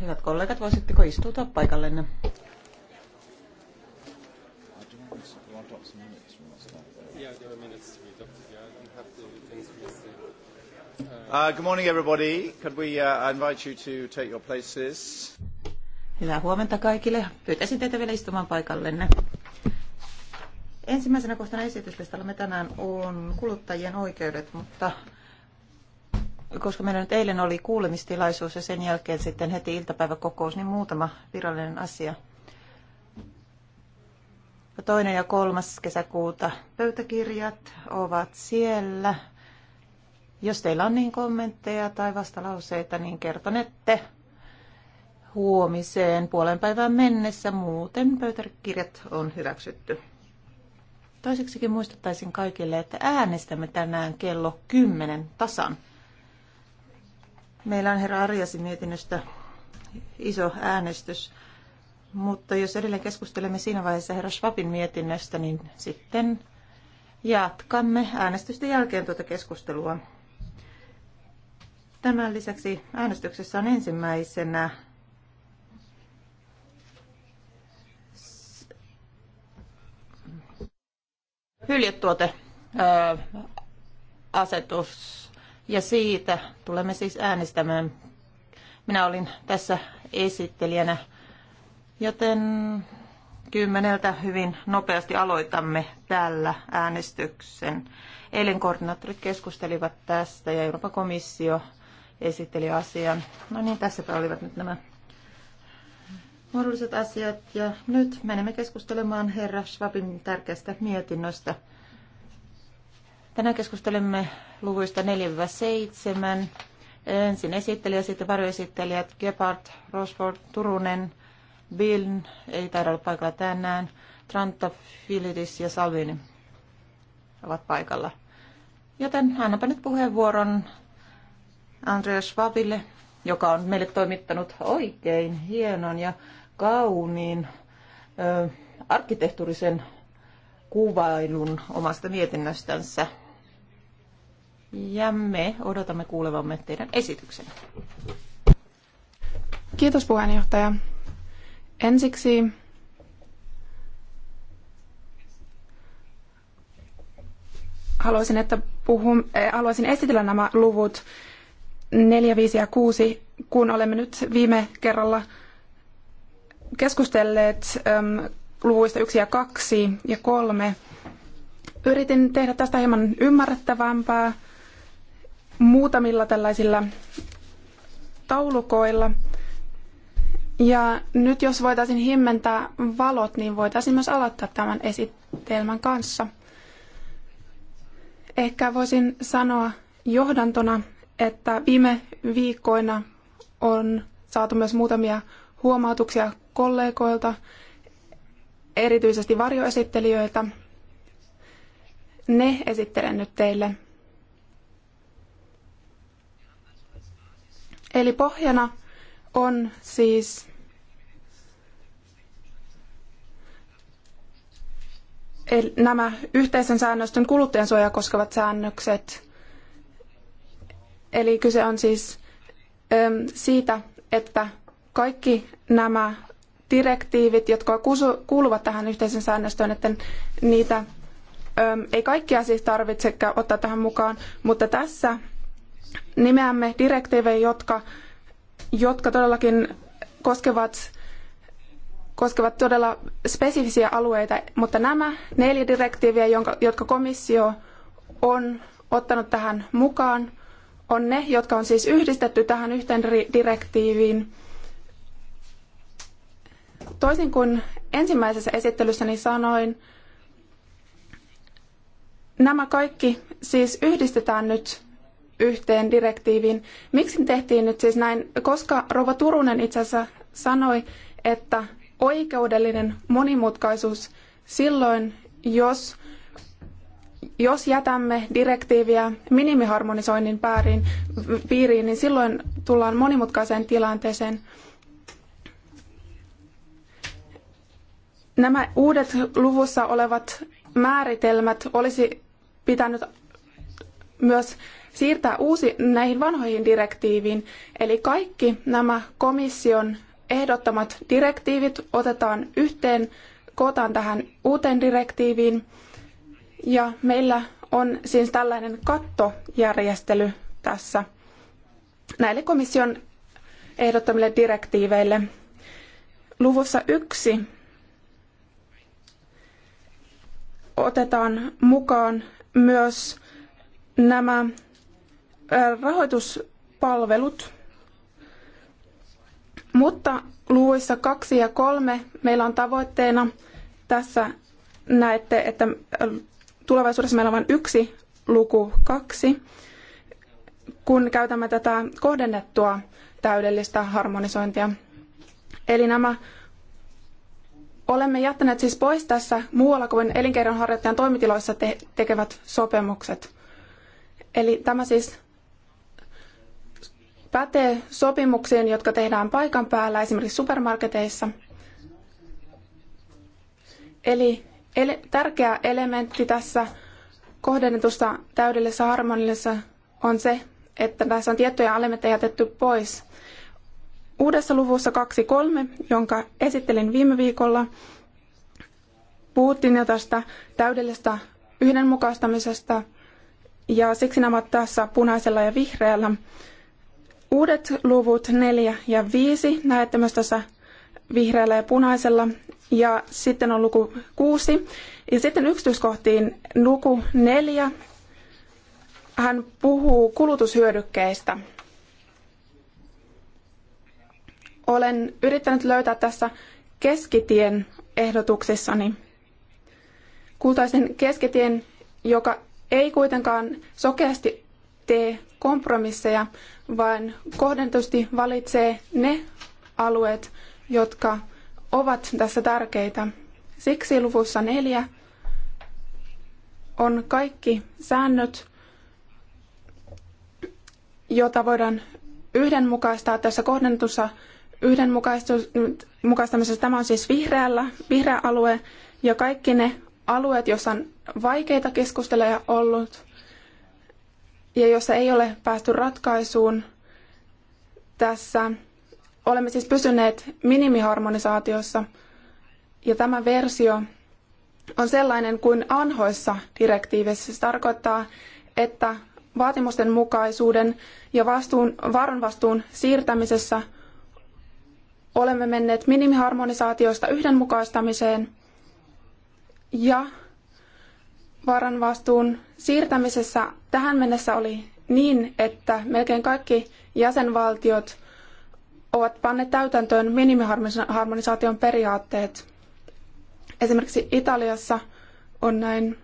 Hyvät kollegat, voisitteko istua paikallenne? Uh, good morning, everybody. Could we uh, invite you to take your places? Hyvää huomenta kaikille. Pyytäisin teitä vielä istumaan paikallenne. Ensimmäisenä kohtana me tänään on kuluttajien oikeudet, mutta koska meillä nyt eilen oli kuulemistilaisuus ja sen jälkeen sitten heti iltapäiväkokous, niin muutama virallinen asia. Toinen ja kolmas kesäkuuta pöytäkirjat ovat siellä. Jos teillä on niin kommentteja tai vastalauseita, niin kertonette huomiseen puolen päivään mennessä. Muuten pöytäkirjat on hyväksytty. Toiseksikin muistuttaisin kaikille, että äänestämme tänään kello 10 tasan. Meillä on herra Arjasin mietinnöstä iso äänestys, mutta jos edelleen keskustelemme siinä vaiheessa herra Schwabin mietinnöstä, niin sitten jatkamme äänestysten jälkeen tuota keskustelua. Tämän lisäksi äänestyksessä on ensimmäisenä hyljetuote asetus ja siitä tulemme siis äänestämään. Minä olin tässä esittelijänä, joten kymmeneltä hyvin nopeasti aloitamme tällä äänestyksen. Eilen koordinaattorit keskustelivat tästä ja Euroopan komissio esitteli asian. No niin, tässäpä olivat nyt nämä muodolliset asiat ja nyt menemme keskustelemaan herra Schwabin tärkeästä mietinnöstä. Tänään keskustelemme luvuista 4-7. Ensin esittelijä, sitten varjoesittelijät Gebhardt, Rosford, Turunen, Bill, ei taida olla paikalla tänään, Tranta, Filidis ja Salvini ovat paikalla. Joten annanpa nyt puheenvuoron Andreas Schwabille, joka on meille toimittanut oikein hienon ja kauniin ö, arkkitehtuurisen kuvailun omasta mietinnöstänsä. Ja me odotamme kuulevamme teidän esityksen. Kiitos puheenjohtaja. Ensiksi haluaisin, että puhun, eh, haluaisin esitellä nämä luvut 4, 5 ja 6, kun olemme nyt viime kerralla keskustelleet äm, luvuista yksi ja kaksi ja kolme. Yritin tehdä tästä hieman ymmärrettävämpää muutamilla tällaisilla taulukoilla. Ja nyt jos voitaisiin himmentää valot, niin voitaisiin myös aloittaa tämän esitelmän kanssa. Ehkä voisin sanoa johdantona, että viime viikkoina on saatu myös muutamia huomautuksia kollegoilta, erityisesti varjoesittelijöiltä. Ne esittelen nyt teille. Eli pohjana on siis nämä yhteisen säännöstön kuluttajansuojaa koskevat säännökset. Eli kyse on siis siitä, että kaikki nämä direktiivit, jotka kuuluvat tähän yhteisen säännöstöön, että niitä ei kaikkia siis tarvitse ottaa tähän mukaan, mutta tässä nimeämme direktiivejä, jotka, jotka todellakin koskevat, koskevat todella spesifisiä alueita, mutta nämä neljä direktiiviä, jonka, jotka komissio on ottanut tähän mukaan, on ne, jotka on siis yhdistetty tähän yhteen direktiiviin – toisin kuin ensimmäisessä esittelyssäni sanoin, nämä kaikki siis yhdistetään nyt yhteen direktiiviin. Miksi tehtiin nyt siis näin? Koska Rova Turunen itse asiassa sanoi, että oikeudellinen monimutkaisuus silloin, jos, jos jätämme direktiiviä minimiharmonisoinnin piiriin, niin silloin tullaan monimutkaiseen tilanteeseen. Nämä uudet luvussa olevat määritelmät olisi pitänyt myös siirtää uusi näihin vanhoihin direktiiviin. Eli kaikki nämä komission ehdottamat direktiivit otetaan yhteen, kootaan tähän uuteen direktiiviin. Ja meillä on siis tällainen kattojärjestely tässä näille komission ehdottamille direktiiveille. Luvussa yksi otetaan mukaan myös nämä rahoituspalvelut. Mutta luvuissa kaksi ja kolme meillä on tavoitteena tässä näette, että tulevaisuudessa meillä on vain yksi luku kaksi, kun käytämme tätä kohdennettua täydellistä harmonisointia. Eli nämä Olemme jättäneet siis pois tässä muualla kuin elinkeinonharjoittajan toimitiloissa te- tekevät sopimukset. Eli tämä siis pätee sopimuksiin, jotka tehdään paikan päällä, esimerkiksi supermarketeissa. Eli ele- tärkeä elementti tässä kohdennetussa täydellisessä harmoniassa on se, että tässä on tiettyjä elementtejä jätetty pois – Uudessa luvussa 2.3, jonka esittelin viime viikolla, puhuttiin jo tästä täydellisestä yhdenmukaistamisesta, ja siksi nämä ovat tässä punaisella ja vihreällä. Uudet luvut 4 ja 5 näette myös tässä vihreällä ja punaisella, ja sitten on luku 6. Ja sitten yksityiskohtiin luku 4. Hän puhuu kulutushyödykkeistä. olen yrittänyt löytää tässä keskitien ehdotuksissani. Kultaisen keskitien, joka ei kuitenkaan sokeasti tee kompromisseja, vaan kohdentusti valitsee ne alueet, jotka ovat tässä tärkeitä. Siksi luvussa neljä on kaikki säännöt, jota voidaan yhdenmukaistaa tässä kohdentussa yhdenmukaistamisessa. Tämä on siis vihreällä, vihreä alue ja kaikki ne alueet, joissa on vaikeita keskusteluja ollut ja jossa ei ole päästy ratkaisuun tässä. Olemme siis pysyneet minimiharmonisaatiossa ja tämä versio on sellainen kuin anhoissa direktiivissä. Se tarkoittaa, että vaatimusten mukaisuuden ja vastuun, varon vastuun siirtämisessä – Olemme menneet minimiharmonisaatiosta yhdenmukaistamiseen ja varanvastuun siirtämisessä tähän mennessä oli niin, että melkein kaikki jäsenvaltiot ovat panneet täytäntöön minimiharmonisaation periaatteet. Esimerkiksi Italiassa on näin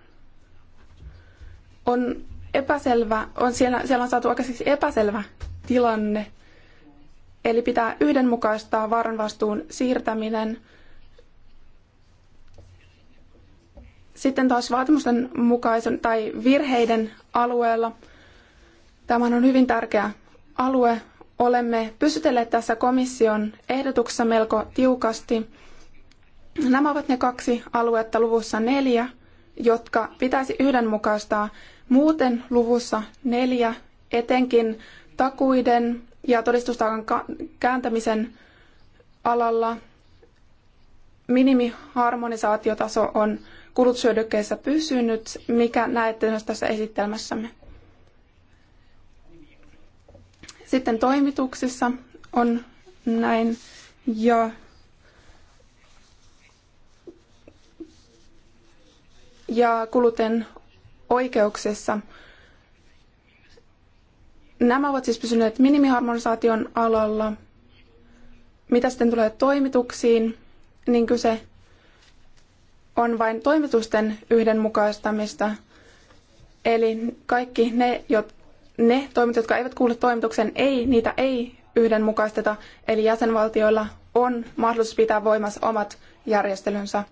on epäselvä, on siellä, siellä on saatu oikeasti epäselvä tilanne Eli pitää yhdenmukaistaa vaaranvastuun siirtäminen. Sitten taas vaatimusten mukaisen tai virheiden alueella. Tämä on hyvin tärkeä alue. Olemme pysytelleet tässä komission ehdotuksessa melko tiukasti. Nämä ovat ne kaksi aluetta luvussa neljä, jotka pitäisi yhdenmukaistaa. Muuten luvussa neljä, etenkin takuiden ja todistustaakan kääntämisen alalla minimiharmonisaatiotaso on kulutushyödykkeissä pysynyt, mikä näette myös tässä esittelmässämme. Sitten toimituksissa on näin ja ja kuluten oikeuksissa Nämä ovat siis pysyneet minimiharmonisaation alalla. Mitä sitten tulee toimituksiin, niin kyse on vain toimitusten yhdenmukaistamista. Eli kaikki ne, ne toimit, jotka eivät kuulu toimitukseen, ei, niitä ei yhdenmukaisteta. Eli jäsenvaltioilla on mahdollisuus pitää voimassa omat järjestelynsä.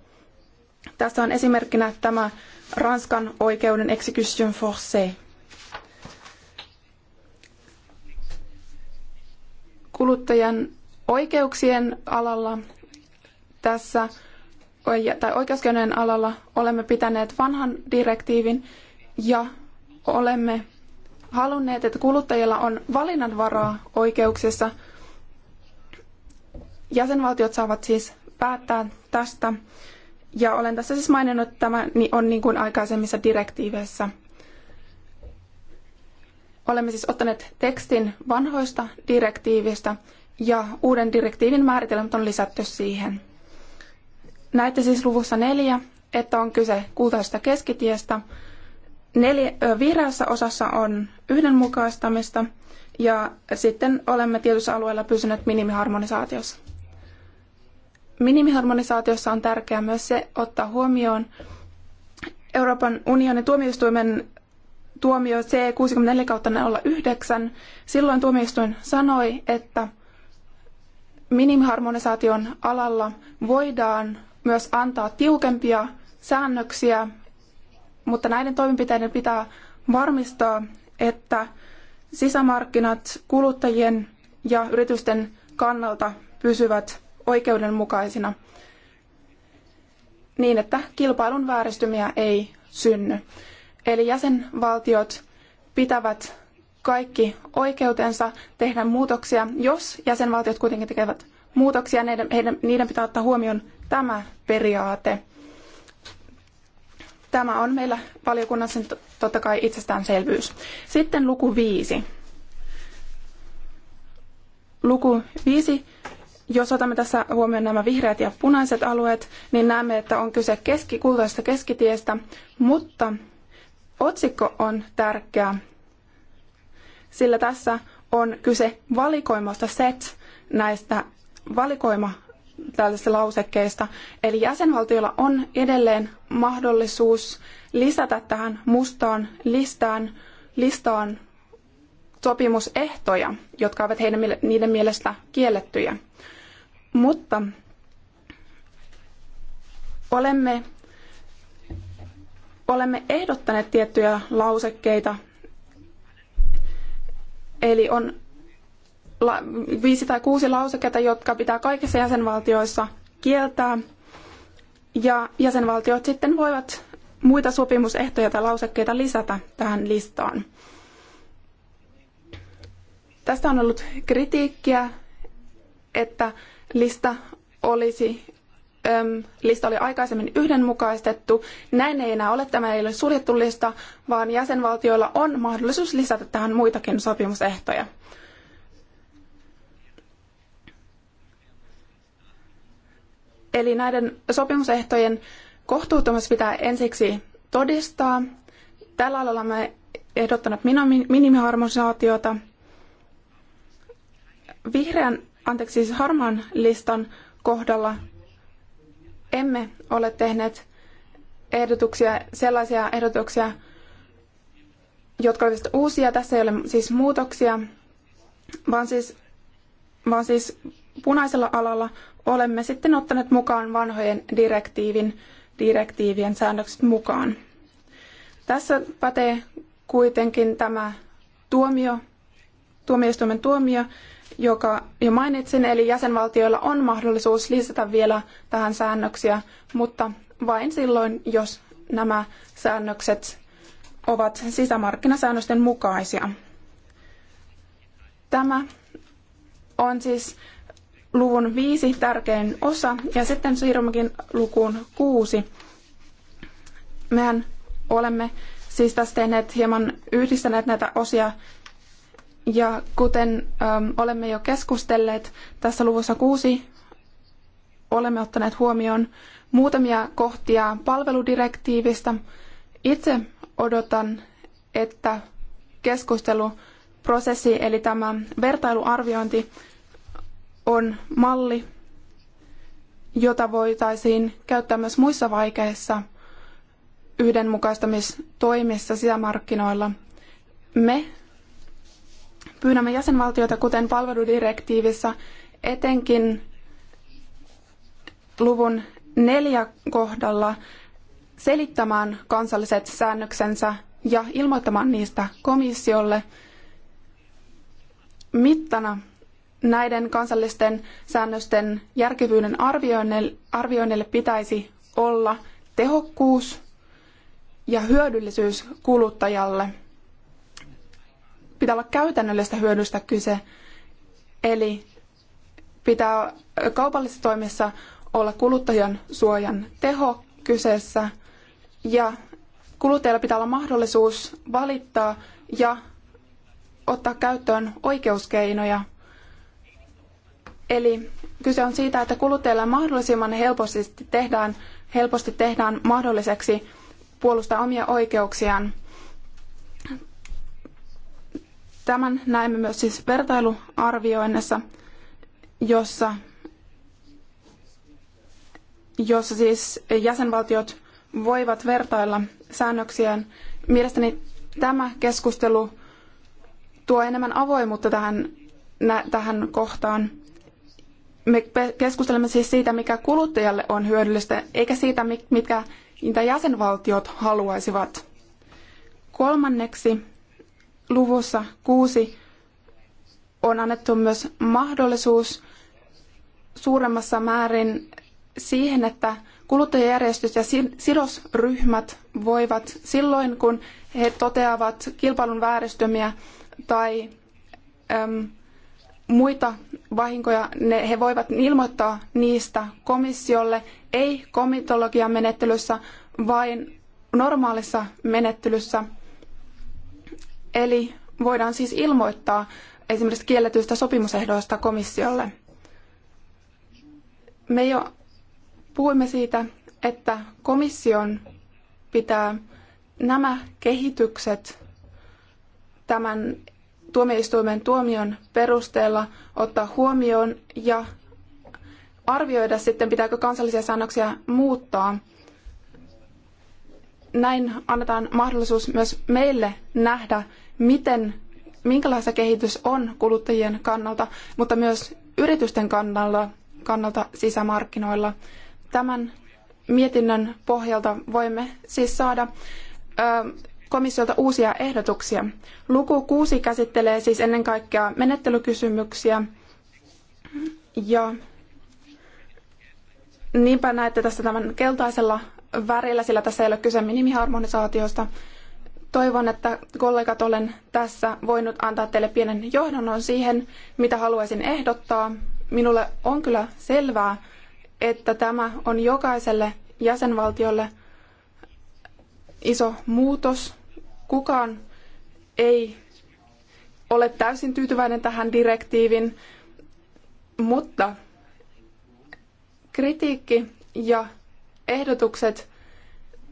Tässä on esimerkkinä tämä Ranskan oikeuden execution forcée. kuluttajan oikeuksien alalla tässä tai oikeuskeinojen alalla olemme pitäneet vanhan direktiivin ja olemme halunneet, että kuluttajilla on valinnanvaraa oikeuksissa. Jäsenvaltiot saavat siis päättää tästä. Ja olen tässä siis maininnut, että tämä on niin kuin aikaisemmissa direktiiveissä. Olemme siis ottaneet tekstin vanhoista direktiivistä ja uuden direktiivin määritelmät on lisätty siihen. Näette siis luvussa neljä, että on kyse kultaisesta keskitiestä. Neljä, vihreässä osassa on yhdenmukaistamista ja sitten olemme tietyssä alueella pysyneet minimiharmonisaatiossa. Minimiharmonisaatiossa on tärkeää myös se ottaa huomioon Euroopan unionin tuomioistuimen tuomio C64-09, silloin tuomioistuin sanoi, että minimiharmonisaation alalla voidaan myös antaa tiukempia säännöksiä, mutta näiden toimenpiteiden pitää varmistaa, että sisämarkkinat kuluttajien ja yritysten kannalta pysyvät oikeudenmukaisina niin, että kilpailun vääristymiä ei synny. Eli jäsenvaltiot pitävät kaikki oikeutensa tehdä muutoksia. Jos jäsenvaltiot kuitenkin tekevät muutoksia, niiden, heidän, niiden pitää ottaa huomioon tämä periaate. Tämä on meillä valiokunnassa totta kai itsestäänselvyys. Sitten luku viisi. Luku viisi. Jos otamme tässä huomioon nämä vihreät ja punaiset alueet, niin näemme, että on kyse keski, kultaisesta keskitiestä, mutta Otsikko on tärkeä, sillä tässä on kyse valikoimasta set näistä valikoima tällaisista lausekkeista. Eli jäsenvaltioilla on edelleen mahdollisuus lisätä tähän mustaan listaan, listaan sopimusehtoja, jotka ovat heidän, niiden mielestä kiellettyjä. Mutta olemme olemme ehdottaneet tiettyjä lausekkeita, eli on viisi tai kuusi lauseketta, jotka pitää kaikissa jäsenvaltioissa kieltää, ja jäsenvaltiot sitten voivat muita sopimusehtoja tai lausekkeita lisätä tähän listaan. Tästä on ollut kritiikkiä, että lista olisi lista oli aikaisemmin yhdenmukaistettu. Näin ei enää ole. Tämä ei ole suljettu lista, vaan jäsenvaltioilla on mahdollisuus lisätä tähän muitakin sopimusehtoja. Eli näiden sopimusehtojen kohtuuttomuus pitää ensiksi todistaa. Tällä alalla me ehdottanut minimiharmonisaatiota. Vihreän, anteeksi siis harmaan listan kohdalla emme ole tehneet ehdotuksia, sellaisia ehdotuksia, jotka olisivat uusia. Tässä ei ole siis muutoksia, vaan siis, vaan siis punaisella alalla olemme sitten ottaneet mukaan vanhojen direktiivin, direktiivien säännökset mukaan. Tässä pätee kuitenkin tämä tuomio, tuomioistuimen tuomio, joka jo mainitsin, eli jäsenvaltioilla on mahdollisuus lisätä vielä tähän säännöksiä, mutta vain silloin, jos nämä säännökset ovat sisämarkkinasäännösten mukaisia. Tämä on siis luvun viisi tärkein osa, ja sitten siirrymmekin lukuun kuusi. Mehän olemme siis tässä tehneet hieman yhdistäneet näitä osia ja kuten ähm, olemme jo keskustelleet, tässä luvussa kuusi olemme ottaneet huomioon muutamia kohtia palveludirektiivistä. Itse odotan, että keskusteluprosessi eli tämä vertailuarviointi on malli, jota voitaisiin käyttää myös muissa vaikeissa yhdenmukaistamistoimissa sisämarkkinoilla. Me Pyydämme jäsenvaltioita, kuten palveludirektiivissä, etenkin luvun neljä kohdalla selittämään kansalliset säännöksensä ja ilmoittamaan niistä komissiolle. Mittana näiden kansallisten säännösten järkevyyden arvioinnille, arvioinnille pitäisi olla tehokkuus ja hyödyllisyys kuluttajalle – pitää olla käytännöllistä hyödystä kyse. Eli pitää kaupallisissa toimissa olla kuluttajan suojan teho kyseessä ja kuluttajalla pitää olla mahdollisuus valittaa ja ottaa käyttöön oikeuskeinoja. Eli kyse on siitä, että kuluttajalla mahdollisimman helposti tehdään, helposti tehdään mahdolliseksi puolustaa omia oikeuksiaan. Tämän näemme myös siis vertailuarvioinnissa, jossa, jossa siis jäsenvaltiot voivat vertailla säännöksiään. Mielestäni tämä keskustelu tuo enemmän avoimuutta tähän, tähän kohtaan. Me keskustelemme siis siitä, mikä kuluttajalle on hyödyllistä, eikä siitä, mitkä mitä jäsenvaltiot haluaisivat. Kolmanneksi luvussa kuusi on annettu myös mahdollisuus suuremmassa määrin siihen, että kuluttajajärjestöt ja sidosryhmät voivat silloin, kun he toteavat kilpailun vääristymiä tai äm, muita vahinkoja, ne, he voivat ilmoittaa niistä komissiolle, ei komitologian menettelyssä, vaan normaalissa menettelyssä – Eli voidaan siis ilmoittaa esimerkiksi kielletyistä sopimusehdoista komissiolle. Me jo puhuimme siitä, että komission pitää nämä kehitykset tämän tuomioistuimen tuomion perusteella ottaa huomioon ja arvioida sitten, pitääkö kansallisia säännöksiä muuttaa. Näin annetaan mahdollisuus myös meille nähdä, miten, minkälaista kehitys on kuluttajien kannalta, mutta myös yritysten kannalta, kannalta sisämarkkinoilla. Tämän mietinnön pohjalta voimme siis saada komissiolta uusia ehdotuksia. Luku 6 käsittelee siis ennen kaikkea menettelykysymyksiä ja niinpä näette tässä tämän keltaisella värillä, sillä tässä ei ole kyse minimiharmonisaatiosta, Toivon, että kollegat olen tässä voinut antaa teille pienen johdannon siihen, mitä haluaisin ehdottaa. Minulle on kyllä selvää, että tämä on jokaiselle jäsenvaltiolle iso muutos. Kukaan ei ole täysin tyytyväinen tähän direktiivin, mutta kritiikki ja ehdotukset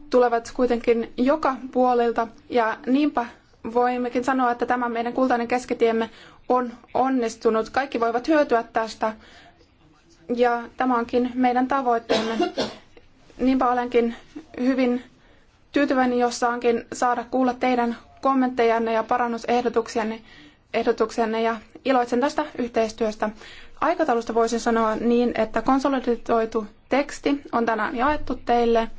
tulevat kuitenkin joka puolelta ja niinpä voimmekin sanoa, että tämä meidän kultainen keskitiemme on onnistunut. Kaikki voivat hyötyä tästä ja tämä onkin meidän tavoitteemme. Niinpä olenkin hyvin tyytyväinen, jos saankin saada kuulla teidän kommenttejanne ja parannusehdotuksianne ehdotuksenne ja iloitsen tästä yhteistyöstä. Aikataulusta voisin sanoa niin, että konsolidoitu teksti on tänään jaettu teille –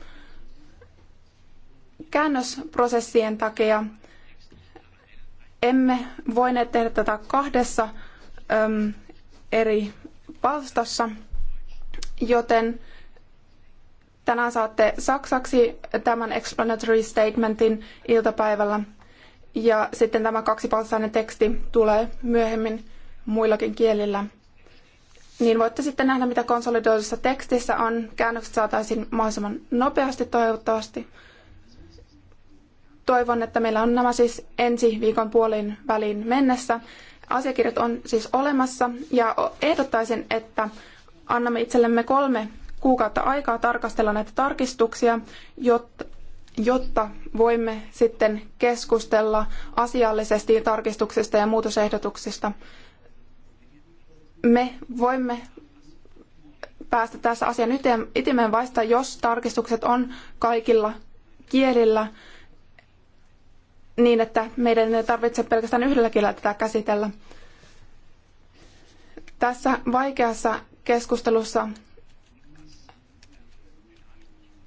käännösprosessien takia emme voineet tehdä tätä kahdessa äm, eri palstassa, joten tänään saatte saksaksi tämän explanatory statementin iltapäivällä. Ja sitten tämä kaksipalstainen teksti tulee myöhemmin muillakin kielillä. Niin voitte sitten nähdä, mitä konsolidoidussa tekstissä on. Käännökset saataisiin mahdollisimman nopeasti toivottavasti toivon, että meillä on nämä siis ensi viikon puolin välin mennessä. Asiakirjat on siis olemassa ja ehdottaisin, että annamme itsellemme kolme kuukautta aikaa tarkastella näitä tarkistuksia, jotta, jotta voimme sitten keskustella asiallisesti tarkistuksista ja muutosehdotuksista. Me voimme päästä tässä asian ytimeen vasta, jos tarkistukset on kaikilla kielillä niin, että meidän ei tarvitse pelkästään yhdellä kielellä tätä käsitellä. Tässä vaikeassa keskustelussa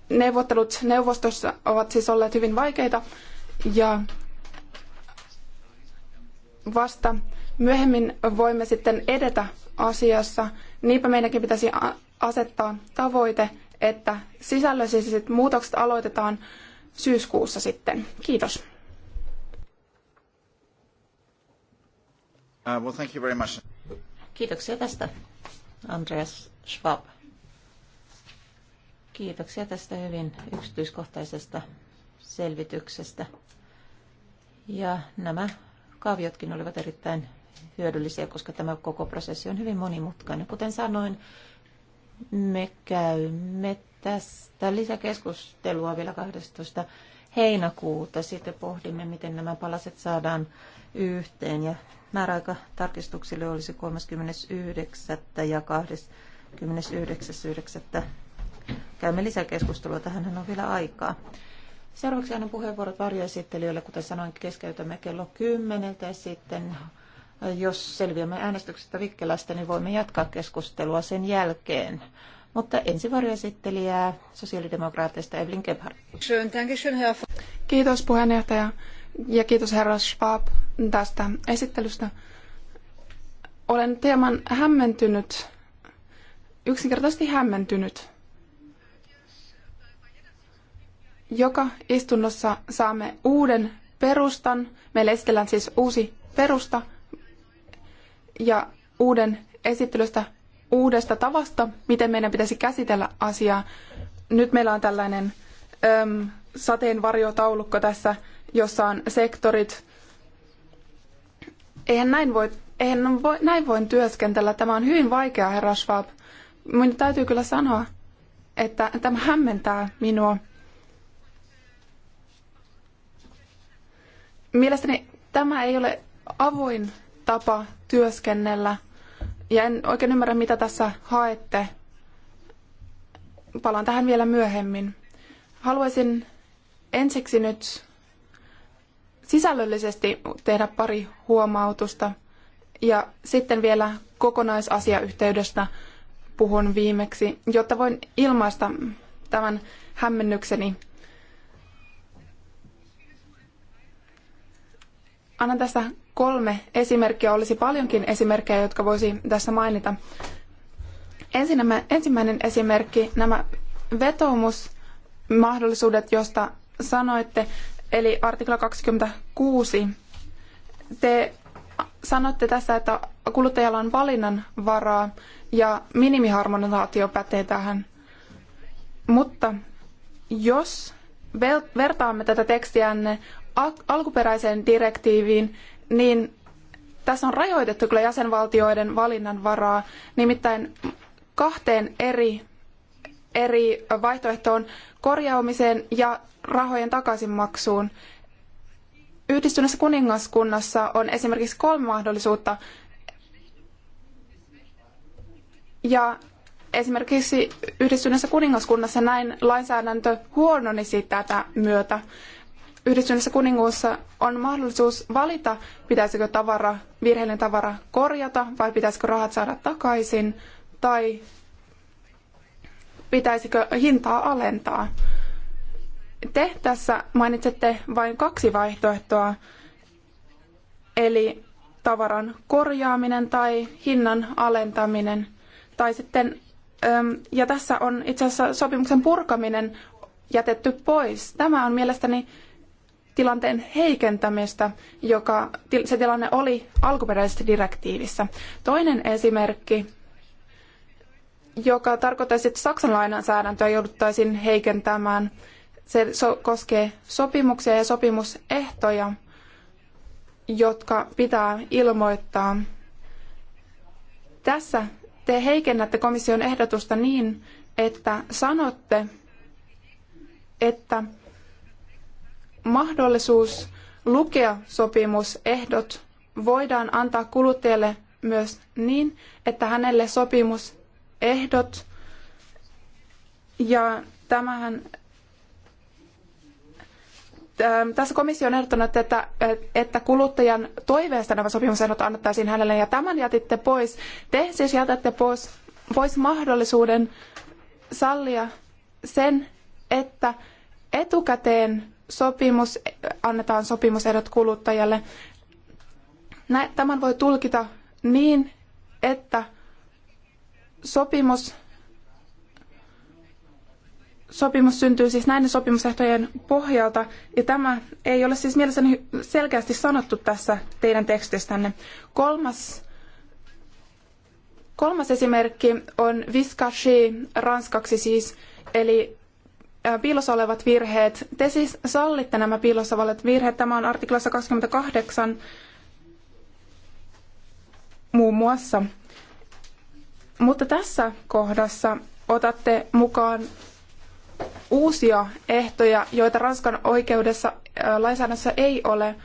neuvottelut neuvostossa ovat siis olleet hyvin vaikeita ja vasta myöhemmin voimme sitten edetä asiassa. Niinpä meidänkin pitäisi asettaa tavoite, että sisällölliset muutokset aloitetaan syyskuussa sitten. Kiitos. Uh, well, thank you very much. Kiitoksia tästä, Andreas Schwab. Kiitoksia tästä hyvin yksityiskohtaisesta selvityksestä. Ja nämä kaaviotkin olivat erittäin hyödyllisiä, koska tämä koko prosessi on hyvin monimutkainen. Kuten sanoin, me käymme tästä lisäkeskustelua vielä 12 heinäkuuta. Sitten pohdimme, miten nämä palaset saadaan yhteen. Ja määräaika tarkistuksille olisi 39. ja 29.9. Käymme lisäkeskustelua. Tähän on vielä aikaa. Seuraavaksi annan puheenvuorot varjoesittelijöille. Kuten sanoin, keskeytämme kello 10 ja sitten äh, jos selviämme äänestyksestä vikkelästä, niin voimme jatkaa keskustelua sen jälkeen mutta ensi varjoesittelijää sosiaalidemokraateista Evelyn Gebhardt. Kiitos puheenjohtaja ja kiitos herra Schwab tästä esittelystä. Olen teeman hämmentynyt, yksinkertaisesti hämmentynyt. Joka istunnossa saamme uuden perustan. Meillä esitellään siis uusi perusta ja uuden esittelystä uudesta tavasta, miten meidän pitäisi käsitellä asiaa. Nyt meillä on tällainen äm, sateenvarjotaulukko tässä, jossa on sektorit. Eihän näin voi, eihän voi, näin voi työskentellä. Tämä on hyvin vaikea, herra Schwab. Minun täytyy kyllä sanoa, että tämä hämmentää minua. Mielestäni tämä ei ole avoin tapa työskennellä – ja en oikein ymmärrä, mitä tässä haette. Palaan tähän vielä myöhemmin. Haluaisin ensiksi nyt sisällöllisesti tehdä pari huomautusta ja sitten vielä kokonaisasiayhteydestä puhun viimeksi, jotta voin ilmaista tämän hämmennykseni. Annan tässä kolme esimerkkiä, olisi paljonkin esimerkkejä, jotka voisi tässä mainita. Ensimmäinen esimerkki, nämä vetoomusmahdollisuudet, josta sanoitte, eli artikla 26. Te sanotte tässä, että kuluttajalla on valinnan varaa ja minimiharmonisaatio pätee tähän. Mutta jos vertaamme tätä tekstiänne alkuperäiseen direktiiviin, niin tässä on rajoitettu kyllä jäsenvaltioiden valinnanvaraa, nimittäin kahteen eri, eri vaihtoehtoon korjaamiseen ja rahojen takaisinmaksuun. Yhdistyneessä kuningaskunnassa on esimerkiksi kolme mahdollisuutta. Ja esimerkiksi yhdistyneessä kuningaskunnassa näin lainsäädäntö huononisi tätä myötä. Yhdistyneessä kuningossa on mahdollisuus valita, pitäisikö tavara, virheellinen tavara korjata vai pitäisikö rahat saada takaisin tai pitäisikö hintaa alentaa. Te tässä mainitsette vain kaksi vaihtoehtoa, eli tavaran korjaaminen tai hinnan alentaminen. Tai sitten, ja tässä on itse asiassa sopimuksen purkaminen jätetty pois. Tämä on mielestäni tilanteen heikentämistä, joka se tilanne oli alkuperäisessä direktiivissä. Toinen esimerkki, joka tarkoittaisi, että Saksan lainsäädäntöä jouduttaisiin heikentämään, se so koskee sopimuksia ja sopimusehtoja, jotka pitää ilmoittaa. Tässä te heikennätte komission ehdotusta niin, että sanotte, että mahdollisuus lukea sopimusehdot voidaan antaa kuluttajalle myös niin, että hänelle sopimusehdot ja tämähän ähm, tässä komissio on ehdottanut, että, että kuluttajan toiveesta nämä sopimusehdot annettaisiin hänelle, ja tämän jätitte pois. Te siis jätätte pois, pois mahdollisuuden sallia sen, että etukäteen sopimus, annetaan sopimusehdot kuluttajalle. Tämän voi tulkita niin, että sopimus, sopimus syntyy siis näiden sopimusehtojen pohjalta, ja tämä ei ole siis mielestäni selkeästi sanottu tässä teidän tekstistänne. Kolmas, kolmas esimerkki on viskashi, ranskaksi siis, eli piilossa olevat virheet. Te siis sallitte nämä piilossa olevat virheet. Tämä on artiklassa 28 muun muassa. Mutta tässä kohdassa otatte mukaan uusia ehtoja, joita Ranskan oikeudessa lainsäädännössä ei ole.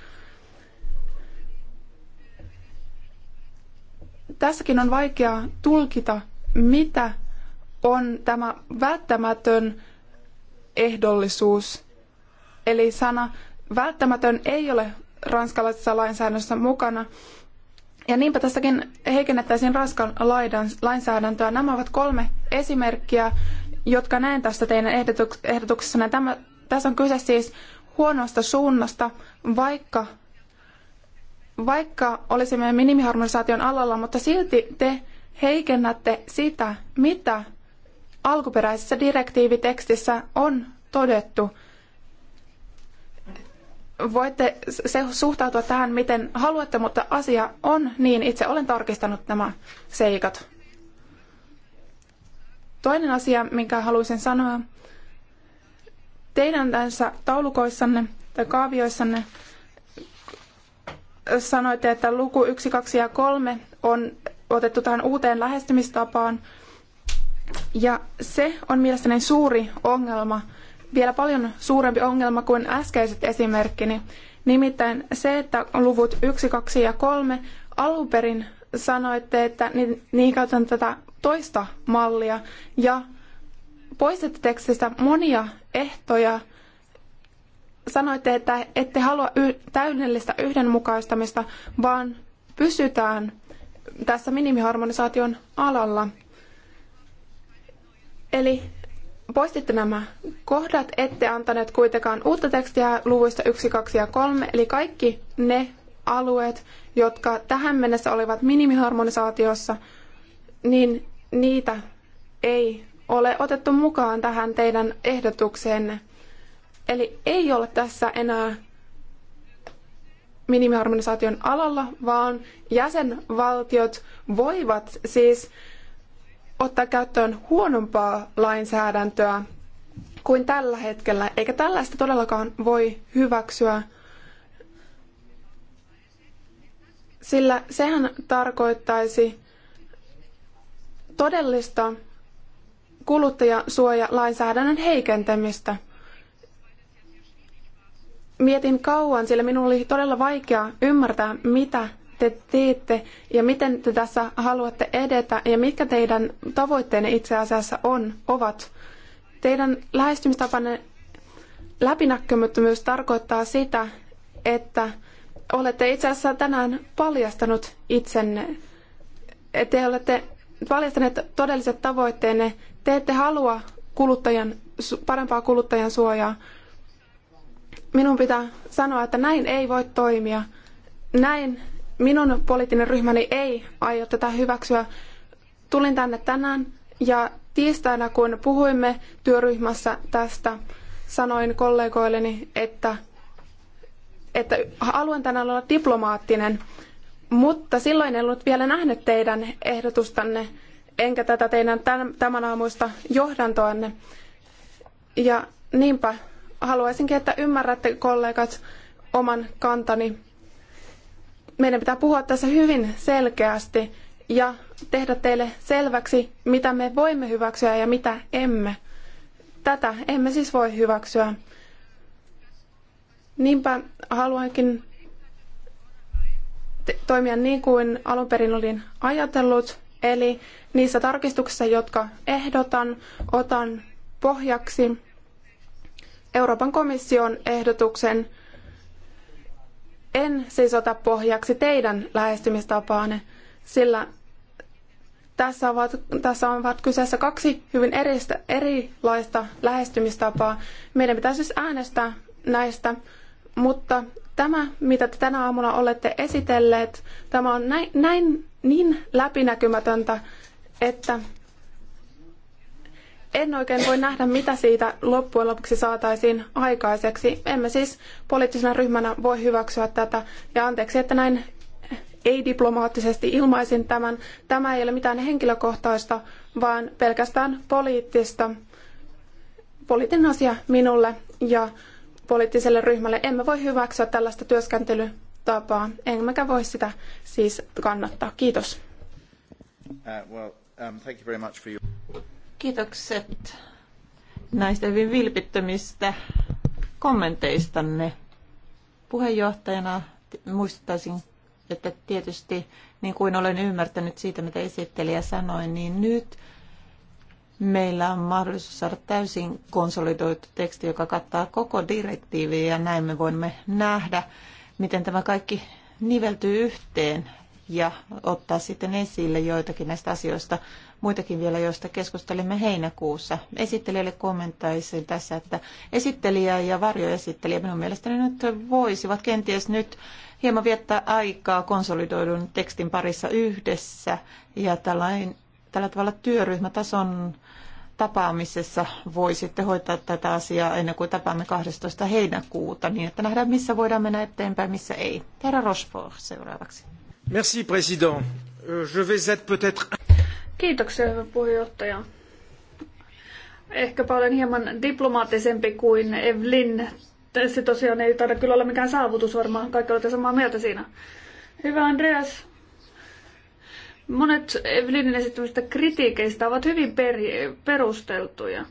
Tässäkin on vaikea tulkita, mitä on tämä välttämätön ehdollisuus. Eli sana välttämätön ei ole ranskalaisessa lainsäädännössä mukana. Ja niinpä tässäkin heikennettäisiin Ranskan lainsäädäntöä. Nämä ovat kolme esimerkkiä, jotka näen tässä teidän ehdotuksessanne. Tämä, tässä on kyse siis huonosta suunnasta, vaikka, vaikka olisimme minimiharmonisaation alalla, mutta silti te heikennätte sitä, mitä alkuperäisessä direktiivitekstissä on todettu, voitte se suhtautua tähän miten haluatte, mutta asia on niin. Itse olen tarkistanut nämä seikat. Toinen asia, minkä haluaisin sanoa, teidän tässä taulukoissanne tai kaavioissanne sanoitte, että luku yksi, kaksi ja kolme on otettu tähän uuteen lähestymistapaan – ja se on mielestäni suuri ongelma, vielä paljon suurempi ongelma kuin äskeiset esimerkkini. Nimittäin se, että luvut yksi, kaksi ja kolme alun perin sanoitte, että niin käytän tätä toista mallia ja poistitte tekstistä monia ehtoja. Sanoitte, että ette halua täydellistä yhdenmukaistamista, vaan pysytään tässä minimiharmonisaation alalla. Eli poistitte nämä kohdat, ette antaneet kuitenkaan uutta tekstiä luvuista 1, 2 ja 3, eli kaikki ne alueet, jotka tähän mennessä olivat minimiharmonisaatiossa, niin niitä ei ole otettu mukaan tähän teidän ehdotukseenne. Eli ei ole tässä enää minimiharmonisaation alalla, vaan jäsenvaltiot voivat siis ottaa käyttöön huonompaa lainsäädäntöä kuin tällä hetkellä, eikä tällaista todellakaan voi hyväksyä, sillä sehän tarkoittaisi todellista kuluttajasuojalainsäädännön heikentämistä. Mietin kauan, sillä minun oli todella vaikea ymmärtää, mitä te teette ja miten te tässä haluatte edetä ja mitkä teidän tavoitteenne itse asiassa on, ovat. Teidän lähestymistapanne läpinäkymättömyys tarkoittaa sitä, että olette itse asiassa tänään paljastanut itsenne. Te olette paljastaneet todelliset tavoitteenne. Te ette halua kuluttajan, parempaa kuluttajan suojaa. Minun pitää sanoa, että näin ei voi toimia. Näin minun poliittinen ryhmäni ei aio tätä hyväksyä. Tulin tänne tänään ja tiistaina, kun puhuimme työryhmässä tästä, sanoin kollegoilleni, että, että haluan tänään olla diplomaattinen, mutta silloin en ollut vielä nähnyt teidän ehdotustanne, enkä tätä teidän tämän aamuista johdantoanne. Ja niinpä haluaisinkin, että ymmärrätte kollegat oman kantani meidän pitää puhua tässä hyvin selkeästi ja tehdä teille selväksi, mitä me voimme hyväksyä ja mitä emme. Tätä emme siis voi hyväksyä. Niinpä haluankin toimia niin kuin alun perin olin ajatellut, eli niissä tarkistuksissa, jotka ehdotan, otan pohjaksi Euroopan komission ehdotuksen en siis ota pohjaksi teidän lähestymistapaanne, sillä tässä ovat, tässä ovat kyseessä kaksi hyvin eristä, erilaista lähestymistapaa. Meidän pitäisi siis äänestää näistä, mutta tämä, mitä te tänä aamuna olette esitelleet, tämä on näin, näin niin läpinäkymätöntä, että en oikein voi nähdä, mitä siitä loppujen lopuksi saataisiin aikaiseksi. Emme siis poliittisena ryhmänä voi hyväksyä tätä. Ja anteeksi, että näin ei-diplomaattisesti ilmaisin tämän. Tämä ei ole mitään henkilökohtaista, vaan pelkästään poliittista. Poliittinen asia minulle ja poliittiselle ryhmälle. Emme voi hyväksyä tällaista työskentelytapaa, enkä voi sitä siis kannattaa. Kiitos. Uh, well, um, Kiitokset näistä hyvin vilpittömistä kommenteistanne. Puheenjohtajana muistuttaisin, että tietysti niin kuin olen ymmärtänyt siitä, mitä esittelijä sanoi, niin nyt meillä on mahdollisuus saada täysin konsolidoitu teksti, joka kattaa koko direktiiviä, ja näin me voimme nähdä, miten tämä kaikki niveltyy yhteen ja ottaa sitten esille joitakin näistä asioista, muitakin vielä, joista keskustelimme heinäkuussa. Esittelijälle kommenttaisin tässä, että esittelijä ja varjoesittelijä minun mielestäni nyt voisivat kenties nyt hieman viettää aikaa konsolidoidun tekstin parissa yhdessä ja tällainen, tällä tavalla työryhmätason tapaamisessa voi sitten hoitaa tätä asiaa ennen kuin tapaamme 12. heinäkuuta, niin että nähdään missä voidaan mennä eteenpäin, missä ei. Herra Rochefort seuraavaksi. Merci, président. Euh, je vais être peut-être... Kiitoksia, hyvä puheenjohtaja. Ehkäpä olen hieman diplomaattisempi kuin Evelyn. Se tosiaan ei taida kyllä olla mikään saavutus varmaan. Kaikki olette samaa mieltä siinä. Hyvä Andreas. Monet Evelynin esittämistä kritiikeistä ovat hyvin peri- perusteltuja.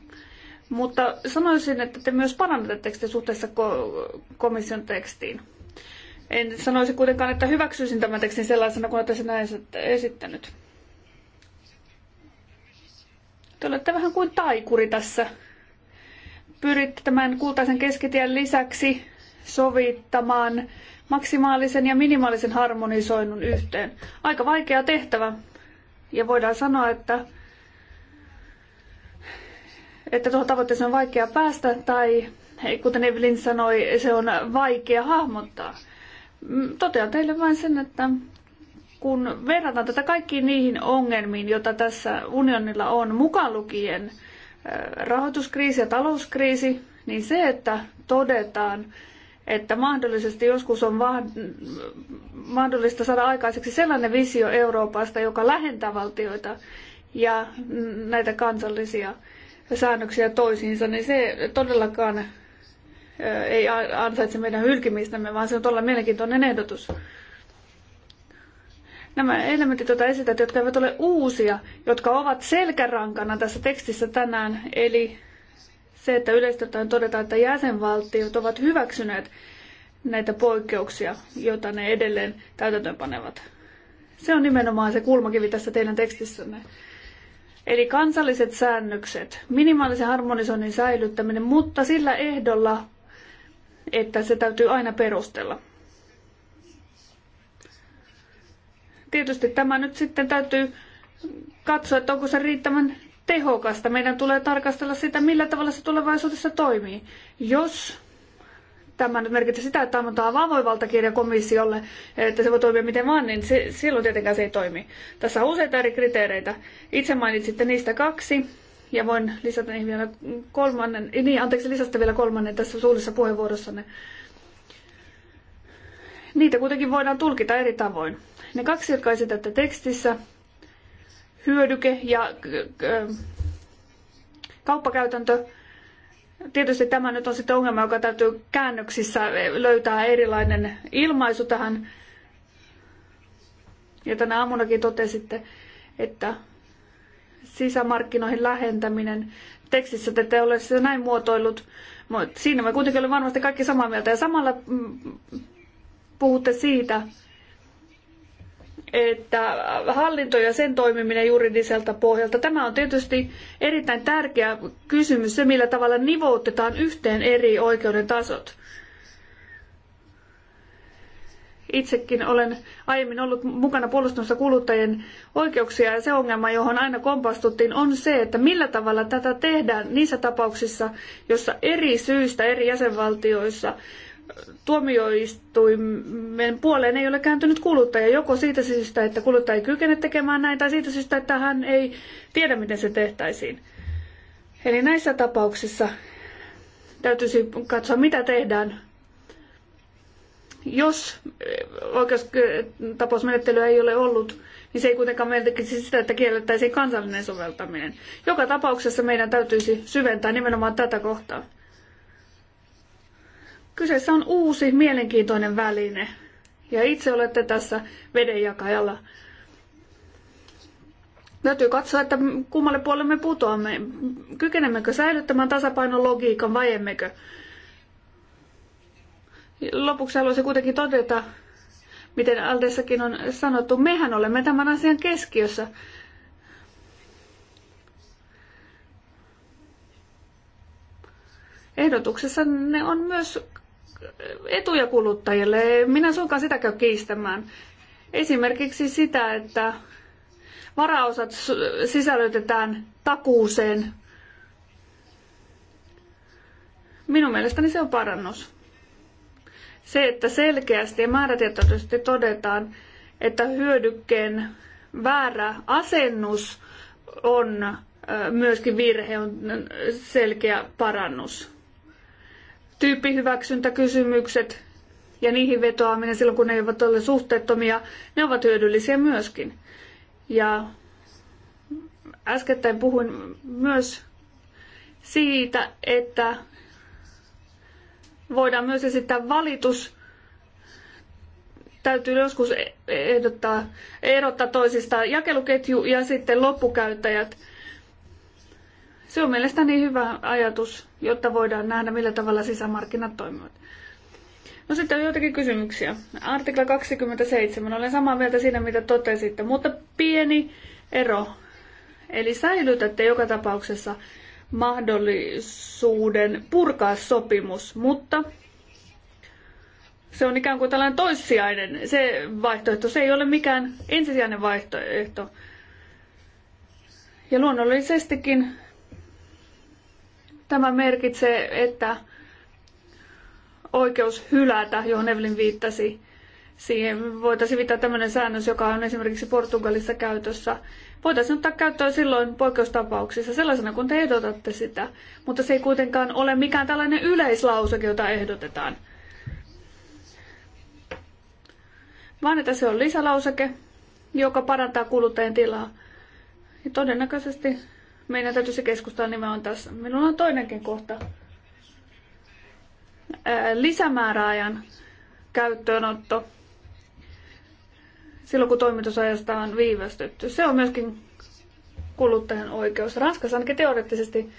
Mutta sanoisin, että te myös parannatte tekstiä suhteessa komission tekstiin. En sanoisi kuitenkaan, että hyväksyisin tämän tekstin sellaisena kuin olette sen esittänyt. Te olette vähän kuin taikuri tässä. Pyritte tämän kultaisen keskitien lisäksi sovittamaan maksimaalisen ja minimaalisen harmonisoinnun yhteen. Aika vaikea tehtävä. Ja voidaan sanoa, että, että tuohon tavoitteeseen on vaikea päästä tai kuten Evelyn sanoi, se on vaikea hahmottaa. Mm, totean teille vain sen, että kun verrataan tätä kaikkiin niihin ongelmiin, joita tässä unionilla on, mukaan lukien äh, rahoituskriisi ja talouskriisi, niin se, että todetaan, että mahdollisesti joskus on mahdollista saada aikaiseksi sellainen visio Euroopasta, joka lähentää valtioita ja näitä kansallisia säännöksiä toisiinsa, niin se todellakaan ei ansaitse meidän hylkimistämme, vaan se on todella mielenkiintoinen ehdotus. Nämä elementit, joita esität, jotka eivät ole uusia, jotka ovat selkärankana tässä tekstissä tänään, eli se, että yleisesti todetaan, että jäsenvaltiot ovat hyväksyneet näitä poikkeuksia, joita ne edelleen täytäntöönpanevat. Se on nimenomaan se kulmakivi tässä teidän tekstissänne. Eli kansalliset säännökset, minimaalisen harmonisoinnin säilyttäminen, mutta sillä ehdolla, että se täytyy aina perustella. Tietysti tämä nyt sitten täytyy katsoa, että onko se riittävän tehokasta. Meidän tulee tarkastella sitä, millä tavalla se tulevaisuudessa toimii. Jos tämä nyt merkitsee sitä, että annetaan valvoivaltakirja komissiolle, että se voi toimia miten vaan, niin se, silloin tietenkään se ei toimi. Tässä on useita eri kriteereitä. Itse mainitsitte niistä kaksi ja voin lisätä niihin vielä kolmannen, niin anteeksi, lisästä vielä kolmannen tässä suullisessa puheenvuorossanne. Niitä kuitenkin voidaan tulkita eri tavoin. Ne kaksi, jotka esitätte tekstissä, hyödyke ja kauppakäytäntö, Tietysti tämä nyt on sitten ongelma, joka täytyy käännöksissä löytää erilainen ilmaisu tähän. Ja tänä aamunakin totesitte, että sisämarkkinoihin lähentäminen. Tekstissä te ette ole sitä näin muotoillut, mutta siinä me kuitenkin olemme varmasti kaikki samaa mieltä. Ja samalla mm, puhutte siitä, että hallinto ja sen toimiminen juridiselta pohjalta. Tämä on tietysti erittäin tärkeä kysymys, se millä tavalla nivoutetaan yhteen eri oikeuden tasot. Itsekin olen aiemmin ollut mukana puolustamassa kuluttajien oikeuksia ja se ongelma, johon aina kompastuttiin, on se, että millä tavalla tätä tehdään niissä tapauksissa, joissa eri syistä eri jäsenvaltioissa tuomioistuimen puoleen ei ole kääntynyt kuluttaja, joko siitä syystä, että kuluttaja ei kykene tekemään näin, tai siitä syystä, että hän ei tiedä, miten se tehtäisiin. Eli näissä tapauksissa täytyisi katsoa, mitä tehdään jos eh, oikeustapausmenettelyä ei ole ollut, niin se ei kuitenkaan merkitse sitä, että kiellettäisiin kansallinen soveltaminen. Joka tapauksessa meidän täytyisi syventää nimenomaan tätä kohtaa. Kyseessä on uusi, mielenkiintoinen väline. Ja itse olette tässä vedenjakajalla. Täytyy katsoa, että kummalle puolelle me putoamme. Kykenemmekö säilyttämään tasapainon logiikan vai emmekö? Lopuksi haluaisin kuitenkin todeta, miten Aldessakin on sanottu, mehän olemme tämän asian keskiössä. Ehdotuksessa ne on myös etuja kuluttajille. Minä suinkaan sitä käy kiistämään. Esimerkiksi sitä, että varaosat sisällytetään takuuseen. Minun mielestäni se on parannus. Se, että selkeästi ja määrätietoisesti todetaan, että hyödykkeen väärä asennus on myöskin virhe, on selkeä parannus. Tyyppihyväksyntäkysymykset ja niihin vetoaminen silloin, kun ne eivät ole suhteettomia, ne ovat hyödyllisiä myöskin. Ja äskettäin puhuin myös siitä, että Voidaan myös esittää valitus. Täytyy joskus e- ehdottaa, erottaa toisistaan jakeluketju ja sitten loppukäyttäjät. Se on mielestäni hyvä ajatus, jotta voidaan nähdä, millä tavalla sisämarkkinat toimivat. No sitten on joitakin kysymyksiä. Artikla 27. Olen samaa mieltä siinä, mitä totesitte, mutta pieni ero. Eli säilytätte joka tapauksessa mahdollisuuden purkaa sopimus, mutta se on ikään kuin tällainen toissijainen se vaihtoehto. Se ei ole mikään ensisijainen vaihtoehto. Ja luonnollisestikin tämä merkitsee, että oikeus hylätä, johon Evelin viittasi, siihen voitaisiin viittaa tämmöinen säännös, joka on esimerkiksi Portugalissa käytössä, voitaisiin ottaa käyttöön silloin poikkeustapauksissa sellaisena kuin te ehdotatte sitä, mutta se ei kuitenkaan ole mikään tällainen yleislauseke, jota ehdotetaan. Vaan että se on lisälauseke, joka parantaa kuluttajien tilaa. Ja todennäköisesti meidän täytyisi keskustella nimenomaan tässä. Minulla on toinenkin kohta. Lisämääräajan käyttöönotto silloin, kun toimitusajasta on viivästytty. Se on myöskin kuluttajan oikeus. Ranskassa ainakin teoreettisesti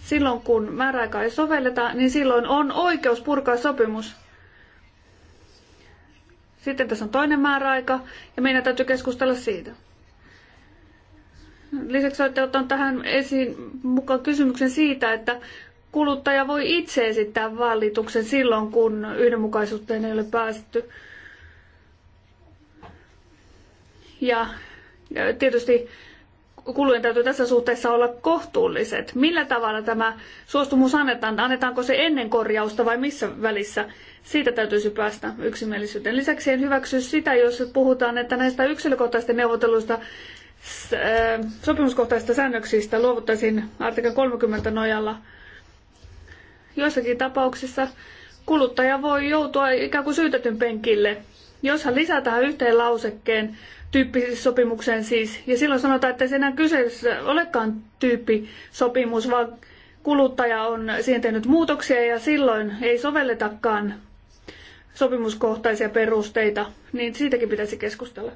silloin, kun määräaikaa ei sovelleta, niin silloin on oikeus purkaa sopimus. Sitten tässä on toinen määräaika ja meidän täytyy keskustella siitä. Lisäksi olette ottanut tähän esiin mukaan kysymyksen siitä, että kuluttaja voi itse esittää valituksen silloin, kun yhdenmukaisuuteen ei ole päästy. Ja tietysti kulujen täytyy tässä suhteessa olla kohtuulliset. Millä tavalla tämä suostumus annetaan? Annetaanko se ennen korjausta vai missä välissä? Siitä täytyisi päästä yksimielisyyteen. Lisäksi en hyväksy sitä, jos puhutaan, että näistä yksilökohtaisista neuvoteluista sopimuskohtaisista säännöksistä luovuttaisiin artikan 30 nojalla. Joissakin tapauksissa kuluttaja voi joutua ikään kuin syytetyn penkille. Jos hän lisää tähän yhteen lausekkeen, sopimukseen siis. Ja silloin sanotaan, että ei se enää kyseessä olekaan tyyppisopimus, vaan kuluttaja on siihen tehnyt muutoksia ja silloin ei sovelletakaan sopimuskohtaisia perusteita, niin siitäkin pitäisi keskustella.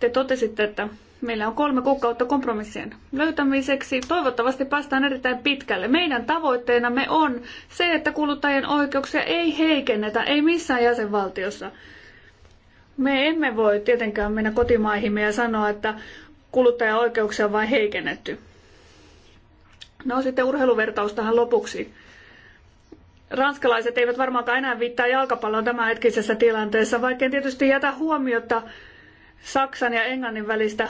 Te totesitte, että Meillä on kolme kuukautta kompromissien löytämiseksi. Toivottavasti päästään erittäin pitkälle. Meidän tavoitteena me on se, että kuluttajien oikeuksia ei heikennetä, ei missään jäsenvaltiossa. Me emme voi tietenkään mennä kotimaihimme ja sanoa, että kuluttajan oikeuksia on vain heikennetty. No sitten urheiluvertaus tähän lopuksi. Ranskalaiset eivät varmaankaan enää viittaa jalkapalloon hetkisessä tilanteessa, vaikka tietysti jätä huomiota Saksan ja Englannin välistä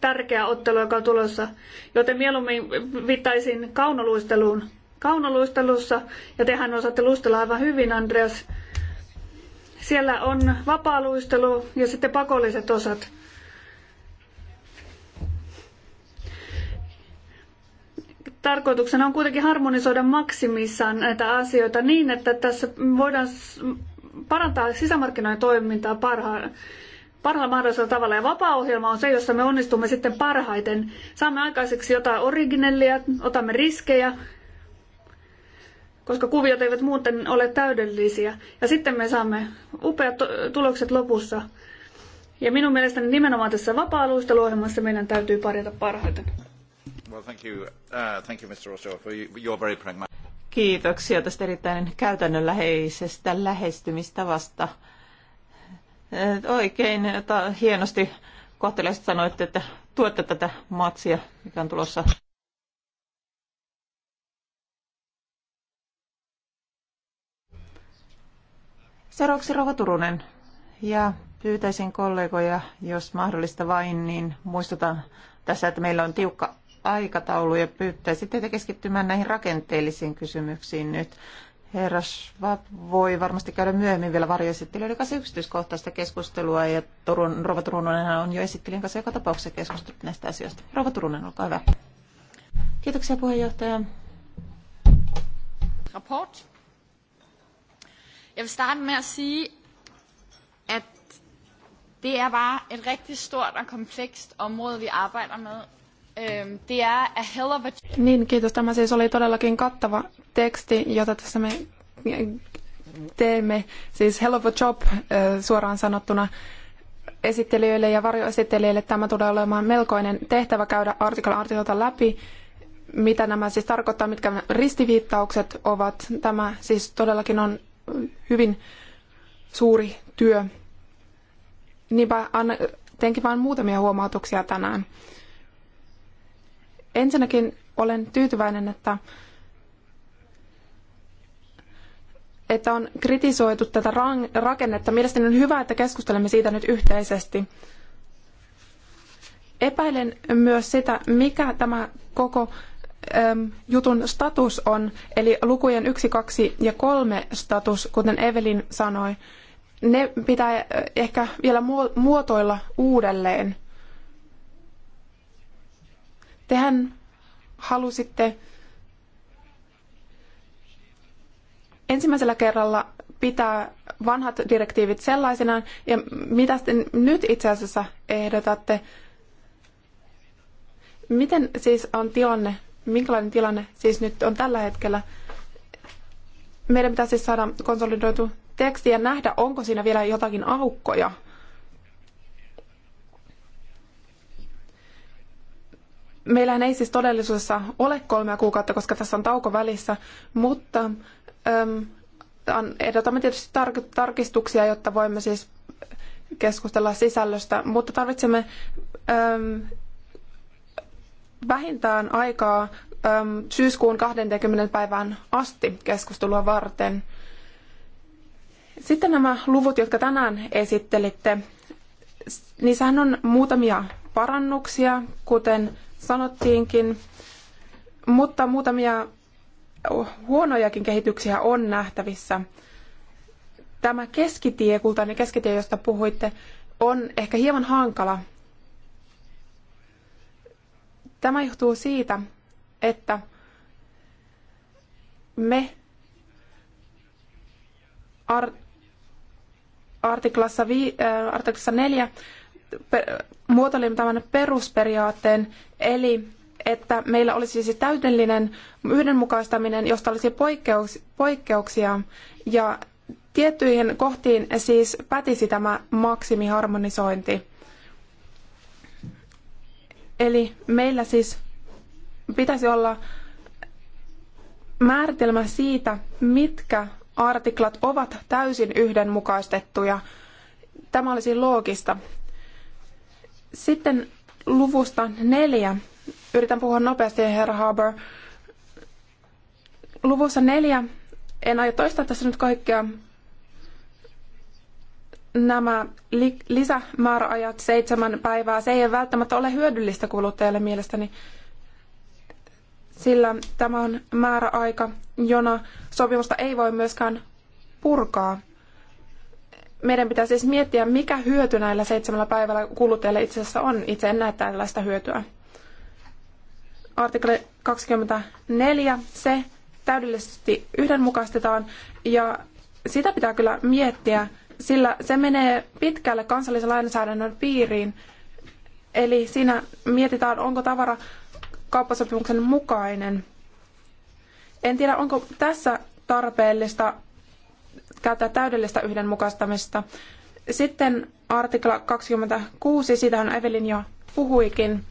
tärkeä ottelu, joka on tulossa. Joten mieluummin viittaisin kaunoluisteluun. Kaunoluistelussa, ja tehän osaatte luistella aivan hyvin, Andreas. Siellä on vapaaluistelu ja sitten pakolliset osat. Tarkoituksena on kuitenkin harmonisoida maksimissaan näitä asioita niin, että tässä voidaan parantaa sisämarkkinoiden toimintaa parhaan parhaalla mahdollisella tavalla. Ja vapaa-ohjelma on se, jossa me onnistumme sitten parhaiten. Saamme aikaiseksi jotain originellia, otamme riskejä, koska kuviot eivät muuten ole täydellisiä. Ja sitten me saamme upeat tulokset lopussa. Ja minun mielestäni nimenomaan tässä vapaa-alusteluohjelmassa meidän täytyy pärjätä parhaiten. Kiitoksia tästä erittäin käytännönläheisestä lähestymistavasta. Oikein ta, hienosti kohteliaasti sanoitte, että tuette tätä matsia, mikä on tulossa. Seuraavaksi Rova Turunen. Ja pyytäisin kollegoja, jos mahdollista vain, niin muistutan tässä, että meillä on tiukka aikataulu ja pyyttäisin teitä keskittymään näihin rakenteellisiin kysymyksiin nyt. Herra Schwab voi varmasti käydä myöhemmin vielä varjoesittelijöiden kanssa yksityiskohtaista keskustelua ja Turun, Rova Turunen on jo esittelijän kanssa joka tapauksessa keskustellut näistä asioista. Rova Turunen, olkaa hyvä. Kiitoksia puheenjohtaja. Raport. Jeg vil starte med at sige, at det er bare et rigtig stort og komplekst område, vi arbejder med Ehm, niin, kiitos. Tämä siis oli todellakin kattava teksti, jota tässä me teemme. Siis Hell of a Job suoraan sanottuna esittelijöille ja varjoesittelijöille tämä tulee olemaan melkoinen tehtävä käydä artikla artiklata läpi, mitä nämä siis tarkoittaa, mitkä ristiviittaukset ovat. Tämä siis todellakin on hyvin suuri työ. Niinpä teenkin vain muutamia huomautuksia tänään. Ensinnäkin olen tyytyväinen, että, että on kritisoitu tätä rakennetta. Mielestäni on hyvä, että keskustelemme siitä nyt yhteisesti. Epäilen myös sitä, mikä tämä koko ähm, jutun status on, eli lukujen yksi, kaksi ja kolme status, kuten Evelin sanoi, ne pitää äh, ehkä vielä muotoilla uudelleen. Tehän halusitte ensimmäisellä kerralla pitää vanhat direktiivit sellaisenaan, ja mitä sitten nyt itse asiassa ehdotatte? Miten siis on tilanne, minkälainen tilanne siis nyt on tällä hetkellä? Meidän pitää siis saada konsolidoitu teksti ja nähdä, onko siinä vielä jotakin aukkoja. meillähän ei siis todellisuudessa ole kolmea kuukautta, koska tässä on tauko välissä, mutta äm, ehdotamme tietysti tar- tarkistuksia, jotta voimme siis keskustella sisällöstä, mutta tarvitsemme äm, vähintään aikaa äm, syyskuun 20. päivään asti keskustelua varten. Sitten nämä luvut, jotka tänään esittelitte, niissähän on muutamia parannuksia, kuten sanottiinkin. Mutta muutamia huonojakin kehityksiä on nähtävissä. Tämä keskitie, kultainen keskitie, josta puhuitte, on ehkä hieman hankala. Tämä johtuu siitä, että me ar- artiklassa, vi- äh, artiklassa 4 muotoilimme tämän perusperiaatteen, eli että meillä olisi siis täydellinen yhdenmukaistaminen, josta olisi poikkeuksia, ja tiettyihin kohtiin siis pätisi tämä maksimiharmonisointi. Eli meillä siis pitäisi olla määritelmä siitä, mitkä artiklat ovat täysin yhdenmukaistettuja. Tämä olisi loogista. Sitten luvusta neljä. Yritän puhua nopeasti, herra Haber. Luvussa neljä. En aio toistaa tässä nyt kaikkea. Nämä li- lisämääräajat, seitsemän päivää, se ei ole välttämättä ole hyödyllistä kuluttajalle mielestäni sillä tämä on määräaika, jona sopimusta ei voi myöskään purkaa meidän pitää siis miettiä, mikä hyöty näillä seitsemällä päivällä kuluttajille itse asiassa on. Itse en näe tällaista hyötyä. Artikla 24, se täydellisesti yhdenmukaistetaan ja sitä pitää kyllä miettiä, sillä se menee pitkälle kansallisen lainsäädännön piiriin. Eli siinä mietitään, onko tavara kauppasopimuksen mukainen. En tiedä, onko tässä tarpeellista Käyttää täydellistä yhdenmukaistamista. Sitten artikla 26, siitähän Evelin jo puhuikin.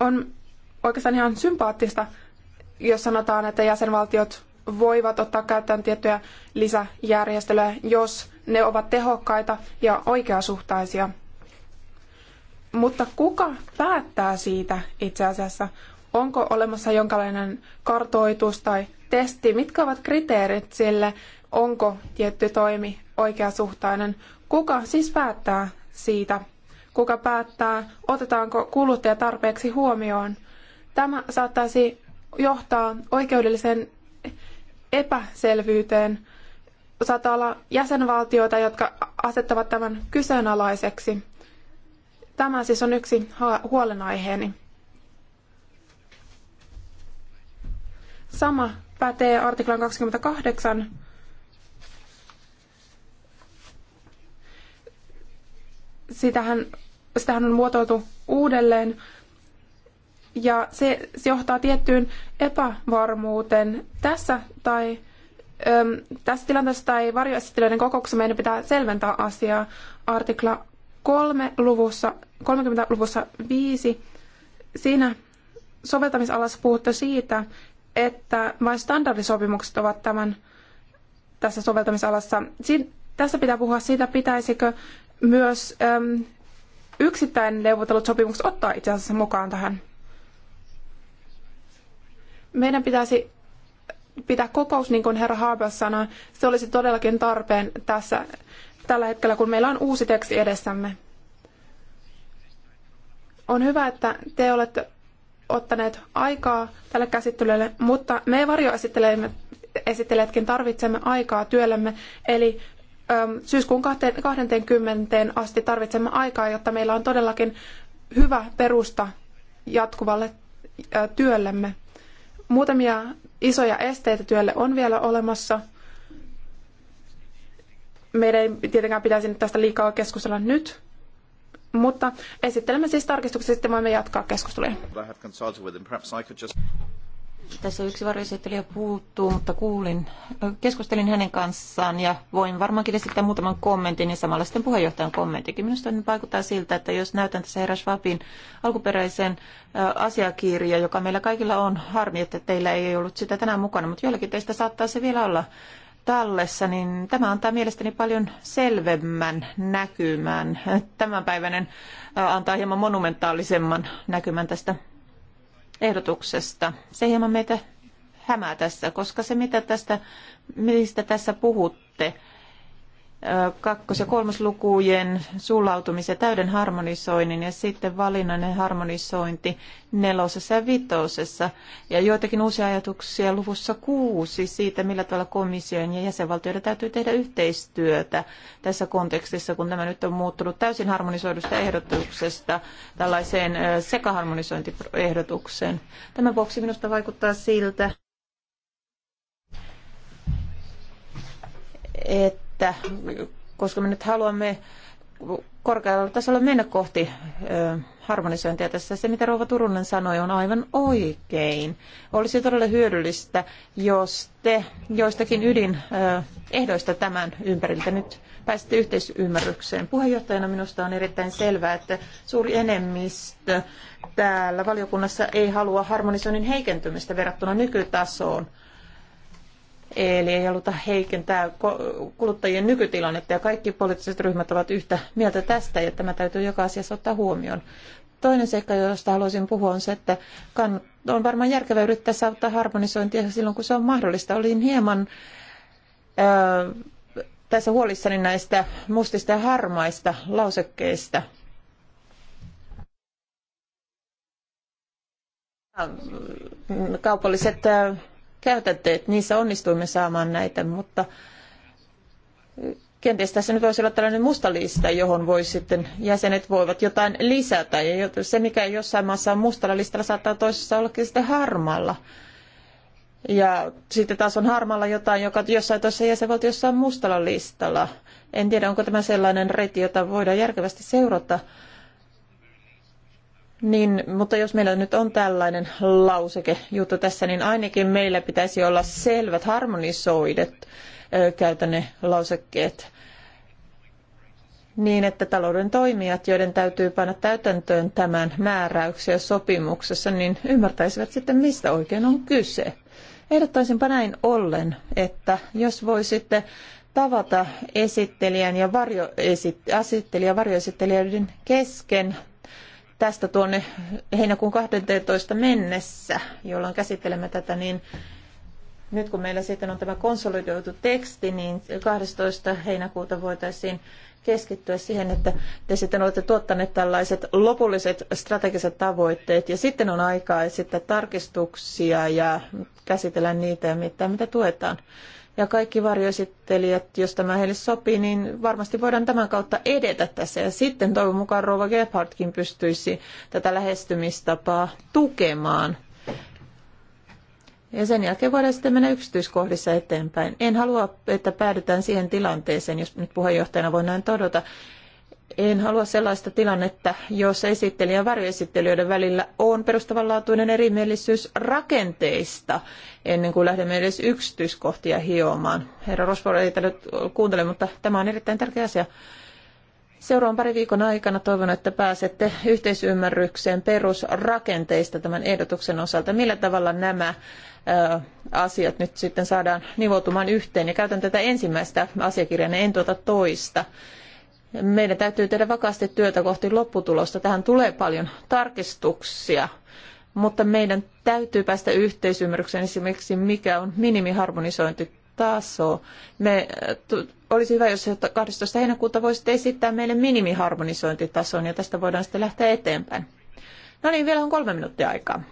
On oikeastaan ihan sympaattista, jos sanotaan, että jäsenvaltiot voivat ottaa käyttöön tiettyjä lisäjärjestelyjä, jos ne ovat tehokkaita ja oikeasuhtaisia. Mutta kuka päättää siitä itse asiassa? Onko olemassa jonkinlainen kartoitus tai testi? Mitkä ovat kriteerit sille, onko tietty toimi oikeasuhtainen? Kuka siis päättää siitä? Kuka päättää, otetaanko kuluttaja tarpeeksi huomioon? Tämä saattaisi johtaa oikeudelliseen epäselvyyteen. Saattaa olla jäsenvaltioita, jotka asettavat tämän kyseenalaiseksi. Tämä siis on yksi huolenaiheeni. Sama pätee artiklan 28 sitähän, sitähän on muotoiltu uudelleen. Ja se, se johtaa tiettyyn epävarmuuteen. Tässä, tai, tässä tilanteessa tai varjoesittelyiden kokouksessa meidän pitää selventää asiaa. Artikla 3 luvussa, 30 luvussa 5. Siinä soveltamisalassa puhutte siitä, että vain standardisopimukset ovat tämän tässä soveltamisalassa. Siin, tässä pitää puhua siitä, pitäisikö myös äm, yksittäin neuvotellut sopimukset ottaa itse asiassa mukaan tähän. Meidän pitäisi pitää kokous, niin kuin herra Haber sanoi. Se olisi todellakin tarpeen tässä tällä hetkellä, kun meillä on uusi teksti edessämme. On hyvä, että te olette ottaneet aikaa tälle käsittelylle, mutta me varjoesittelijätkin tarvitsemme aikaa työllemme, eli ähm, syyskuun 20 asti tarvitsemme aikaa, jotta meillä on todellakin hyvä perusta jatkuvalle äh, työllemme. Muutamia isoja esteitä työlle on vielä olemassa. Meidän ei tietenkään pitäisi tästä liikaa keskustella nyt, mutta esittelemme siis tarkistuksia, sitten voimme jatkaa keskustelua. Tässä yksi varjoesittelijä puuttuu, mutta kuulin, keskustelin hänen kanssaan ja voin varmaankin esittää muutaman kommentin ja samalla sitten puheenjohtajan kommenttikin. Minusta vaikuttaa siltä, että jos näytän tässä herra Schwabin alkuperäisen asiakirja, joka meillä kaikilla on, harmi, että teillä ei ollut sitä tänään mukana, mutta joillakin teistä saattaa se vielä olla tallessa, niin tämä antaa mielestäni paljon selvemmän näkymän. Tämänpäiväinen antaa hieman monumentaalisemman näkymän tästä ehdotuksesta. Se hieman meitä hämää tässä, koska se mitä tästä, mistä tässä puhutte, kakkos- ja kolmoslukujen ja täyden harmonisoinnin ja sitten valinnainen harmonisointi nelosessa ja vitosessa. Ja joitakin uusia ajatuksia luvussa kuusi siitä, millä tavalla komission ja jäsenvaltioiden täytyy tehdä yhteistyötä tässä kontekstissa, kun tämä nyt on muuttunut täysin harmonisoidusta ehdotuksesta tällaiseen sekaharmonisointiehdotukseen. Tämän vuoksi minusta vaikuttaa siltä, että että koska me nyt haluamme korkealla tasolla mennä kohti ö, harmonisointia tässä. Se, mitä Rouva Turunen sanoi, on aivan oikein. Olisi todella hyödyllistä, jos te joistakin ydinehdoista tämän ympäriltä nyt pääsitte yhteisymmärrykseen. Puheenjohtajana minusta on erittäin selvää, että suuri enemmistö täällä valiokunnassa ei halua harmonisoinnin heikentymistä verrattuna nykytasoon – Eli ei haluta heikentää kuluttajien nykytilannetta ja kaikki poliittiset ryhmät ovat yhtä mieltä tästä ja tämä täytyy joka asiassa ottaa huomioon. Toinen seikka, josta haluaisin puhua, on se, että on varmaan järkevää yrittää saavuttaa harmonisointia silloin, kun se on mahdollista. Olin hieman ää, tässä huolissani näistä mustista ja harmaista lausekkeista. Kaupalliset käytätte, että niissä onnistuimme saamaan näitä, mutta kenties tässä nyt voisi olla tällainen musta lista, johon voi sitten jäsenet voivat jotain lisätä. Ja se, mikä jossain maassa on mustalla listalla, saattaa toisessa ollakin sitten harmalla. Ja sitten taas on harmalla jotain, joka jossain toisessa jäsenvaltiossa on mustalla listalla. En tiedä, onko tämä sellainen reitti, jota voidaan järkevästi seurata. Niin, mutta jos meillä nyt on tällainen lauseke juttu tässä, niin ainakin meillä pitäisi olla selvät harmonisoidet käytännön lausekkeet niin, että talouden toimijat, joiden täytyy panna täytäntöön tämän määräyksiä sopimuksessa, niin ymmärtäisivät sitten, mistä oikein on kyse. Ehdottaisinpa näin ollen, että jos voisitte tavata esittelijän ja varjoesittelijä, varjoesittelijöiden kesken tästä tuonne heinäkuun 12 mennessä, jolloin käsittelemme tätä, niin nyt kun meillä sitten on tämä konsolidoitu teksti, niin 12. heinäkuuta voitaisiin keskittyä siihen, että te sitten olette tuottaneet tällaiset lopulliset strategiset tavoitteet ja sitten on aikaa esittää tarkistuksia ja käsitellä niitä ja mitä, mitä tuetaan ja kaikki varjoesittelijät, jos tämä heille sopii, niin varmasti voidaan tämän kautta edetä tässä. Ja sitten toivon mukaan Rova Gebhardtkin pystyisi tätä lähestymistapaa tukemaan. Ja sen jälkeen voidaan sitten mennä yksityiskohdissa eteenpäin. En halua, että päädytään siihen tilanteeseen, jos nyt puheenjohtajana voin näin todeta, en halua sellaista tilannetta, jossa esittelijän ja varjoesittelijöiden välillä on perustavanlaatuinen erimielisyys rakenteista, ennen kuin lähdemme edes yksityiskohtia hiomaan. Herra Rosvor ei tällä kuuntele, mutta tämä on erittäin tärkeä asia. Seuraavan pari viikon aikana toivon, että pääsette yhteisymmärrykseen perusrakenteista tämän ehdotuksen osalta. Millä tavalla nämä asiat nyt sitten saadaan nivoutumaan yhteen? Ja käytän tätä ensimmäistä asiakirjaa, en tuota toista meidän täytyy tehdä vakaasti työtä kohti lopputulosta. Tähän tulee paljon tarkistuksia, mutta meidän täytyy päästä yhteisymmärrykseen esimerkiksi, mikä on minimiharmonisointi taso. Me, äh, olisi hyvä, jos 12. heinäkuuta voisitte esittää meille minimiharmonisointitason ja tästä voidaan sitten lähteä eteenpäin. No niin, vielä on kolme minuuttia aikaa.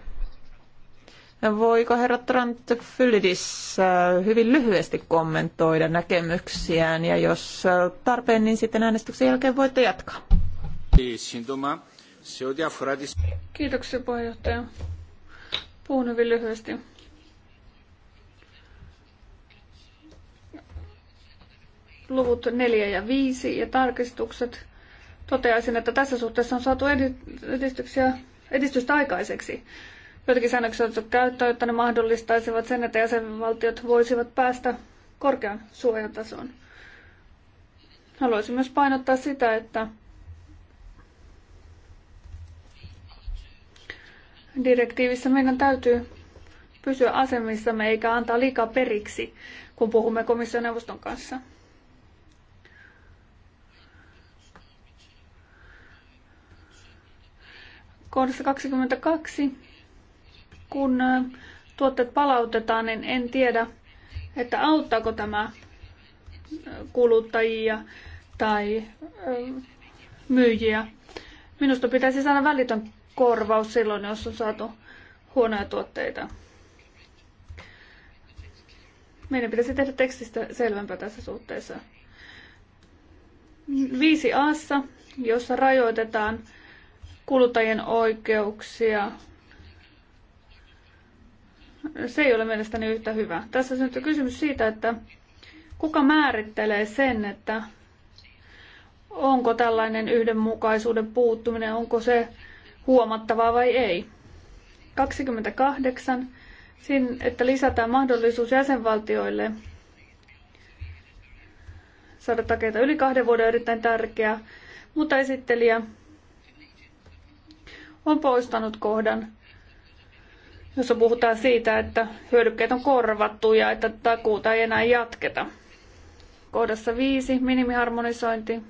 Voiko herra Trantfylidis äh, hyvin lyhyesti kommentoida näkemyksiään ja jos äh, tarpeen, niin sitten äänestyksen jälkeen voitte jatkaa. Kiitoksia puheenjohtaja. Puhun hyvin lyhyesti. Luvut 4 ja 5 ja tarkistukset. Toteaisin, että tässä suhteessa on saatu edistyksiä, edistystä aikaiseksi Joitakin säännöksiä on käyttöön, jotta ne mahdollistaisivat sen, että jäsenvaltiot voisivat päästä korkean suojatasoon. Haluaisin myös painottaa sitä, että direktiivissä meidän täytyy pysyä asemissamme eikä antaa liikaa periksi, kun puhumme komission neuvoston kanssa. Kohdassa 22 kun tuotteet palautetaan, niin en tiedä, että auttaako tämä kuluttajia tai myyjiä. Minusta pitäisi saada välitön korvaus silloin, jos on saatu huonoja tuotteita. Meidän pitäisi tehdä tekstistä selvempää tässä suhteessa. 5 a jossa rajoitetaan kuluttajien oikeuksia se ei ole mielestäni yhtä hyvä. Tässä syntyy kysymys siitä, että kuka määrittelee sen, että onko tällainen yhdenmukaisuuden puuttuminen, onko se huomattavaa vai ei. 28. Siinä, että lisätään mahdollisuus jäsenvaltioille saada takeita yli kahden vuoden erittäin tärkeää, mutta esittelijä on poistanut kohdan jossa puhutaan siitä, että hyödykkeet on korvattu ja että takuuta ei enää jatketa. Kohdassa 5, minimiharmonisointi.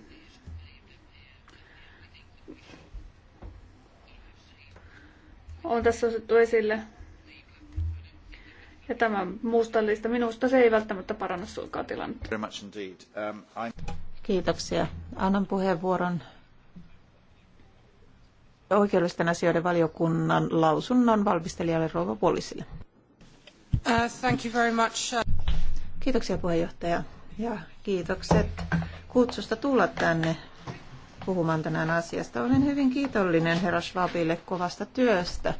On tässä otettu esille. Ja tämä mustallista minusta se ei välttämättä paranna suinkaan tilannetta. Um, Kiitoksia. Annan puheenvuoron oikeudellisten asioiden valiokunnan lausunnon valmistelijalle Rouva Polisille. Uh, thank you very much. Uh. Kiitoksia puheenjohtaja ja kiitokset kutsusta tulla tänne puhumaan tänään asiasta. Olen hyvin kiitollinen herra Schwabille kovasta työstä.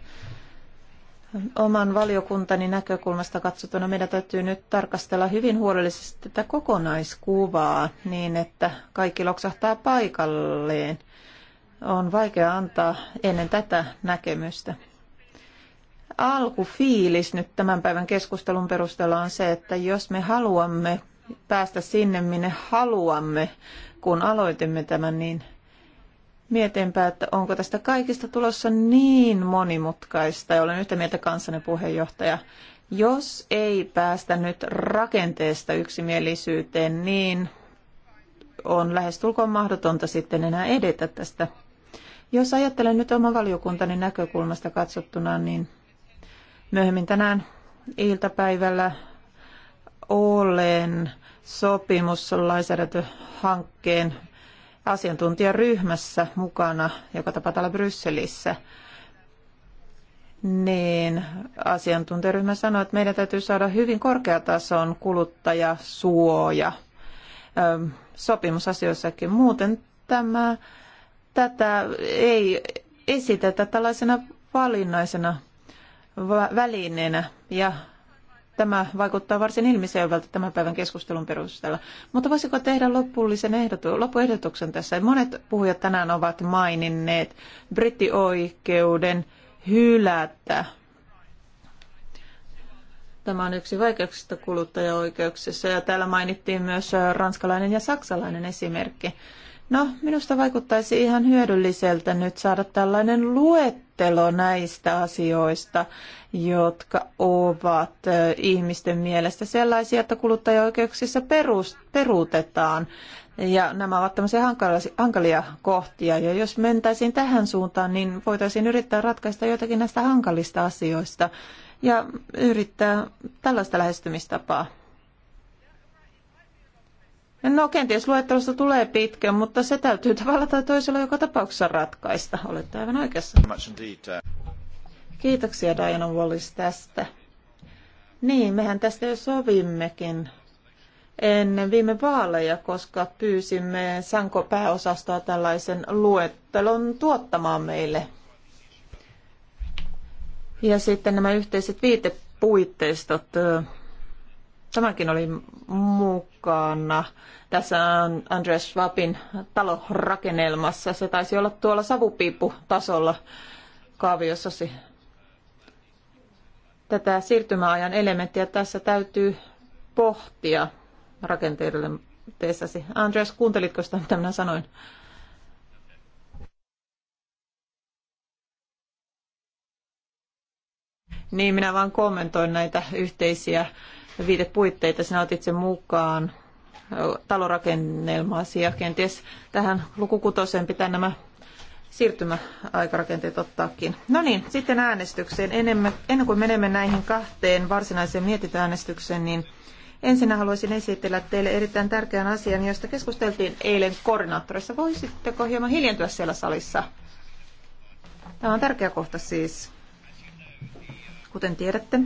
Oman valiokuntani näkökulmasta katsottuna meidän täytyy nyt tarkastella hyvin huolellisesti tätä kokonaiskuvaa niin, että kaikki loksahtaa paikalleen – on vaikea antaa ennen tätä näkemystä. Alkufiilis nyt tämän päivän keskustelun perusteella on se, että jos me haluamme päästä sinne, minne haluamme, kun aloitimme tämän, niin mietinpä, että onko tästä kaikista tulossa niin monimutkaista, ja olen yhtä mieltä kanssanne puheenjohtaja, jos ei päästä nyt rakenteesta yksimielisyyteen, niin on lähestulkoon mahdotonta sitten enää edetä tästä jos ajattelen nyt oman valiokuntani näkökulmasta katsottuna, niin myöhemmin tänään iltapäivällä olen sopimus lainsäädäntöhankkeen asiantuntijaryhmässä mukana, joka tapaa täällä Brysselissä. Niin asiantuntijaryhmä sanoi, että meidän täytyy saada hyvin korkeatason kuluttajasuoja sopimusasioissakin. Muuten tämä tätä ei esitetä tällaisena valinnaisena välineenä ja tämä vaikuttaa varsin ilmiselvältä tämän päivän keskustelun perusteella. Mutta voisiko tehdä lopullisen ehdotu- loppuehdotuksen tässä? Monet puhujat tänään ovat maininneet brittioikeuden hylätä. Tämä on yksi vaikeuksista kuluttajaoikeuksissa ja täällä mainittiin myös ranskalainen ja saksalainen esimerkki. No, minusta vaikuttaisi ihan hyödylliseltä nyt saada tällainen luettelo näistä asioista, jotka ovat ihmisten mielestä sellaisia, että kuluttajaoikeuksissa perus, peruutetaan. Ja nämä ovat tämmöisiä hankalia kohtia. Ja jos mentäisiin tähän suuntaan, niin voitaisiin yrittää ratkaista jotakin näistä hankalista asioista ja yrittää tällaista lähestymistapaa No kenties luettelosta tulee pitkä, mutta se täytyy tavalla tai toisella joka tapauksessa ratkaista. Olette aivan oikeassa. Uh, Kiitoksia Diana Wallis tästä. Niin, mehän tästä jo sovimmekin ennen viime vaaleja, koska pyysimme Sanko pääosastoa tällaisen luettelon tuottamaan meille. Ja sitten nämä yhteiset viitepuitteistot tämäkin oli mukana tässä Andres Schwabin talorakennelmassa. Se taisi olla tuolla savupiipputasolla kaaviossasi. Tätä siirtymäajan elementtiä tässä täytyy pohtia rakenteellisesti. Andres, kuuntelitko sitä, mitä minä sanoin? Niin, minä vaan kommentoin näitä yhteisiä viitepuitteita. Sinä otit sen mukaan talorakennelmaasi ja Kenties tähän lukukutoseen pitää nämä siirtymäaikarakenteet ottaakin. No niin, sitten äänestykseen. ennen kuin menemme näihin kahteen varsinaiseen mietitäänestykseen, niin ensinnä haluaisin esitellä teille erittäin tärkeän asian, josta keskusteltiin eilen koordinaattorissa. Voisitteko hieman hiljentyä siellä salissa? Tämä on tärkeä kohta siis, kuten tiedätte.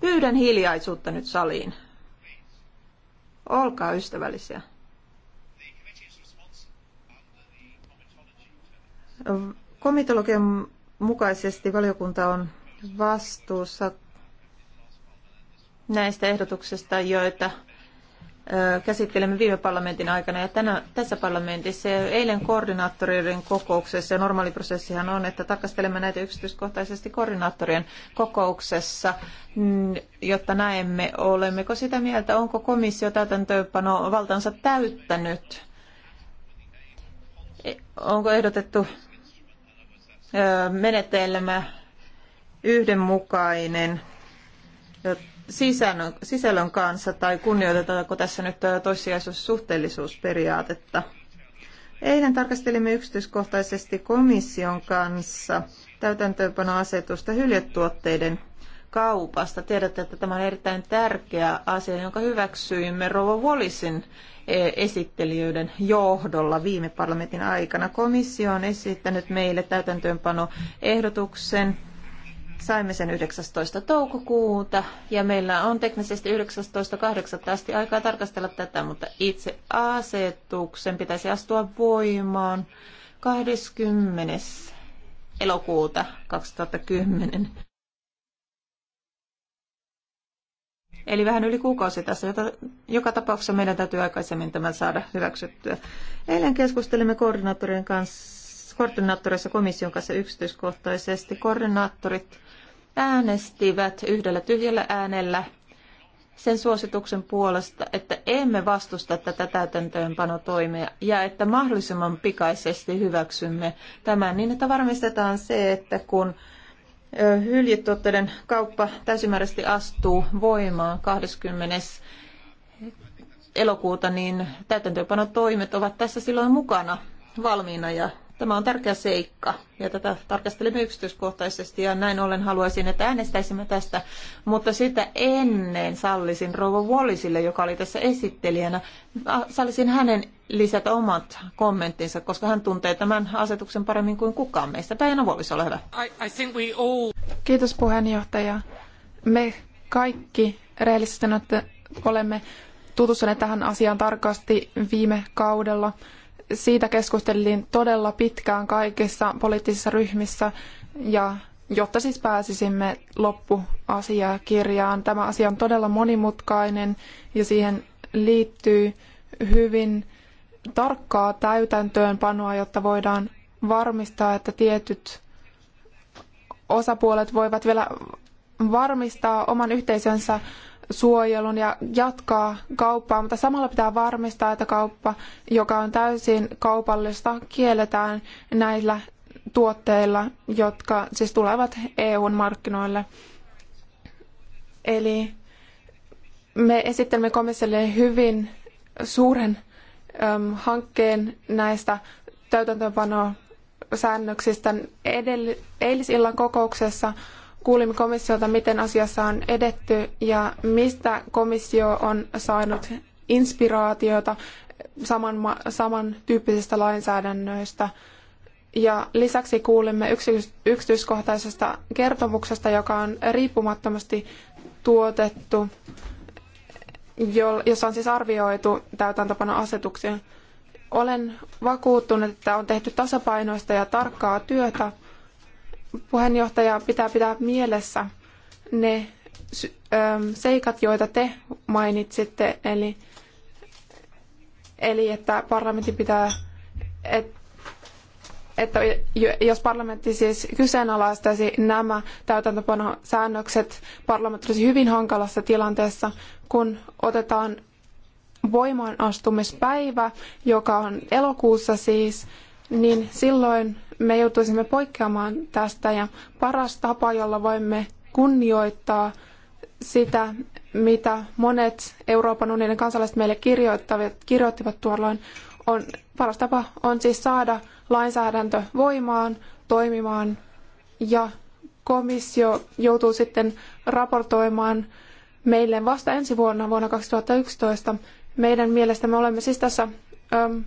Pyydän hiljaisuutta nyt saliin. Olkaa ystävällisiä. Komitologian mukaisesti valiokunta on vastuussa näistä ehdotuksista, joita käsittelemme viime parlamentin aikana ja tänä, tässä parlamentissa ja eilen koordinaattoreiden kokouksessa, ja normaaliprosessihan on, että tarkastelemme näitä yksityiskohtaisesti koordinaattorien kokouksessa, mm, jotta näemme, olemmeko sitä mieltä, onko komissio täytäntöönpano valtansa täyttänyt, e, onko ehdotettu menetelmä yhdenmukainen, jotta sisällön, sisällön kanssa tai kunnioitetaanko tässä nyt toissijaisuussuhteellisuusperiaatetta. Eilen tarkastelimme yksityiskohtaisesti komission kanssa täytäntöönpanoasetusta hyljetuotteiden kaupasta. Tiedätte, että tämä on erittäin tärkeä asia, jonka hyväksyimme Rova Wallisin e, esittelijöiden johdolla viime parlamentin aikana. Komissio on esittänyt meille täytäntöönpanoehdotuksen Saimme sen 19. toukokuuta ja meillä on teknisesti 19.8. asti aikaa tarkastella tätä, mutta itse asetuksen pitäisi astua voimaan 20. elokuuta 2010. Eli vähän yli kuukausi tässä, jota, joka tapauksessa meidän täytyy aikaisemmin tämän saada hyväksyttyä. Eilen keskustelimme koordinaattorien kanssa koordinaattorissa komission kanssa yksityiskohtaisesti. Koordinaattorit äänestivät yhdellä tyhjällä äänellä sen suosituksen puolesta, että emme vastusta tätä täytäntöönpanotoimia ja että mahdollisimman pikaisesti hyväksymme tämän niin, että varmistetaan se, että kun hyljetuotteiden kauppa täysimääräisesti astuu voimaan 20 elokuuta, niin täytäntöönpanotoimet ovat tässä silloin mukana valmiina ja Tämä on tärkeä seikka ja tätä tarkastelemme yksityiskohtaisesti ja näin ollen haluaisin, että äänestäisimme tästä, mutta sitä ennen sallisin Rovo Wallisille, joka oli tässä esittelijänä, sallisin hänen lisätä omat kommenttinsa, koska hän tuntee tämän asetuksen paremmin kuin kukaan meistä. Päivänä Wallis, ole hyvä. I, I think we all... Kiitos puheenjohtaja. Me kaikki rehellisesti olemme tutustuneet tähän asiaan tarkasti viime kaudella siitä keskusteltiin todella pitkään kaikissa poliittisissa ryhmissä ja jotta siis pääsisimme loppuasiakirjaan. Tämä asia on todella monimutkainen ja siihen liittyy hyvin tarkkaa täytäntöönpanoa, jotta voidaan varmistaa, että tietyt osapuolet voivat vielä varmistaa oman yhteisönsä suojelun ja jatkaa kauppaa, mutta samalla pitää varmistaa, että kauppa, joka on täysin kaupallista, kielletään näillä tuotteilla, jotka siis tulevat EUn markkinoille. Eli me esittelemme komissiolle hyvin suuren äm, hankkeen näistä täytäntöönpanosäännöksistä. Edell- eilisillan kokouksessa kuulimme komissiolta, miten asiassa on edetty ja mistä komissio on saanut inspiraatiota saman, samantyyppisestä lainsäädännöistä. Ja lisäksi kuulimme yksityiskohtaisesta kertomuksesta, joka on riippumattomasti tuotettu, jossa on siis arvioitu täytäntöpanoasetuksia. Olen vakuuttunut, että on tehty tasapainoista ja tarkkaa työtä puheenjohtaja pitää pitää mielessä ne ähm, seikat, joita te mainitsitte, eli, eli että parlamentti pitää, et, että jos parlamentti siis kyseenalaistaisi nämä säännökset parlamentti olisi hyvin hankalassa tilanteessa, kun otetaan voimaanastumispäivä, joka on elokuussa siis, niin silloin me joutuisimme poikkeamaan tästä ja paras tapa, jolla voimme kunnioittaa sitä, mitä monet Euroopan unionin kansalaiset meille kirjoittavat, kirjoittivat tuolloin, on, paras tapa on siis saada lainsäädäntö voimaan, toimimaan ja komissio joutuu sitten raportoimaan meille vasta ensi vuonna, vuonna 2011. Meidän mielestämme olemme siis tässä äm,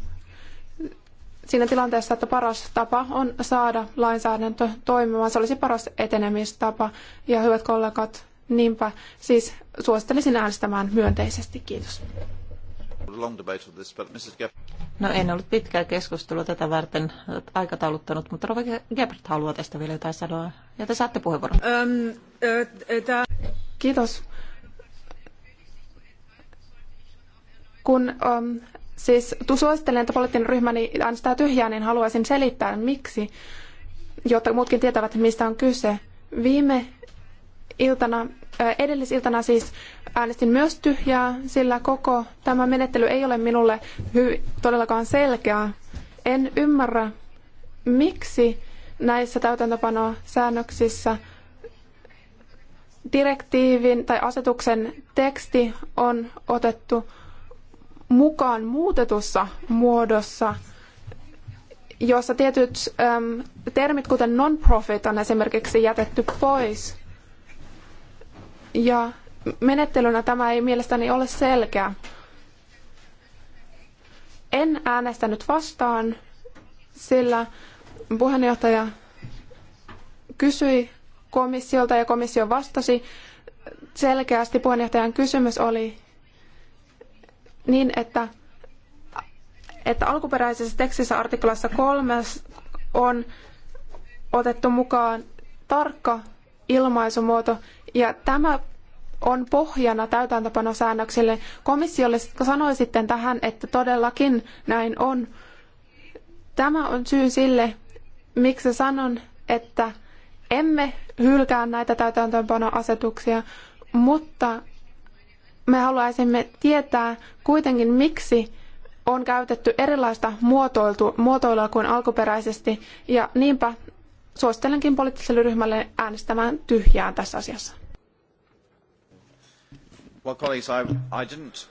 siinä tilanteessa, että paras tapa on saada lainsäädäntö toimimaan. Se olisi paras etenemistapa. Ja hyvät kollegat, niinpä siis suosittelisin äänestämään myönteisesti. Kiitos. No en ollut pitkää keskustelua tätä varten aikatauluttanut, mutta Rova Gebert haluaa tästä vielä jotain sanoa. Ja te saatte puheenvuoron. Ähm, äh, äh, Kiitos. Kun um, Siis tu suosittelen, että poliittinen ryhmäni äänestää tyhjää, niin haluaisin selittää miksi, jotta muutkin tietävät, mistä on kyse. Viime iltana, edellisiltana siis äänestin myös tyhjää, sillä koko tämä menettely ei ole minulle hy- todellakaan selkeää. En ymmärrä, miksi näissä täytäntöpanosäännöksissä direktiivin tai asetuksen teksti on otettu mukaan muutetussa muodossa, jossa tietyt äm, termit, kuten non-profit, on esimerkiksi jätetty pois. Ja menettelynä tämä ei mielestäni ole selkeä. En äänestänyt vastaan, sillä puheenjohtaja kysyi komissiolta ja komissio vastasi selkeästi. Puheenjohtajan kysymys oli, niin, että, että alkuperäisessä tekstissä artiklassa 3 on otettu mukaan tarkka ilmaisumuoto, ja tämä on pohjana täytäntöpanosäännöksille. Komissiolle sanoi sitten tähän, että todellakin näin on. Tämä on syy sille, miksi sanon, että emme hylkää näitä täytäntöönpanoasetuksia, mutta me haluaisimme tietää kuitenkin, miksi on käytetty erilaista muotoilua kuin alkuperäisesti, ja niinpä suosittelenkin poliittiselle ryhmälle äänestämään tyhjää tässä asiassa. Well, colleagues, I, I didn't.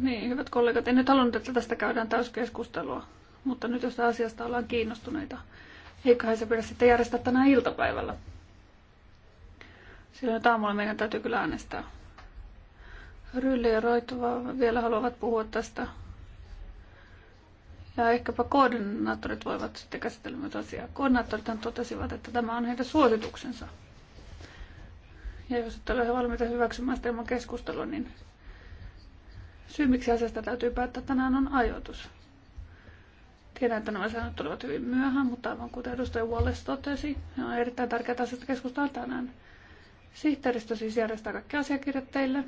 Niin, hyvät kollegat, en nyt halunnut, että tästä käydään täyskeskustelua, mutta nyt jos asiasta ollaan kiinnostuneita, eiköhän se pidä sitten järjestää tänään iltapäivällä. Silloin aamulla meidän täytyy kyllä äänestää. Rylle ja Roituva vielä haluavat puhua tästä. Ja ehkäpä koordinaattorit voivat sitten käsitellä myös asiaa. Koordinaattorithan totesivat, että tämä on heidän suosituksensa. Ja jos ette ole valmiita hyväksymään sitä ilman keskustelua, niin syy miksi asiasta täytyy päättää tänään on ajoitus. Tiedän, että nämä säännöt tulevat hyvin myöhään, mutta aivan kuten edustaja Wallace totesi, on erittäin tärkeää asiasta keskustella tänään. Sihteeristö siis järjestää kaikki asiakirjat teille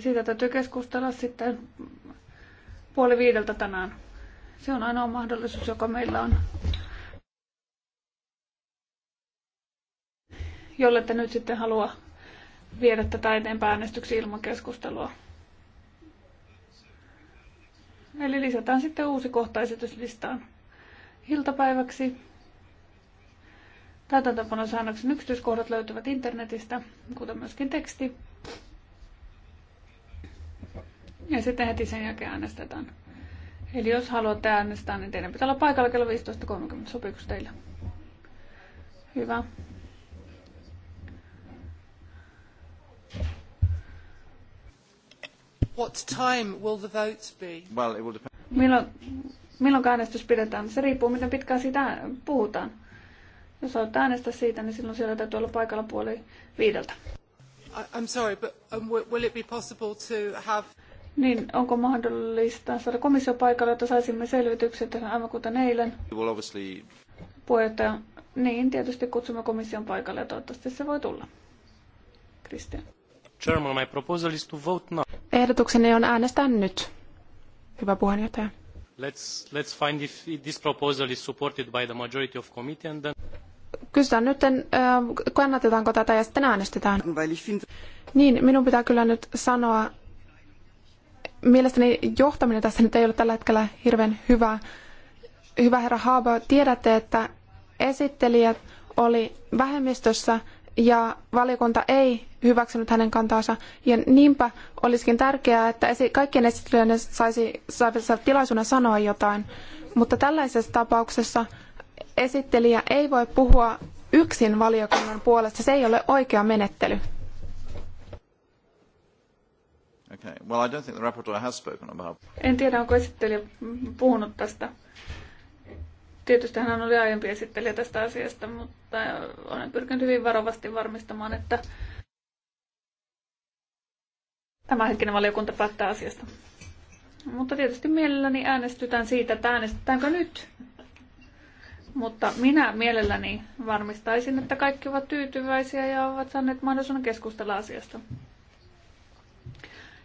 siitä täytyy keskustella sitten puoli viideltä tänään. Se on ainoa mahdollisuus, joka meillä on. Jolle te nyt sitten halua viedä tätä eteenpäin äänestyksiä ilman keskustelua. Eli lisätään sitten uusi kohta esityslistaan iltapäiväksi. Täytäntöpanosäännöksen yksityiskohdat löytyvät internetistä, kuten myöskin teksti. Ja sitten heti sen jälkeen äänestetään. Eli jos haluatte äänestää, niin teidän pitää olla paikalla kello 15.30. Sopiiko teille? Hyvä. What time will the votes be? Well, it will depend. Milloin, milloin äänestys pidetään? Se riippuu, miten pitkään siitä puhutaan. Jos haluat äänestää siitä, niin silloin siellä täytyy olla paikalla puoli viideltä. I'm sorry, but um, will it be possible to have... Niin, onko mahdollista saada komissio paikalle, että saisimme selvityksen tähän aivan kuten eilen? Well, obviously... Puheenjohtaja, niin tietysti kutsumme komission paikalle ja toivottavasti se voi tulla. Christian. Chairman, my proposal is to vote now. Ehdotukseni on äänestää nyt. Hyvä puheenjohtaja. Let's, let's find if this proposal is supported by the majority of committee and then... Kysytään nyt, kannatetaanko tätä ja sitten äänestetään. Niin, minun pitää kyllä nyt sanoa, mielestäni johtaminen tässä nyt ei ole tällä hetkellä hirveän hyvä. Hyvä herra Haaba, tiedätte, että esittelijät oli vähemmistössä ja valiokunta ei hyväksynyt hänen kantaansa. Ja niinpä olisikin tärkeää, että esi- kaikkien esittelijöiden saisi, saisi tilaisuuden sanoa jotain. Mutta tällaisessa tapauksessa esittelijä ei voi puhua yksin valiokunnan puolesta. Se ei ole oikea menettely. Okay. Well, I don't think the rapporteur has spoken about. En tiedä, onko esittelijä puhunut tästä. Tietysti hän oli aiempi esittelijä tästä asiasta, mutta olen pyrkinyt hyvin varovasti varmistamaan, että tämä hetkinen valiokunta päättää asiasta. Mutta tietysti mielelläni äänestytään siitä, että äänestetäänkö nyt. Mutta minä mielelläni varmistaisin, että kaikki ovat tyytyväisiä ja ovat saaneet mahdollisuuden keskustella asiasta.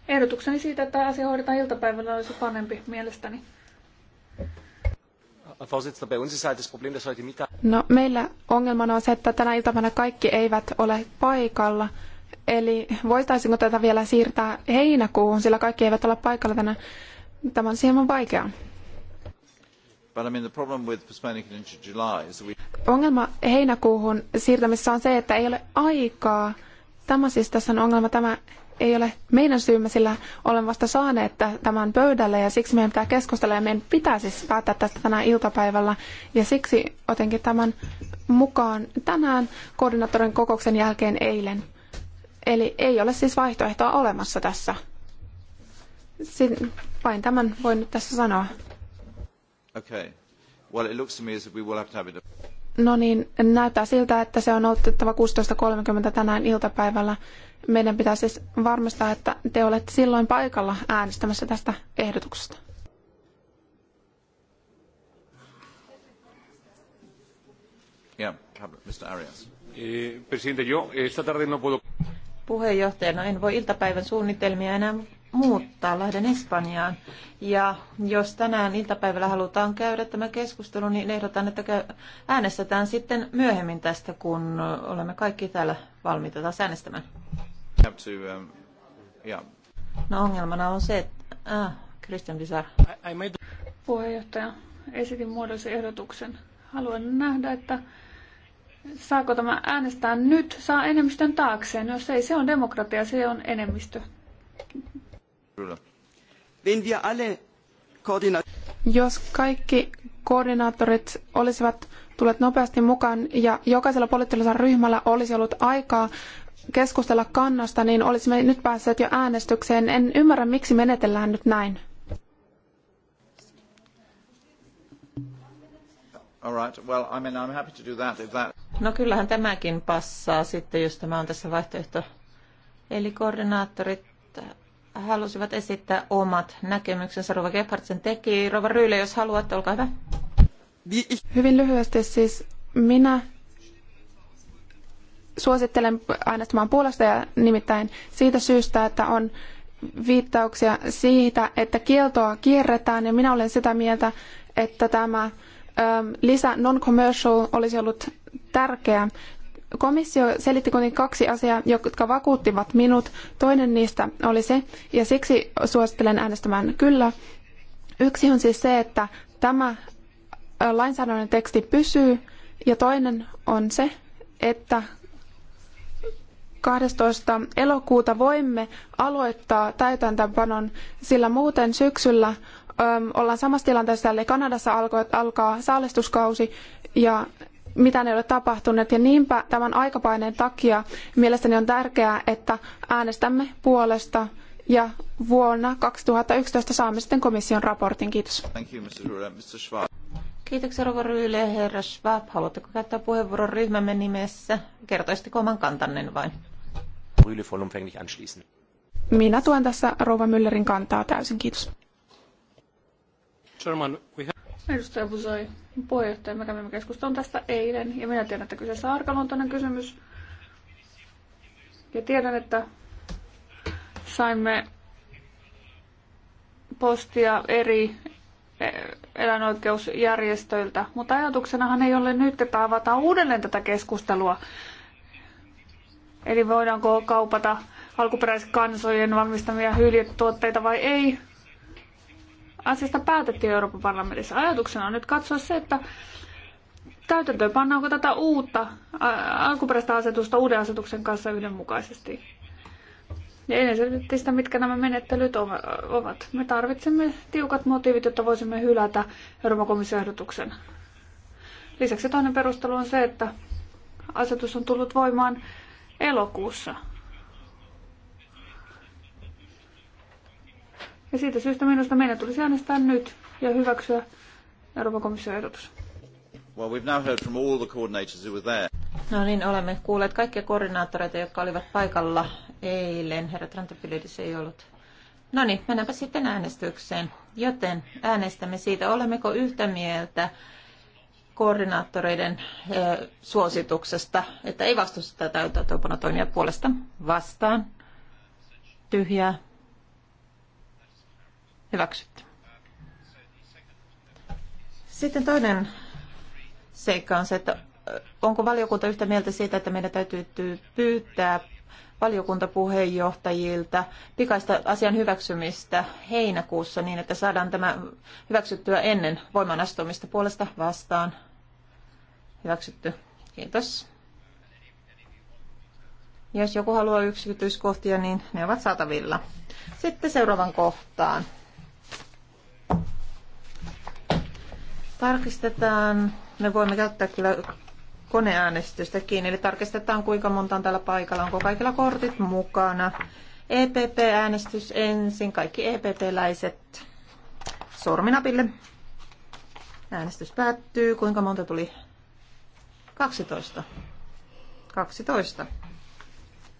Ehdotukseni siitä, että asia hoidetaan iltapäivällä, olisi parempi mielestäni. No, meillä ongelmana on se, että tänä iltapäivänä kaikki eivät ole paikalla. Eli voitaisiinko tätä vielä siirtää heinäkuuhun, sillä kaikki eivät ole paikalla tänä. Tämä on hieman vaikeaa. Ongelma heinäkuuhun siirtämisessä on se, että ei ole aikaa. Tämä siis tässä on ongelma. Tämä ei ole meidän syymme, sillä olemme vasta saaneet tämän pöydälle ja siksi meidän pitää keskustella ja meidän pitää siis päättää tästä tänään iltapäivällä. Ja siksi otenkin tämän mukaan tänään koordinaattorin kokouksen jälkeen eilen. Eli ei ole siis vaihtoehtoa olemassa tässä. Sin, vain tämän voin nyt tässä sanoa. Okay. Well, it looks to me as if we will have to have it... No niin, näyttää siltä, että se on otettava 16.30 tänään iltapäivällä. Meidän pitää siis varmistaa, että te olette silloin paikalla äänestämässä tästä ehdotuksesta. Yeah, Mr. Arias. Eh, presidente, yo esta tarde no puedo... Puheenjohtajana no en voi iltapäivän suunnitelmia enää muuttaa. Lähden Espanjaan. Ja jos tänään iltapäivällä halutaan käydä tämä keskustelu, niin ehdotan, että äänestetään sitten myöhemmin tästä, kun olemme kaikki täällä valmiita taas äänestämään. Um, no ongelmana on se, että... Ah, Christian Bizar. Puheenjohtaja, esitin muodollisen ehdotuksen. Haluan nähdä, että saako tämä äänestää nyt, saa enemmistön taakseen. Jos ei, se on demokratia, se on enemmistö. Kyllä. Jos kaikki koordinaattorit olisivat tulleet nopeasti mukaan ja jokaisella poliittisella ryhmällä olisi ollut aikaa keskustella kannasta, niin olisimme nyt päässeet jo äänestykseen. En ymmärrä, miksi menetellään nyt näin. No kyllähän tämäkin passaa sitten, jos tämä on tässä vaihtoehto. Eli koordinaattorit halusivat esittää omat näkemyksensä. Rova Gebhardt sen teki. Rova Ryyle, jos haluatte, olkaa hyvä. Hyvin lyhyesti siis minä suosittelen äänestämään puolesta ja nimittäin siitä syystä, että on viittauksia siitä, että kieltoa kierretään ja minä olen sitä mieltä, että tämä ähm, lisä non-commercial olisi ollut tärkeä. Komissio selitti kuitenkin kaksi asiaa, jotka vakuuttivat minut. Toinen niistä oli se, ja siksi suosittelen äänestämään kyllä. Yksi on siis se, että tämä äh, lainsäädännön teksti pysyy, ja toinen on se, että 12. elokuuta voimme aloittaa täytäntöönpanon, sillä muuten syksyllä ollaan samassa tilanteessa, eli Kanadassa alkaa saalistuskausi ja mitään ei ole tapahtunut. Ja niinpä tämän aikapaineen takia mielestäni on tärkeää, että äänestämme puolesta ja vuonna 2011 saamme sitten komission raportin. Kiitos. Kiitoksia Rova Ryyle ja herra Schwab. Haluatteko käyttää puheenvuoron ryhmämme nimessä? Kertoisitteko oman kantannen vain? Rühle vollumfänglich anschließen. Minä tuen tässä Rouva Müllerin kantaa täysin. Kiitos. German, we have... Edustaja Busoi, puheenjohtaja, me kävimme keskustelun tästä eilen ja minä tiedän, että kyseessä on arkaluontoinen kysymys. Ja tiedän, että saimme postia eri eh, eläinoikeusjärjestöiltä, mutta ajatuksenahan ei ole nyt, että avataan uudelleen tätä keskustelua Eli voidaanko kaupata alkuperäiskansojen valmistamia hyljetuotteita vai ei. Asiasta päätettiin Euroopan parlamentissa. Ajatuksena on nyt katsoa se, että täytäntöön pannaanko tätä uutta alkuperäistä asetusta uuden asetuksen kanssa yhdenmukaisesti. Ja ennen selvitettiin sitä, mitkä nämä menettelyt ovat. Me tarvitsemme tiukat motiivit, jotta voisimme hylätä Euroopan komission ehdotuksen. Lisäksi toinen perustelu on se, että asetus on tullut voimaan elokuussa. Ja siitä syystä minusta meidän tulisi äänestää nyt ja hyväksyä Euroopan komission ehdotus. Well, we've now heard from all the coordinators who were there. No niin, olemme kuulleet kaikkia koordinaattoreita, jotka olivat paikalla eilen. Herra Trantafilidis ei ollut. No niin, mennäänpä sitten äänestykseen. Joten äänestämme siitä, olemmeko yhtä mieltä koordinaattoreiden suosituksesta, että ei vastusta toimia puolesta vastaan. Tyhjää. Hyväksytty. Sitten toinen seikka on se, että onko valiokunta yhtä mieltä siitä, että meidän täytyy pyytää valiokuntapuheenjohtajilta pikaista asian hyväksymistä heinäkuussa niin, että saadaan tämä hyväksyttyä ennen astumista puolesta vastaan Hyväksytty. Kiitos. Jos joku haluaa yksityiskohtia, niin ne ovat saatavilla. Sitten seuraavan kohtaan. Tarkistetaan, me voimme käyttää kyllä koneäänestystäkin, eli tarkistetaan kuinka monta on täällä paikalla, onko kaikilla kortit mukana. EPP-äänestys ensin, kaikki EPP-läiset sorminapille. Äänestys päättyy, kuinka monta tuli 12. 12.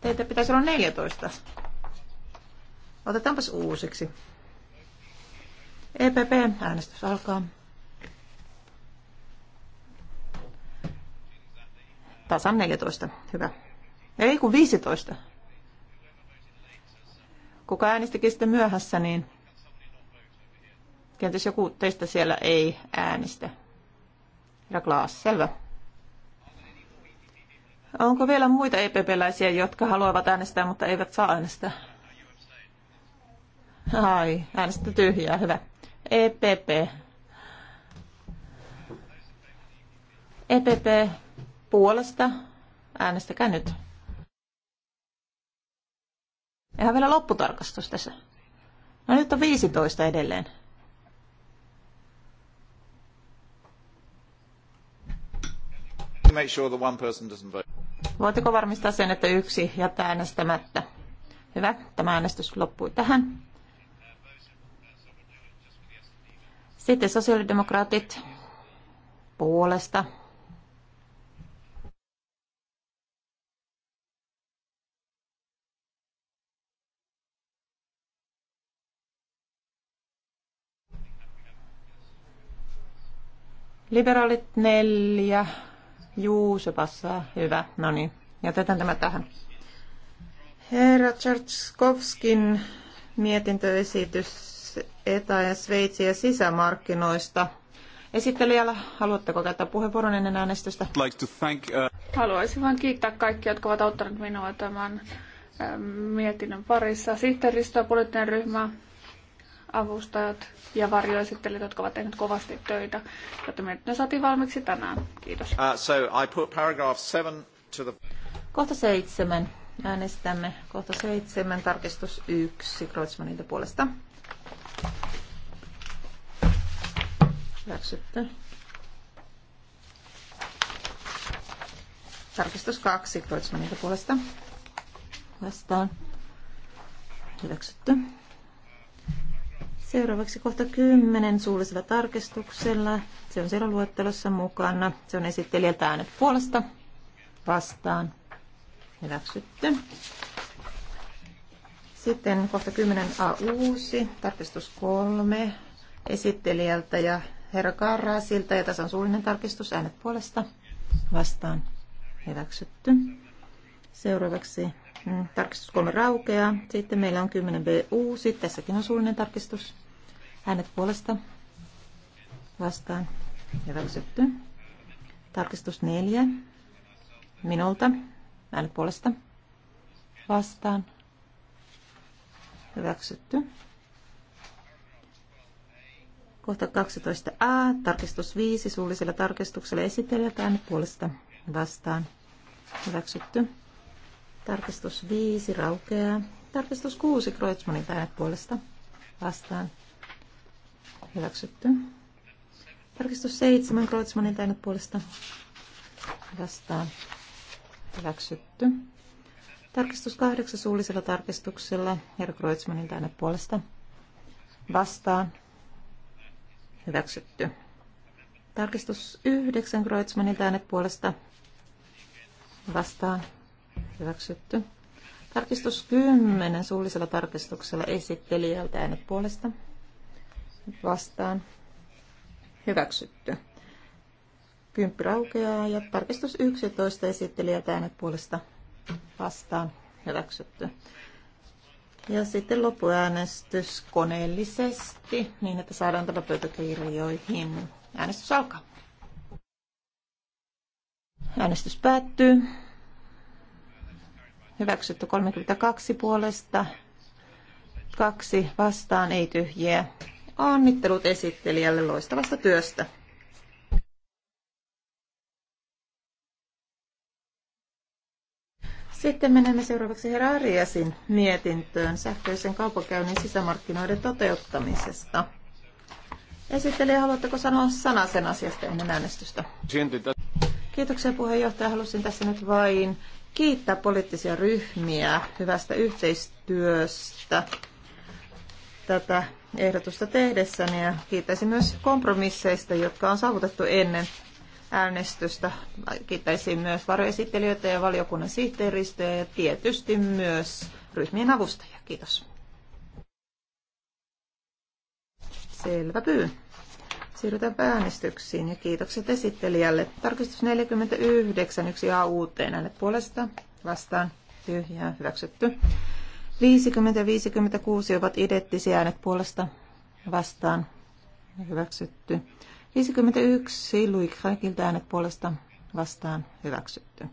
Teitä pitäisi olla 14. Otetaanpas uusiksi. EPP, äänestys alkaa. Tasan 14. Hyvä. Ei kun 15. Kuka äänestikin sitten myöhässä, niin kenties joku teistä siellä ei äänestä. Herra Klaas, selvä. Onko vielä muita EPP-läisiä, jotka haluavat äänestää, mutta eivät saa äänestää? Ai, äänestä tyhjää, hyvä. EPP. EPP puolesta. Äänestäkää nyt. Eihän vielä lopputarkastus tässä. No nyt on 15 edelleen. Make sure the one person doesn't vote. Voitteko varmistaa sen, että yksi jättää äänestämättä? Hyvä, tämä äänestys loppui tähän. Sitten sosiaalidemokraatit puolesta. Liberaalit neljä, Juu, se passaa. Hyvä. No niin, jätetään tämä tähän. Herra Tchartskovskin mietintöesitys ETA- ja Sveitsi ja sisämarkkinoista. Esittelijällä, haluatteko käyttää puheenvuoron ennen äänestystä? Like to thank, uh... Haluaisin vain kiittää kaikkia, jotka ovat auttaneet minua tämän äh, mietinnön parissa. Sihteeristö ja poliittinen ryhmä avustajat ja varjoesittelijät, jotka ovat tehneet kovasti töitä, jotta mietintö saatiin valmiiksi tänään. Kiitos. Uh, so I put paragraph seven to the... Kohta seitsemän. Äänestämme kohta seitsemän, tarkistus yksi Kreutzmannilta puolesta. Hyväksytty. Tarkistus kaksi Kreutzmannilta puolesta. Vastaan. Hyväksytty. Seuraavaksi kohta 10 suullisella tarkistuksella. Se on siellä luettelossa mukana. Se on esittelijältä äänet puolesta vastaan. Hyväksytty. Sitten kohta 10a uusi, tarkistus 3 esittelijältä ja herra Karrasilta. Ja tässä on suullinen tarkistus äänet puolesta vastaan. Hyväksytty. Seuraavaksi Mm. Tarkistus kolme raukeaa. Sitten meillä on 10 BU, sitten Tässäkin on suullinen tarkistus. Äänet puolesta. Vastaan. Hyväksytty. Tarkistus neljä. Minulta. Äänet puolesta. Vastaan. Hyväksytty. Kohta 12a, tarkistus 5, suullisella tarkistuksella esitellään äänet puolesta vastaan. Hyväksytty. Tarkistus 5 raukeaa. Tarkistus 6 Kreutzmanin äänet puolesta vastaan. Hyväksytty. Tarkistus 7 Kreutzmanin äänet puolesta vastaan. Hyväksytty. Tarkistus 8 suullisella tarkistuksella Herr Kreutzmanin äänet puolesta vastaan. Hyväksytty. Tarkistus 9 Kreutzmanin äänet puolesta vastaan. Hyväksytty. Tarkistus 10 suullisella tarkistuksella esittelijältä äänet puolesta. Vastaan. Hyväksytty. Kymppi raukeaa ja tarkistus 11 esittelijältä äänet puolesta. Vastaan. Hyväksytty. Ja sitten loppuäänestys koneellisesti, niin että saadaan tämä pöytäkirjoihin. Äänestys alkaa. Äänestys päättyy hyväksytty 32 puolesta, kaksi vastaan, ei tyhjiä. Onnittelut esittelijälle loistavasta työstä. Sitten menemme seuraavaksi herra Ariasin mietintöön sähköisen kaupankäynnin sisämarkkinoiden toteuttamisesta. Esittelijä, haluatteko sanoa sana sen asiasta ennen äänestystä? Kiitoksia puheenjohtaja. Halusin tässä nyt vain kiittää poliittisia ryhmiä hyvästä yhteistyöstä tätä ehdotusta tehdessäni ja kiittäisin myös kompromisseista, jotka on saavutettu ennen äänestystä. Kiittäisin myös varoesittelijöitä ja valiokunnan sihteeristöjä ja tietysti myös ryhmien avustajia. Kiitos. Selvä pyy. Siirrytäänpä äänestyksiin ja kiitokset esittelijälle. Tarkistus 49, yksi A uuteen äänet puolesta, vastaan, tyhjää, hyväksytty. 50 ja 56 ovat identtisiä äänet puolesta, vastaan, hyväksytty. 51 Louis Craigilta äänet puolesta, vastaan, hyväksytty.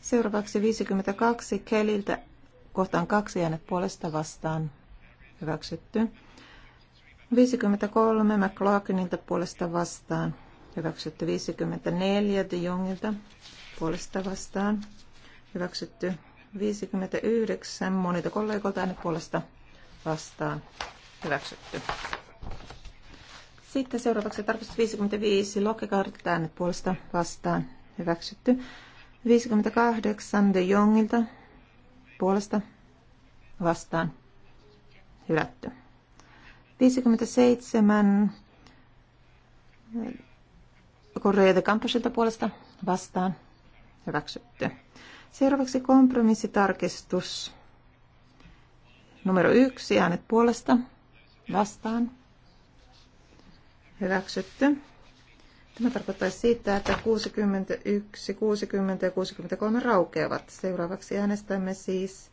Seuraavaksi 52 Keliltä kohtaan kaksi äänet puolesta, vastaan, hyväksytty. 53 McLaughlinilta puolesta vastaan. Hyväksytty 54 De Jongilta puolesta vastaan. Hyväksytty 59 monilta kollegoilta äänet puolesta vastaan. Hyväksytty. Sitten seuraavaksi tarkistus 55. Lokkekaartilta äänet puolesta vastaan. Hyväksytty. 58 De Jongilta puolesta vastaan. Hylätty. 57 Correa de Camposilta puolesta vastaan. Hyväksytty. Seuraavaksi kompromissitarkistus. Numero yksi, äänet puolesta, vastaan. Hyväksytty. Tämä tarkoittaa sitä, että 61, 60 ja 63 raukeavat. Seuraavaksi äänestämme siis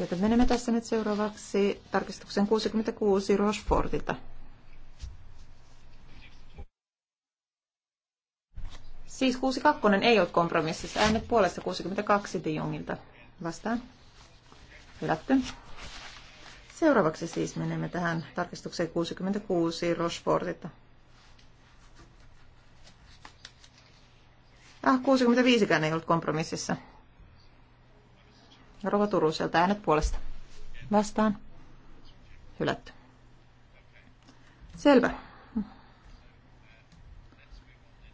Joten menemme tässä nyt seuraavaksi tarkistuksen 66 Rochefortilta. Siis 62 ei ole kompromississa. Äänet puolesta 62 de Jongilta. Vastaan. Hylätty. Seuraavaksi siis menemme tähän tarkistukseen 66 Rochefortilta. Ah, 65 ei ollut kompromississa. Rova sieltä äänet puolesta. Vastaan. Hylätty. Selvä.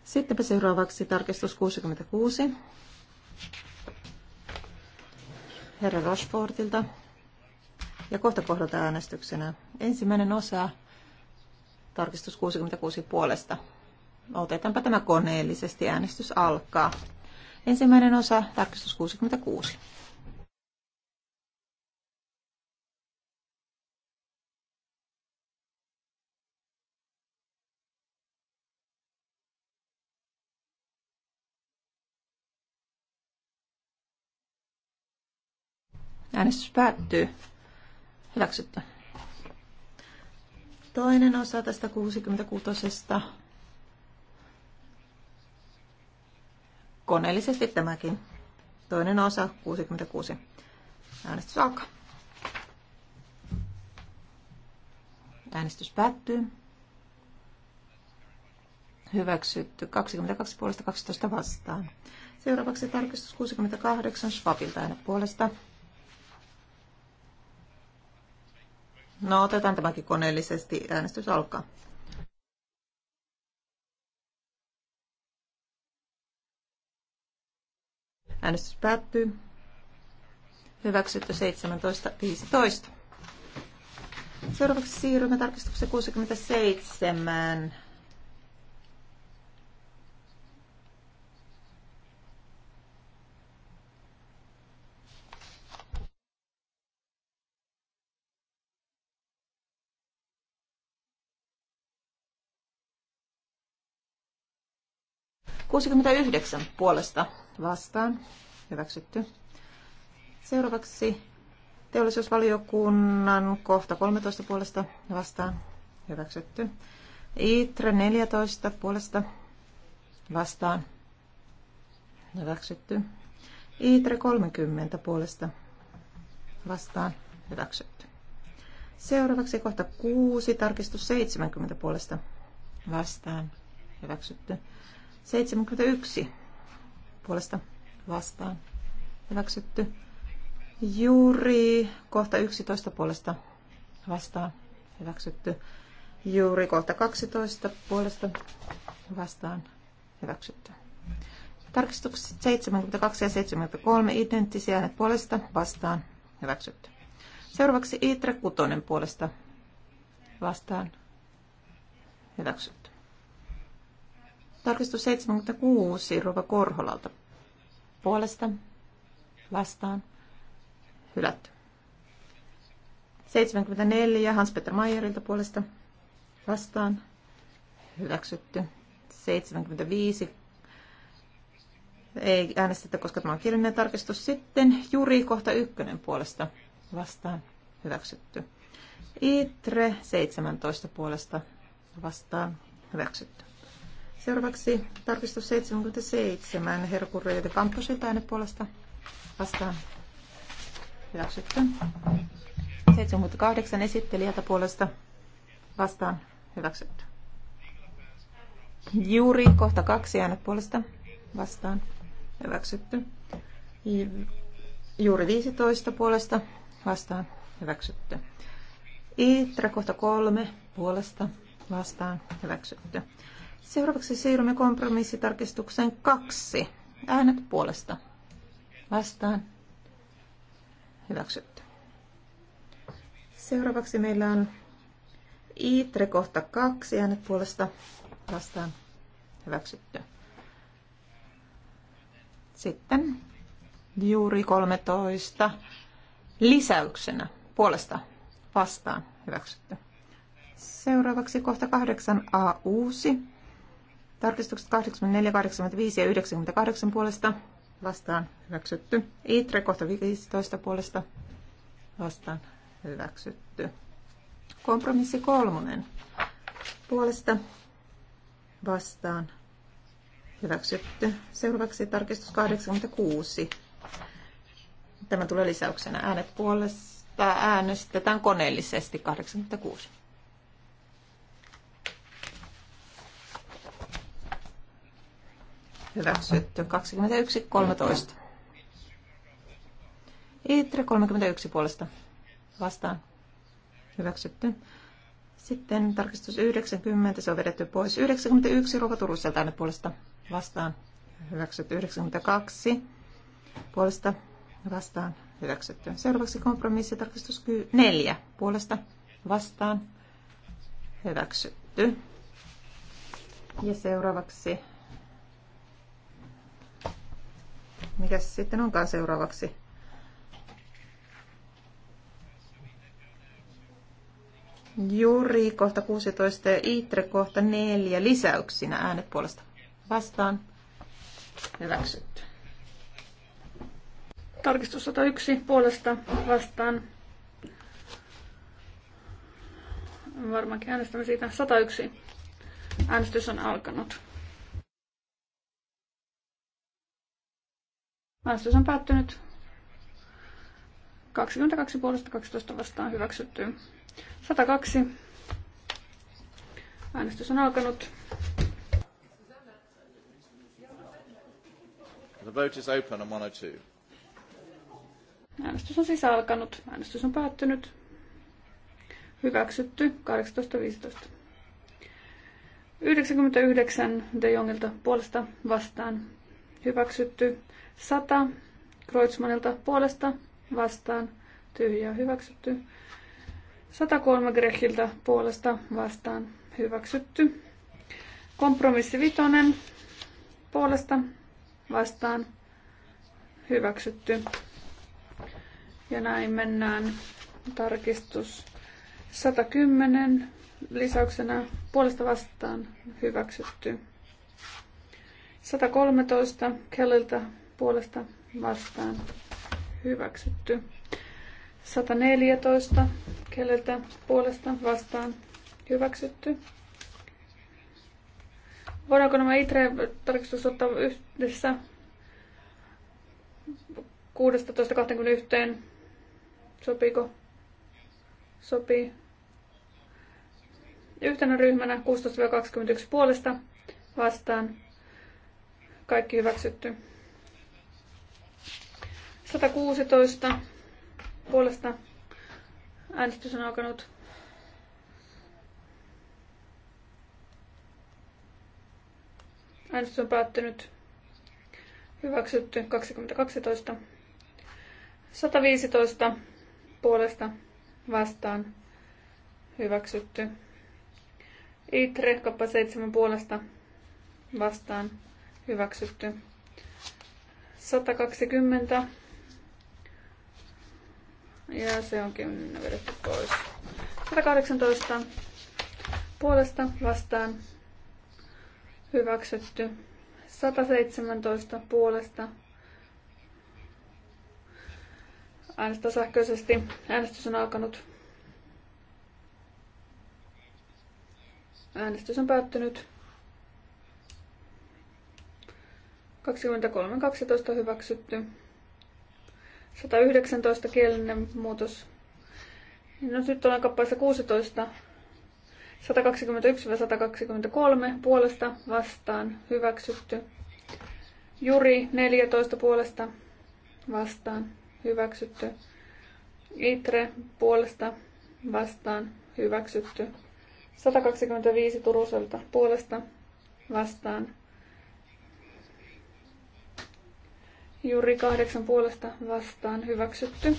Sittenpä seuraavaksi tarkistus 66. Herra Rochefortilta. Ja kohta kohdalta äänestyksenä. Ensimmäinen osa tarkistus 66 puolesta. Otetaanpa tämä koneellisesti. Äänestys alkaa. Ensimmäinen osa, tarkistus 66. Äänestys päättyy. Hyväksytty. Toinen osa tästä 66. Koneellisesti tämäkin. Toinen osa 66. Äänestys alkaa. Äänestys päättyy. Hyväksytty 22 puolesta 12 vastaan. Seuraavaksi tarkistus 68 Schwabilta äänet puolesta No otetaan tämäkin koneellisesti. Äänestys alkaa. Äänestys päättyy. Hyväksytty 17.15. Seuraavaksi siirrymme tarkistukseen 67. 69 puolesta vastaan. Hyväksytty. Seuraavaksi teollisuusvaliokunnan kohta 13 puolesta vastaan. Hyväksytty. ITRE 14 puolesta vastaan. Hyväksytty. ITRE 30 puolesta vastaan. Hyväksytty. Seuraavaksi kohta 6, tarkistus 70 puolesta vastaan. Hyväksytty. 71 puolesta vastaan. Hyväksytty. Juuri kohta 11 puolesta vastaan. Hyväksytty. Juuri kohta 12 puolesta vastaan. Hyväksytty. Tarkistukset 72 ja 73 identtisiä äänet puolesta vastaan. Hyväksytty. Seuraavaksi Itre Kutonen puolesta vastaan. Hyväksytty. Tarkistus 76 Rova Korholalta. Puolesta vastaan hylätty. 74 Hans-Peter Mayerilta puolesta vastaan hyväksytty. 75 ei äänestetä, koska tämä on kirjallinen tarkistus. Sitten Juri kohta ykkönen puolesta vastaan hyväksytty. Itre 17 puolesta vastaan hyväksytty. Seuraavaksi tarkistus 77. Herkku Röyty Kamposilta äänet puolesta vastaan. Hyväksytty. 78 esittelijältä puolesta vastaan. Hyväksytty. Juuri kohta kaksi äänet puolesta vastaan. Hyväksytty. Juuri 15 puolesta vastaan. Hyväksytty. Itra kohta kolme puolesta vastaan. Hyväksytty. Seuraavaksi siirrymme kompromissitarkistukseen kaksi. Äänet puolesta. Vastaan. Hyväksytty. Seuraavaksi meillä on Itre kohta kaksi. Äänet puolesta. Vastaan. Hyväksytty. Sitten juuri 13 lisäyksenä puolesta vastaan hyväksytty. Seuraavaksi kohta 8a uusi Tarkistukset 84, 85 ja 98 puolesta vastaan hyväksytty. Itre kohta 15 puolesta vastaan hyväksytty. Kompromissi kolmonen puolesta vastaan hyväksytty. Seuraavaksi tarkistus 86. Tämä tulee lisäyksenä äänet puolesta. Äänestetään koneellisesti 86. hyväksytty. 21.13. 13. Itre 31 puolesta vastaan hyväksytty. Sitten tarkistus 90, se on vedetty pois. 91 Ruoka turussa tänne puolesta vastaan hyväksytty. 92 puolesta vastaan hyväksytty. Seuraavaksi kompromissi tarkistus 4 puolesta vastaan hyväksytty. Ja seuraavaksi mikä sitten onkaan seuraavaksi? Juri kohta 16 ja Itre kohta 4 lisäyksinä äänet puolesta. Vastaan. Hyväksytty. Tarkistus 101 puolesta vastaan. Varmaankin äänestämme siitä 101. Äänestys on alkanut. Äänestys on päättynyt. 22 puolesta 12 vastaan hyväksytty. 102. Äänestys on alkanut. The vote is open on 102. Äänestys on siis alkanut. Äänestys on päättynyt. Hyväksytty 18.15. 99 De Jongilta puolesta vastaan hyväksytty. 100 Kreutzmannilta puolesta vastaan tyhjää hyväksytty. 103 Grechiltä puolesta vastaan hyväksytty. Kompromissi vitonen puolesta vastaan hyväksytty. Ja näin mennään tarkistus 110 lisäyksenä puolesta vastaan hyväksytty. 113 Kelliltä puolesta vastaan hyväksytty. 114 Kelliltä puolesta vastaan hyväksytty. Voidaanko nämä ITRE-tarkistus ottaa yhdessä 16.21? Sopiiko? Sopii. Yhtenä ryhmänä 16-21 puolesta vastaan kaikki hyväksytty. 116 puolesta äänestys on alkanut. Äänestys on päättynyt. Hyväksytty 2012. 115 puolesta vastaan. Hyväksytty. Itre kappa 7 puolesta vastaan. Hyväksytty. 120. Ja se onkin vedetty pois. 118. Puolesta vastaan. Hyväksytty. 117 puolesta. Äänestä sähköisesti. Äänestys on alkanut. Äänestys on päättynyt. 23.12 hyväksytty. 119 kielinen muutos. No nyt ollaan kappaleessa 16. 121-123 puolesta vastaan hyväksytty. Juri 14 puolesta vastaan hyväksytty. Itre puolesta vastaan hyväksytty. 125 Turuselta puolesta vastaan Juuri kahdeksan puolesta vastaan hyväksytty.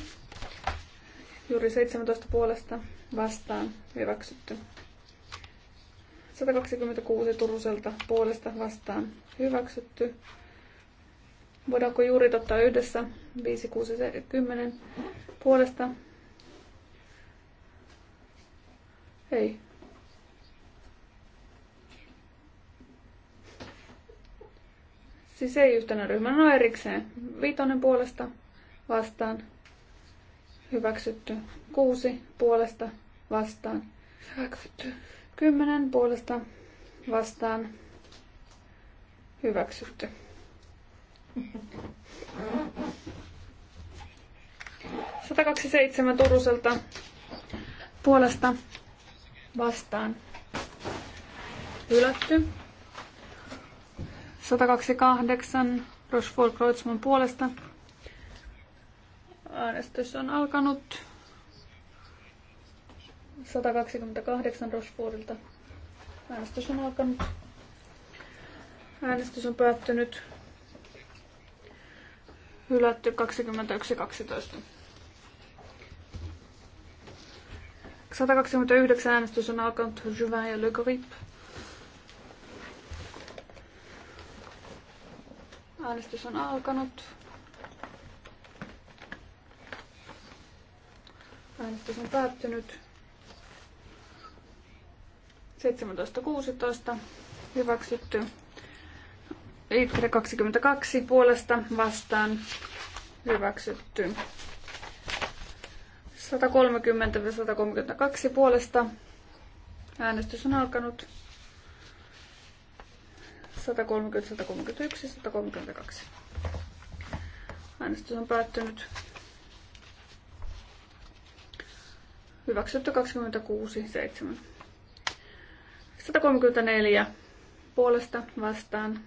Juuri 17 puolesta vastaan hyväksytty. 126 Turuselta puolesta vastaan hyväksytty. Voidaanko juuri ottaa yhdessä 5, 6, 10 puolesta? Ei. Siis ei yhtenä ryhmänä, no erikseen. Viitonen puolesta vastaan. Hyväksytty. Kuusi puolesta vastaan. Hyväksytty. Kymmenen puolesta vastaan. Hyväksytty. Satakaksi hmm Turuselta puolesta vastaan. Hylätty. 128 Rochefort Kreutzmann puolesta. Äänestys on alkanut. 128 Rochefortilta. Äänestys on alkanut. Äänestys on päättynyt. Hylätty 21.12. 129 äänestys on alkanut Juvain ja Le Grippe. Äänestys on alkanut. Äänestys on päättynyt. 17.16. Hyväksytty. Itre 22 puolesta vastaan. Hyväksytty. 130-132 puolesta. Äänestys on alkanut. 130, 131, 132. Äänestys on päättynyt. Hyväksytty 26, 7. 134 puolesta vastaan.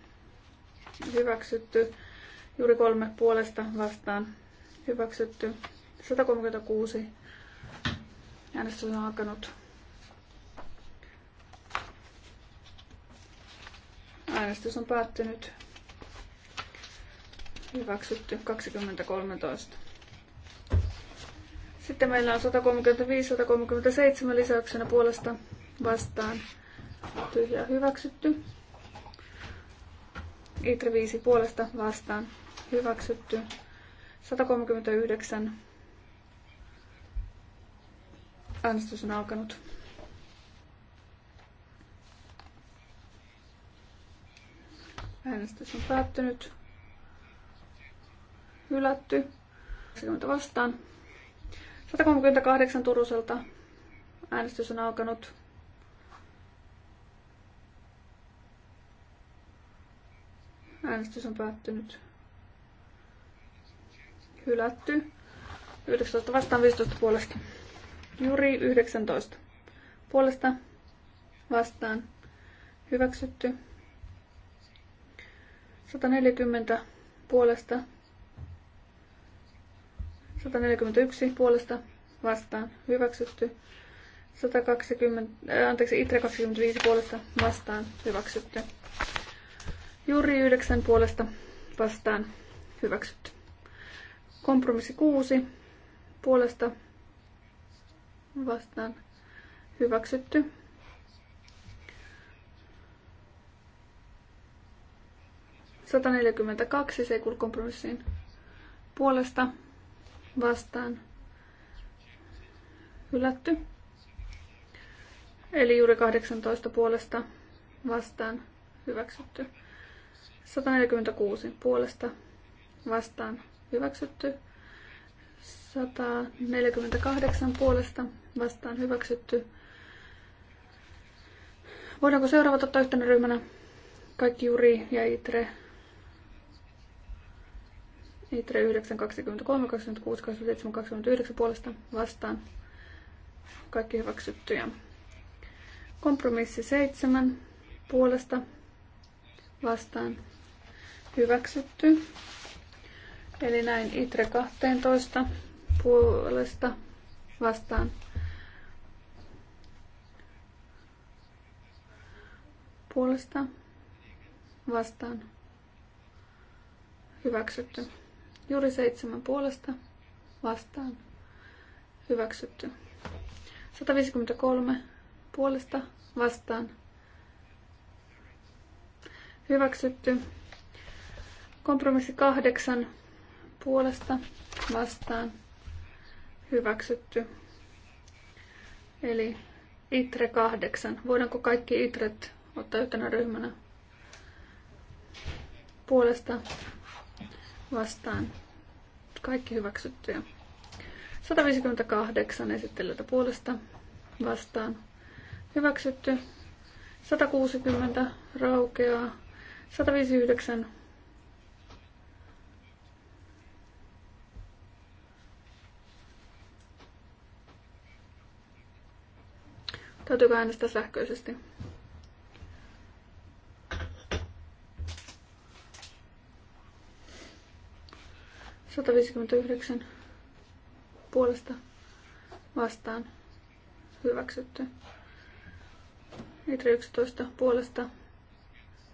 Hyväksytty. Juuri kolme puolesta vastaan. Hyväksytty. 136. Äänestys on alkanut. Äänestys on päättynyt. Hyväksytty 2013. Sitten meillä on 135-137 lisäyksenä puolesta vastaan. Tyhjää hyväksytty. Itre 5 puolesta vastaan. Hyväksytty. 139. Äänestys on alkanut. Äänestys on päättynyt. Hylätty. 20 vastaan. 138 Turuselta. Äänestys on alkanut. Äänestys on päättynyt. Hylätty. 19 vastaan 15 puolesta. Juri 19. Puolesta vastaan. Hyväksytty. 140 puolesta. 141 puolesta vastaan hyväksytty. 120, äh, anteeksi, ITRE 25 puolesta vastaan hyväksytty. Juuri 9 puolesta vastaan hyväksytty. Kompromissi 6 puolesta vastaan hyväksytty. 142 Seikul kompromissiin puolesta vastaan hylätty. Eli juuri 18 puolesta vastaan hyväksytty. 146 puolesta vastaan hyväksytty. 148 puolesta vastaan hyväksytty. Voidaanko seuraavat ottaa yhtenä ryhmänä? Kaikki juri ja itre Itre 9, 23, 26, 27, 29 puolesta vastaan. Kaikki hyväksyttyjä. Kompromissi 7 puolesta vastaan hyväksytty. Eli näin Itre 12 puolesta vastaan puolesta vastaan hyväksytty. Juuri seitsemän puolesta vastaan. Hyväksytty. 153 puolesta vastaan. Hyväksytty. Kompromissi kahdeksan puolesta vastaan. Hyväksytty. Eli ITRE kahdeksan. Voidaanko kaikki ITRET ottaa yhtenä ryhmänä? Puolesta vastaan. Kaikki hyväksyttyjä. 158 esittelyltä puolesta vastaan. Hyväksytty. 160 raukeaa. 159 Täytyykö äänestää sähköisesti? 159 puolesta vastaan hyväksytty. Litri 11 puolesta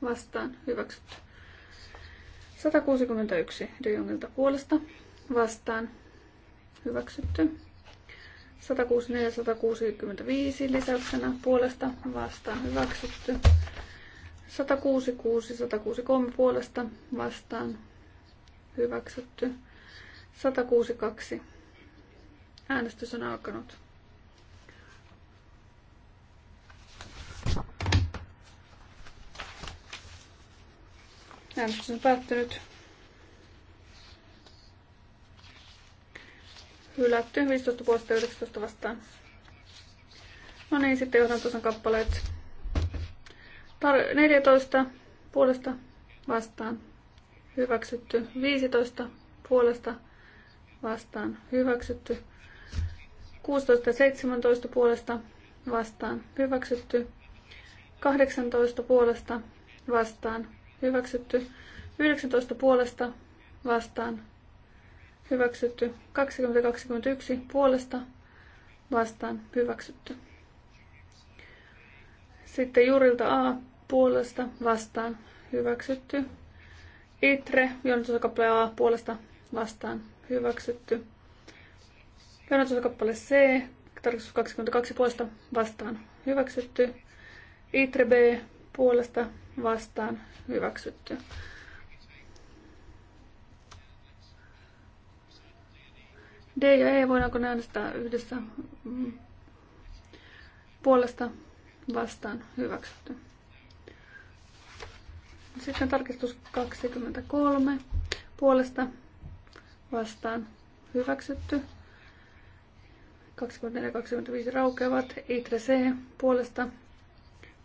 vastaan hyväksytty. 161 De Jongilta puolesta vastaan hyväksytty. 164-165 lisäyksenä puolesta vastaan hyväksytty. 166-163 puolesta vastaan hyväksytty. 162. Äänestys on alkanut. Äänestys on päättynyt. Hylätty 15 puolesta 19 vastaan. No niin, sitten johdan tuossa kappaleet. Tar- 14 puolesta vastaan. Hyväksytty 15 puolesta vastaan hyväksytty. 16 17 puolesta vastaan hyväksytty. 18 puolesta vastaan hyväksytty. 19 puolesta vastaan hyväksytty. 2021 puolesta vastaan hyväksytty. Sitten Jurilta A puolesta vastaan hyväksytty. Itre, Joonsuuskaple A puolesta vastaan hyväksytty. kappale C, tarkistus 22 puolesta vastaan hyväksytty. ITRE B puolesta vastaan hyväksytty. D ja E, voidaanko ne äänestää yhdessä mm. puolesta vastaan hyväksytty. Sitten tarkistus 23 puolesta vastaan hyväksytty. 24-25 raukeavat. Itre C puolesta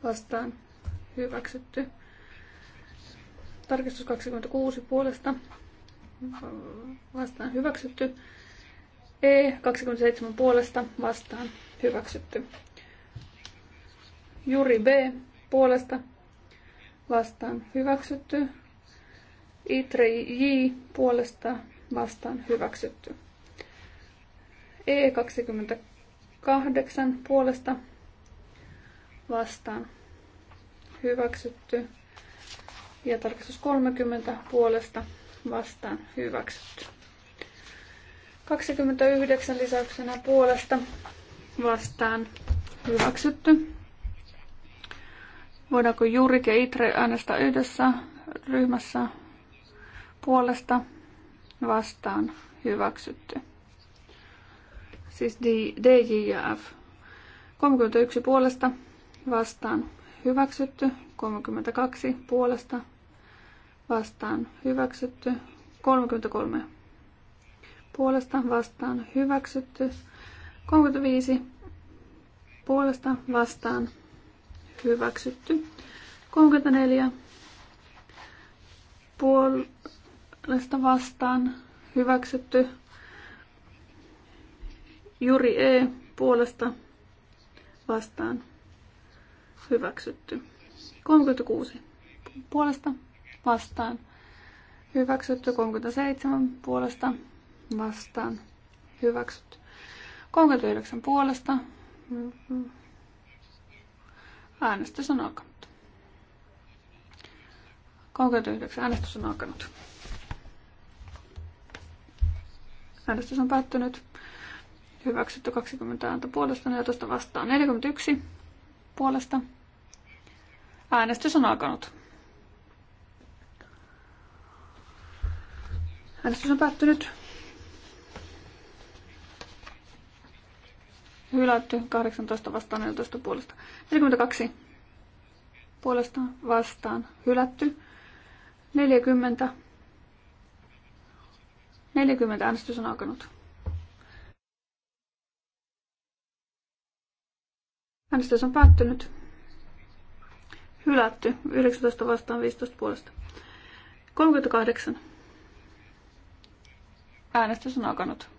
vastaan hyväksytty. Tarkistus 26 puolesta vastaan hyväksytty. E 27 puolesta vastaan hyväksytty. Juri B puolesta vastaan hyväksytty. Itre J puolesta vastaan hyväksytty. E28 puolesta vastaan hyväksytty. Ja tarkistus 30 puolesta vastaan hyväksytty. 29 lisäyksenä puolesta vastaan hyväksytty. Voidaanko Jurik ja Itre äänestää yhdessä ryhmässä puolesta vastaan hyväksytty. Siis D, D, J ja F. 31 puolesta vastaan hyväksytty. 32 puolesta vastaan hyväksytty. 33 puolesta vastaan hyväksytty. 35 puolesta vastaan hyväksytty. 34 puol- puolesta vastaan hyväksytty. Juri E puolesta vastaan hyväksytty. 36 puolesta vastaan hyväksytty. 37 puolesta vastaan hyväksytty. 39 puolesta äänestys on alkanut. 39 äänestys on alkanut. Äänestys on päättynyt. Hyväksytty 20 ääntä puolesta, 14 vastaan 41 puolesta. Äänestys on alkanut. Äänestys on päättynyt. Hylätty 18 vastaan 14 puolesta. 42 puolesta vastaan hylätty. 40 40 äänestys on alkanut. Äänestys on päättynyt. Hylätty. 19 vastaan 15 puolesta. 38. Äänestys on alkanut.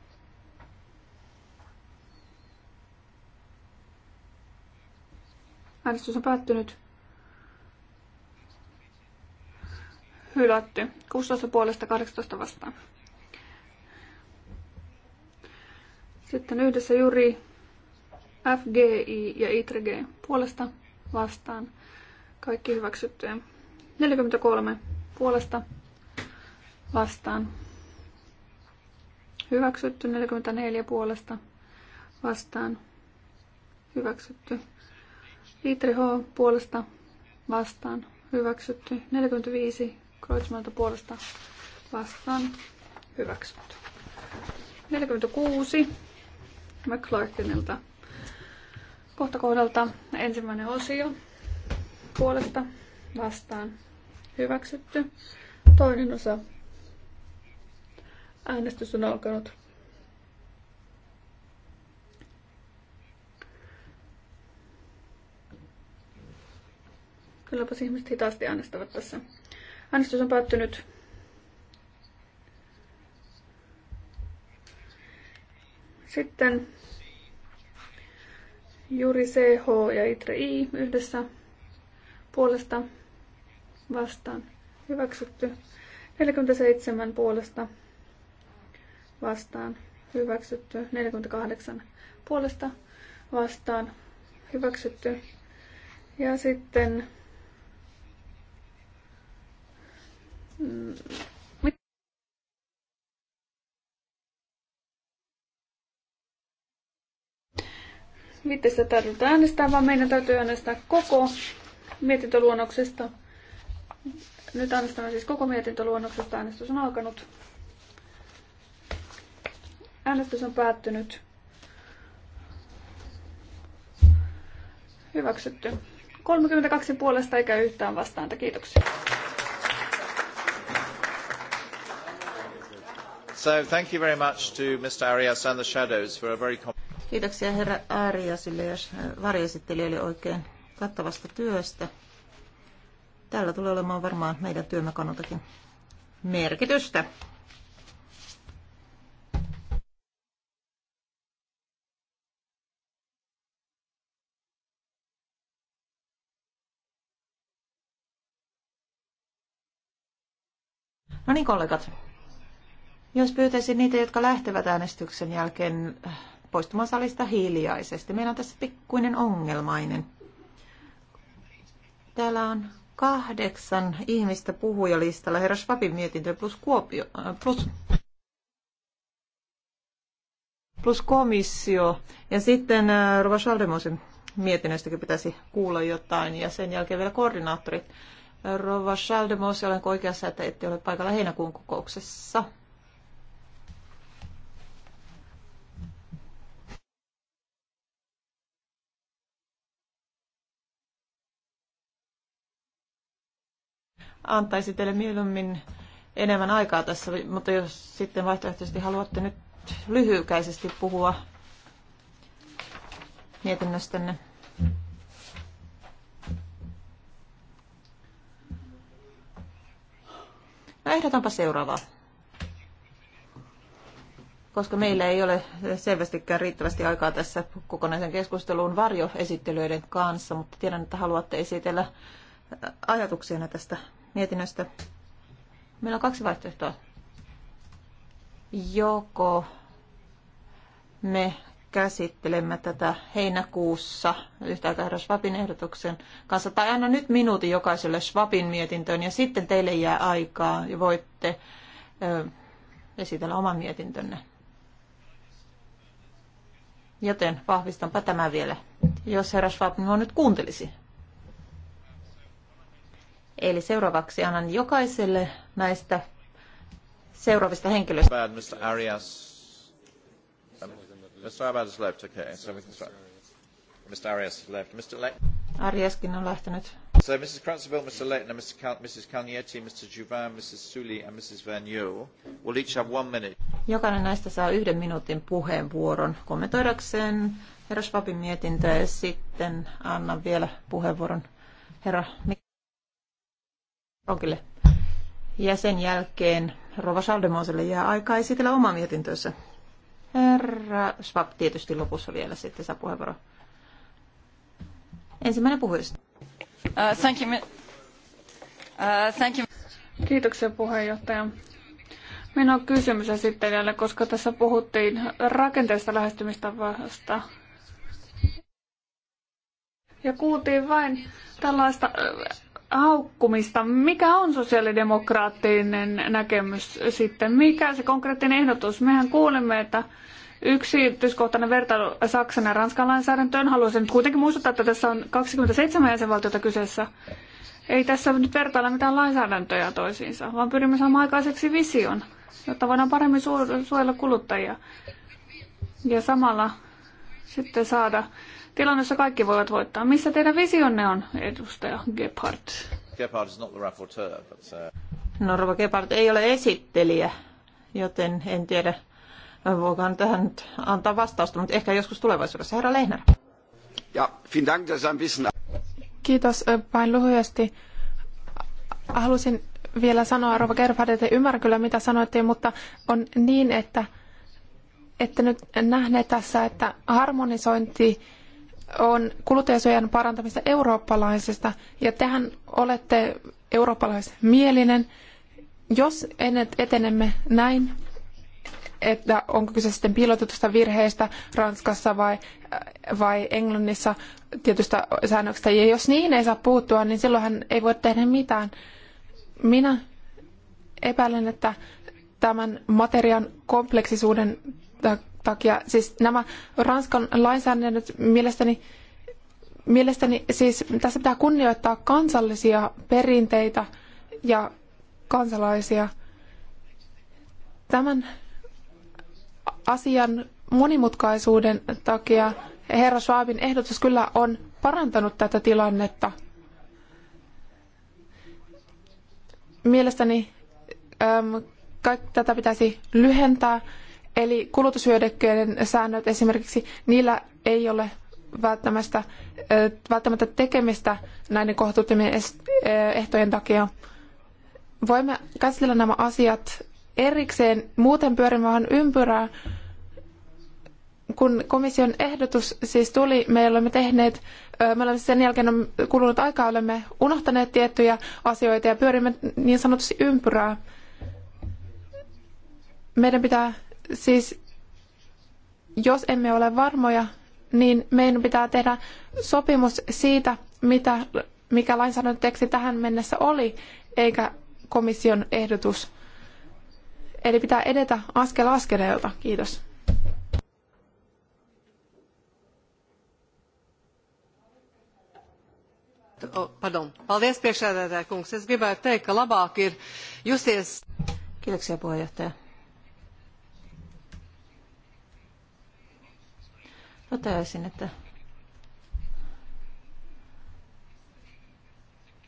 Äänestys on päättynyt. Hylätty. 16 puolesta 18 vastaan. Sitten yhdessä juri FGI ja ITRG puolesta vastaan. Kaikki hyväksyttyjä. 43 puolesta vastaan. Hyväksytty 44 puolesta vastaan. Hyväksytty. Litri H puolesta vastaan. Hyväksytty. 45 Kreutzmanilta puolesta vastaan. Hyväksytty. 46 McClarkinilta kohta kohdalta ensimmäinen osio puolesta vastaan hyväksytty. Toinen osa. Äänestys on alkanut. Kylläpäs ihmiset hitaasti äänestävät tässä. Äänestys on päättynyt Sitten Juri CH ja ITRE I yhdessä puolesta vastaan hyväksytty. 47 puolesta vastaan hyväksytty. 48 puolesta vastaan hyväksytty. Ja sitten mm, Viitteistä tarvitaan äänestää, vaan meidän täytyy äänestää koko mietintöluonnoksesta. Nyt äänestämme siis koko mietintöluonnoksesta. Äänestys on alkanut. Äänestys on päättynyt. Hyväksytty. 32 puolesta eikä yhtään vastaanta. Kiitoksia. So thank you very much to Mr. Arias and the shadows for a very Kiitoksia herra Ääriäsille ja varjoesittelijöille oikein kattavasta työstä. Tällä tulee olemaan varmaan meidän työmme kannaltakin merkitystä. No niin kollegat, jos pyytäisin niitä, jotka lähtevät äänestyksen jälkeen poistumaan salista hiljaisesti. Meillä on tässä pikkuinen ongelmainen. Täällä on kahdeksan ihmistä puhujalistalla. Herra Schwabin mietintö plus, Kuopio, äh, plus, plus komissio. Ja sitten äh, Rova Schaldemosen mietinnöstäkin pitäisi kuulla jotain. Ja sen jälkeen vielä koordinaattorit. Rova Schaldemos, olenko oikeassa, että ette ole paikalla heinäkuun kokouksessa? antaisi teille mieluummin enemmän aikaa tässä, mutta jos sitten vaihtoehtoisesti haluatte nyt lyhykäisesti puhua mietinnöstänne. No ehdotanpa seuraavaa. Koska meillä ei ole selvästikään riittävästi aikaa tässä kokonaisen keskusteluun varjoesittelyiden kanssa, mutta tiedän, että haluatte esitellä ajatuksianne tästä mietinnöstä. Meillä on kaksi vaihtoehtoa. Joko me käsittelemme tätä heinäkuussa yhtä aikaa herra Schwabin ehdotuksen kanssa. Tai anna nyt minuutin jokaiselle Schwabin mietintöön ja sitten teille jää aikaa ja voitte ö, esitellä oman mietintönne. Joten vahvistanpa tämä vielä, jos herra Schwab minua nyt kuuntelisi. Eli seuraavaksi annan jokaiselle näistä seuraavista henkilöistä. Bad, Mr. Arias. Mr. Um, Abad has left, okay. Mr. Arias has left. Mr. Le- Ariaskin on lähtenyt. So Mrs. Kratzville, Mr. Leitner, Mr. Cal- Mrs. Calnietti, Mr. Juvin, Mrs. Suli and Mrs. Van will each have one minute. Jokainen näistä saa yhden minuutin puheenvuoron kommentoidakseen herra Schwabin mietintöä ja sitten annan vielä puheenvuoron herra Mik- Onkille. Ja sen jälkeen Rova Saldemoselle jää aikaa esitellä oma mietintönsä. Herra Schwab tietysti lopussa vielä sitten saa puheenvuoro. Ensimmäinen puhujista. Uh, thank you. Uh, thank you. Kiitoksia puheenjohtaja. Minun on kysymys esittelijälle, koska tässä puhuttiin rakenteesta lähestymistavasta. Ja kuultiin vain tällaista haukkumista. Mikä on sosiaalidemokraattinen näkemys sitten? Mikä se konkreettinen ehdotus? Mehän kuulemme, että yksi yksityiskohtainen vertailu Saksan ja Ranskan lainsäädäntöön. Haluaisin nyt kuitenkin muistuttaa, että tässä on 27 jäsenvaltiota kyseessä. Ei tässä nyt vertailla mitään lainsäädäntöjä toisiinsa, vaan pyrimme saamaan aikaiseksi vision, jotta voidaan paremmin suojella kuluttajia. Ja samalla sitten saada tilanne, jossa kaikki voivat voittaa. Missä teidän visionne on, edustaja Gebhardt? Gebhardt is not the rapporteur, but, uh... No Rova Gebhardt ei ole esittelijä, joten en tiedä, voikaan tähän nyt antaa vastausta, mutta ehkä joskus tulevaisuudessa. Herra Lehner. Ja, vielen Dank, das ein bisschen... Kiitos, äh, vain lyhyesti. Halusin vielä sanoa, Rova Gerhard, että ymmärrän kyllä mitä sanoitte, mutta on niin, että, että nyt nähneet tässä, että harmonisointi on kuluttajasuojan parantamista eurooppalaisesta, ja tehän olette eurooppalaismielinen. Jos etenemme näin, että onko kyse sitten piilotetusta virheestä Ranskassa vai, vai Englannissa tietystä säännöksestä, ja jos niihin ei saa puuttua, niin silloinhan ei voi tehdä mitään. Minä epäilen, että tämän materian kompleksisuuden takia. Siis nämä Ranskan lainsäädännöt mielestäni, mielestäni siis tässä pitää kunnioittaa kansallisia perinteitä ja kansalaisia. Tämän asian monimutkaisuuden takia herra Schwabin ehdotus kyllä on parantanut tätä tilannetta. Mielestäni äm, tätä pitäisi lyhentää Eli kulutushyödykkeiden säännöt esimerkiksi, niillä ei ole välttämättä, välttämättä tekemistä näiden kohtuuttomien ehtojen takia. Voimme käsitellä nämä asiat erikseen, muuten pyörimme vähän ympyrää. Kun komission ehdotus siis tuli, me olemme tehneet, me olemme sen jälkeen on kulunut aikaa, olemme unohtaneet tiettyjä asioita ja pyörimme niin sanotusti ympyrää. Meidän pitää Siis jos emme ole varmoja, niin meidän pitää tehdä sopimus siitä, mitä, mikä lainsäädäntöteksti tähän mennessä oli, eikä komission ehdotus. Eli pitää edetä askel askeleelta. Kiitos. Pardon. Paldies, priekšsēdētāja kungs. se gribētu teikt, ka labāk ir Kiitoksia, puheenjohtaja. täysin, että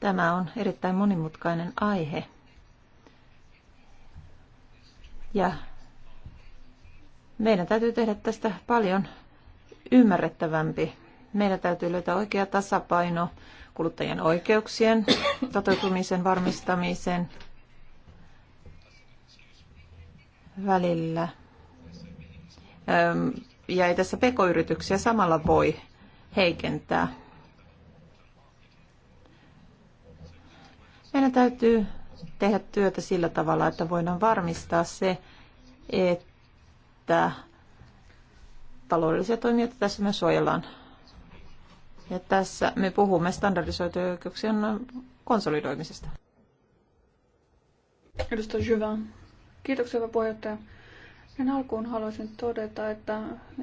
tämä on erittäin monimutkainen aihe. Ja meidän täytyy tehdä tästä paljon ymmärrettävämpi. Meidän täytyy löytää oikea tasapaino kuluttajien oikeuksien toteutumisen varmistamisen välillä ja ei tässä pekoyrityksiä samalla voi heikentää. Meidän täytyy tehdä työtä sillä tavalla, että voidaan varmistaa se, että taloudellisia toimijoita tässä me suojellaan. Ja tässä me puhumme standardisoitujen oikeuksien konsolidoimisesta. Edustaja Jyvä. Kiitoksia, puheenjohtaja. Sen alkuun haluaisin todeta, että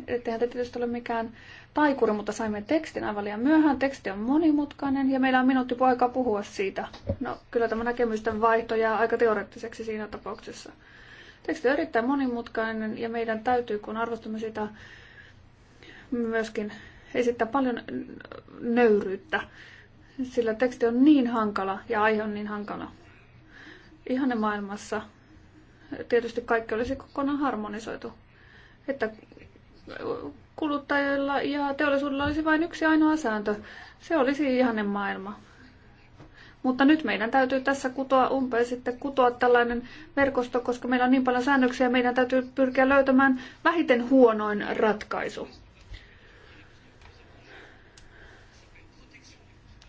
ettehän te tietysti ole mikään taikuri, mutta saimme tekstin aivan liian myöhään. Teksti on monimutkainen ja meillä on minuutti aikaa puhua siitä. No kyllä tämä näkemysten vaihto jää aika teoreettiseksi siinä tapauksessa. Teksti on erittäin monimutkainen ja meidän täytyy, kun arvostamme sitä, myöskin esittää paljon nöyryyttä, sillä teksti on niin hankala ja aihe on niin hankala. Ihanne maailmassa tietysti kaikki olisi kokonaan harmonisoitu. Että kuluttajilla ja teollisuudella olisi vain yksi ainoa sääntö. Se olisi ihanen maailma. Mutta nyt meidän täytyy tässä kutoa umpeen sitten kutoa tällainen verkosto, koska meillä on niin paljon säännöksiä ja meidän täytyy pyrkiä löytämään vähiten huonoin ratkaisu.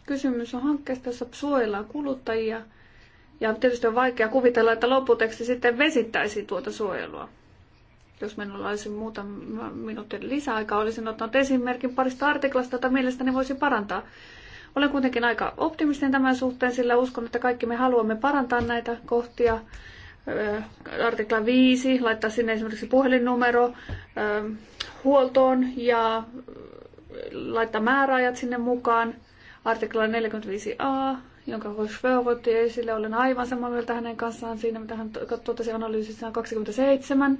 Kysymys on hankkeesta, jossa suojellaan kuluttajia – ja tietysti on vaikea kuvitella, että lopputeksti sitten vesittäisi tuota suojelua. Jos minulla olisi muutama minuutin lisäaika, olisin ottanut esimerkin parista artiklasta, jota mielestäni voisi parantaa. Olen kuitenkin aika optimistinen tämän suhteen, sillä uskon, että kaikki me haluamme parantaa näitä kohtia. Artikla 5, laittaa sinne esimerkiksi puhelinnumero huoltoon ja laittaa määräajat sinne mukaan. Artikla 45a, jonka Hoshveo otti esille. Olen aivan samaa mieltä hänen kanssaan siinä, mitä hän totesi analyysissään 27.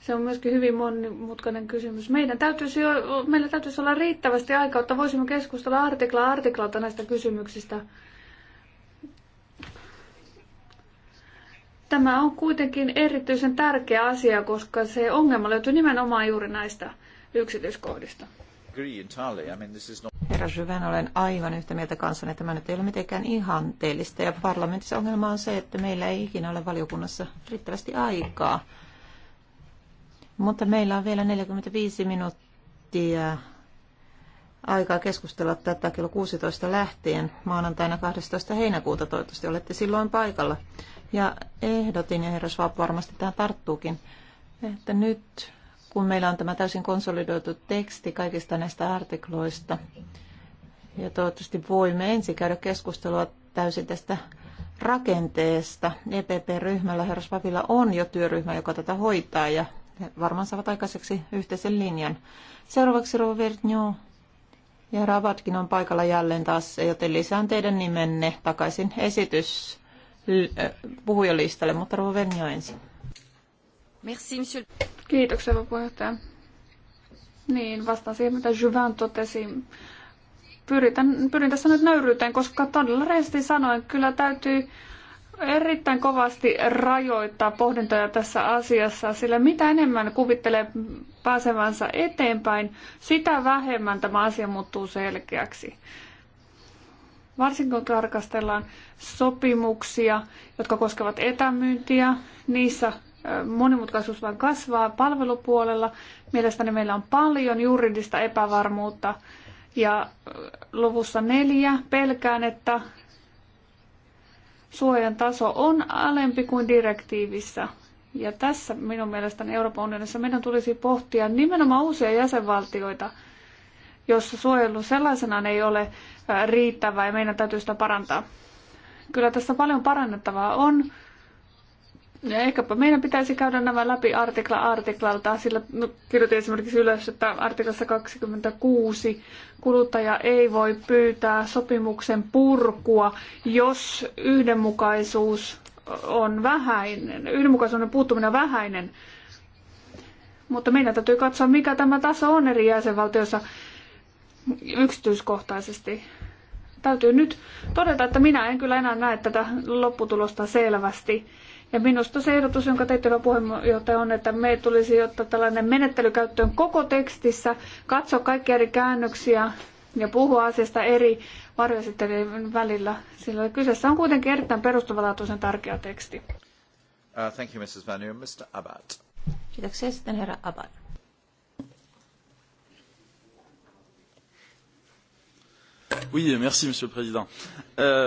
Se on myöskin hyvin monimutkainen kysymys. Meidän täytyisi meillä täytyisi olla riittävästi aikaa, että voisimme keskustella artikla artiklalta näistä kysymyksistä. Tämä on kuitenkin erityisen tärkeä asia, koska se ongelma löytyy nimenomaan juuri näistä yksityiskohdista agree entirely. I mean, this is not... Herra Syvän, olen aivan yhtä mieltä kanssanne. Tämä nyt ei ole mitenkään ihanteellista. Ja parlamentissa ongelma on se, että meillä ei ikinä ole valiokunnassa riittävästi aikaa. Mutta meillä on vielä 45 minuuttia aikaa keskustella tätä kello 16 lähtien maanantaina 12. heinäkuuta. Toivottavasti olette silloin paikalla. Ja ehdotin, ja herra Schwab varmasti tähän tarttuukin, että nyt kun meillä on tämä täysin konsolidoitu teksti kaikista näistä artikloista. Ja toivottavasti voimme ensin käydä keskustelua täysin tästä rakenteesta. EPP-ryhmällä Herras Svavilla on jo työryhmä, joka tätä hoitaa ja varmaan saavat aikaiseksi yhteisen linjan. Seuraavaksi Rova Vertnjo ja Ravatkin on paikalla jälleen taas, joten lisään teidän nimenne takaisin esitys puhujalistalle, mutta Rova Vertnjo ensin. Merci, monsieur. Kiitoksia, puheenjohtaja. Niin, vastaan siihen, mitä Juvan totesi. Pyritän, pyrin tässä nyt nöyryyteen, koska todella rehellisesti sanoen, kyllä täytyy erittäin kovasti rajoittaa pohdintoja tässä asiassa, sillä mitä enemmän kuvittelee pääsevänsä eteenpäin, sitä vähemmän tämä asia muuttuu selkeäksi. Varsinkin kun tarkastellaan sopimuksia, jotka koskevat etämyyntiä, niissä monimutkaisuus vain kasvaa palvelupuolella. Mielestäni meillä on paljon juridista epävarmuutta ja luvussa neljä pelkään, että suojan taso on alempi kuin direktiivissä. Ja tässä minun mielestäni Euroopan unionissa meidän tulisi pohtia nimenomaan uusia jäsenvaltioita, jossa suojelu sellaisenaan ei ole riittävää ja meidän täytyy sitä parantaa. Kyllä tässä paljon parannettavaa on ja ehkäpä meidän pitäisi käydä nämä läpi artikla artiklalta, sillä no, kirjoitin esimerkiksi ylös, että artiklassa 26 kuluttaja ei voi pyytää sopimuksen purkua, jos yhdenmukaisuus on vähäinen, yhdenmukaisuuden puuttuminen on vähäinen. Mutta meidän täytyy katsoa, mikä tämä taso on eri jäsenvaltioissa yksityiskohtaisesti. Täytyy nyt todeta, että minä en kyllä enää näe tätä lopputulosta selvästi ja minusta se ehdotus, jonka teitte puheenjohtaja, on, että me tulisi ottaa tällainen menettely käyttöön koko tekstissä, katsoa kaikkia eri käännöksiä ja puhua asiasta eri varjoesittelyjen välillä, sillä kyseessä on kuitenkin erittäin perustavanlaatuisen tärkeä teksti. Uh, thank you, Mrs. Vanu. Mr. Abad. Kiitoksia sitten herra Abad. Oui, merci, monsieur le président.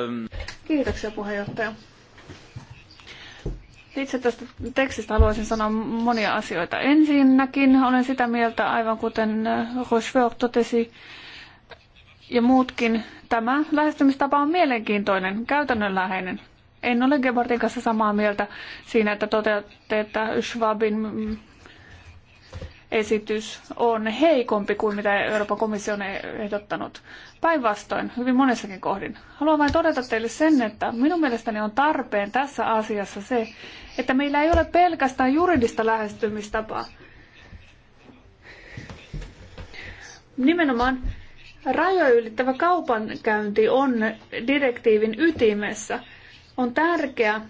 Um... Kiitoksia puheenjohtaja. Itse tästä tekstistä haluaisin sanoa monia asioita. Ensinnäkin olen sitä mieltä, aivan kuten Rochefort totesi ja muutkin, tämä lähestymistapa on mielenkiintoinen, käytännönläheinen. En ole Gebhardin kanssa samaa mieltä siinä, että toteatte, että Schwabin esitys on heikompi kuin mitä Euroopan komissio on ehdottanut. Päinvastoin, hyvin monessakin kohdin. Haluan vain todeta teille sen, että minun mielestäni on tarpeen tässä asiassa se, että meillä ei ole pelkästään juridista lähestymistapaa. Nimenomaan rajoja ylittävä kaupankäynti on direktiivin ytimessä. On tärkeää,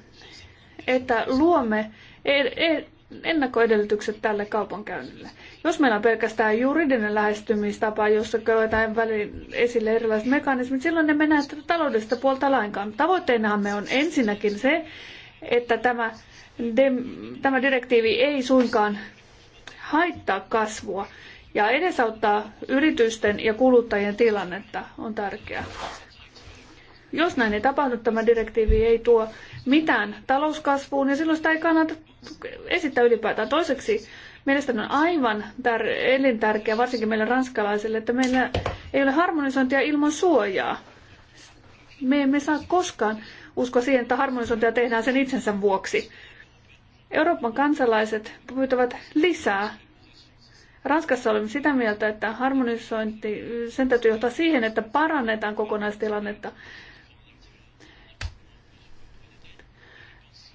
että luomme e- e- ennakkoedellytykset tälle kaupankäynnille. Jos meillä on pelkästään juridinen lähestymistapa, jossa koetaan väliin esille erilaiset mekanismit, silloin ne mennään tätä taloudellista puolta lainkaan. Tavoitteenamme on ensinnäkin se, että tämä, tämä direktiivi ei suinkaan haittaa kasvua ja edesauttaa yritysten ja kuluttajien tilannetta on tärkeää. Jos näin ei tapahdu, tämä direktiivi ei tuo mitään talouskasvuun ja silloin sitä ei kannata esittää ylipäätään. Toiseksi mielestäni on aivan tär- elintärkeää, varsinkin meille ranskalaisille, että meillä ei ole harmonisointia ilman suojaa. Me emme saa koskaan uskoa siihen, että harmonisointia tehdään sen itsensä vuoksi. Euroopan kansalaiset pyytävät lisää. Ranskassa olemme sitä mieltä, että harmonisointi, sen täytyy johtaa siihen, että parannetaan kokonaistilannetta.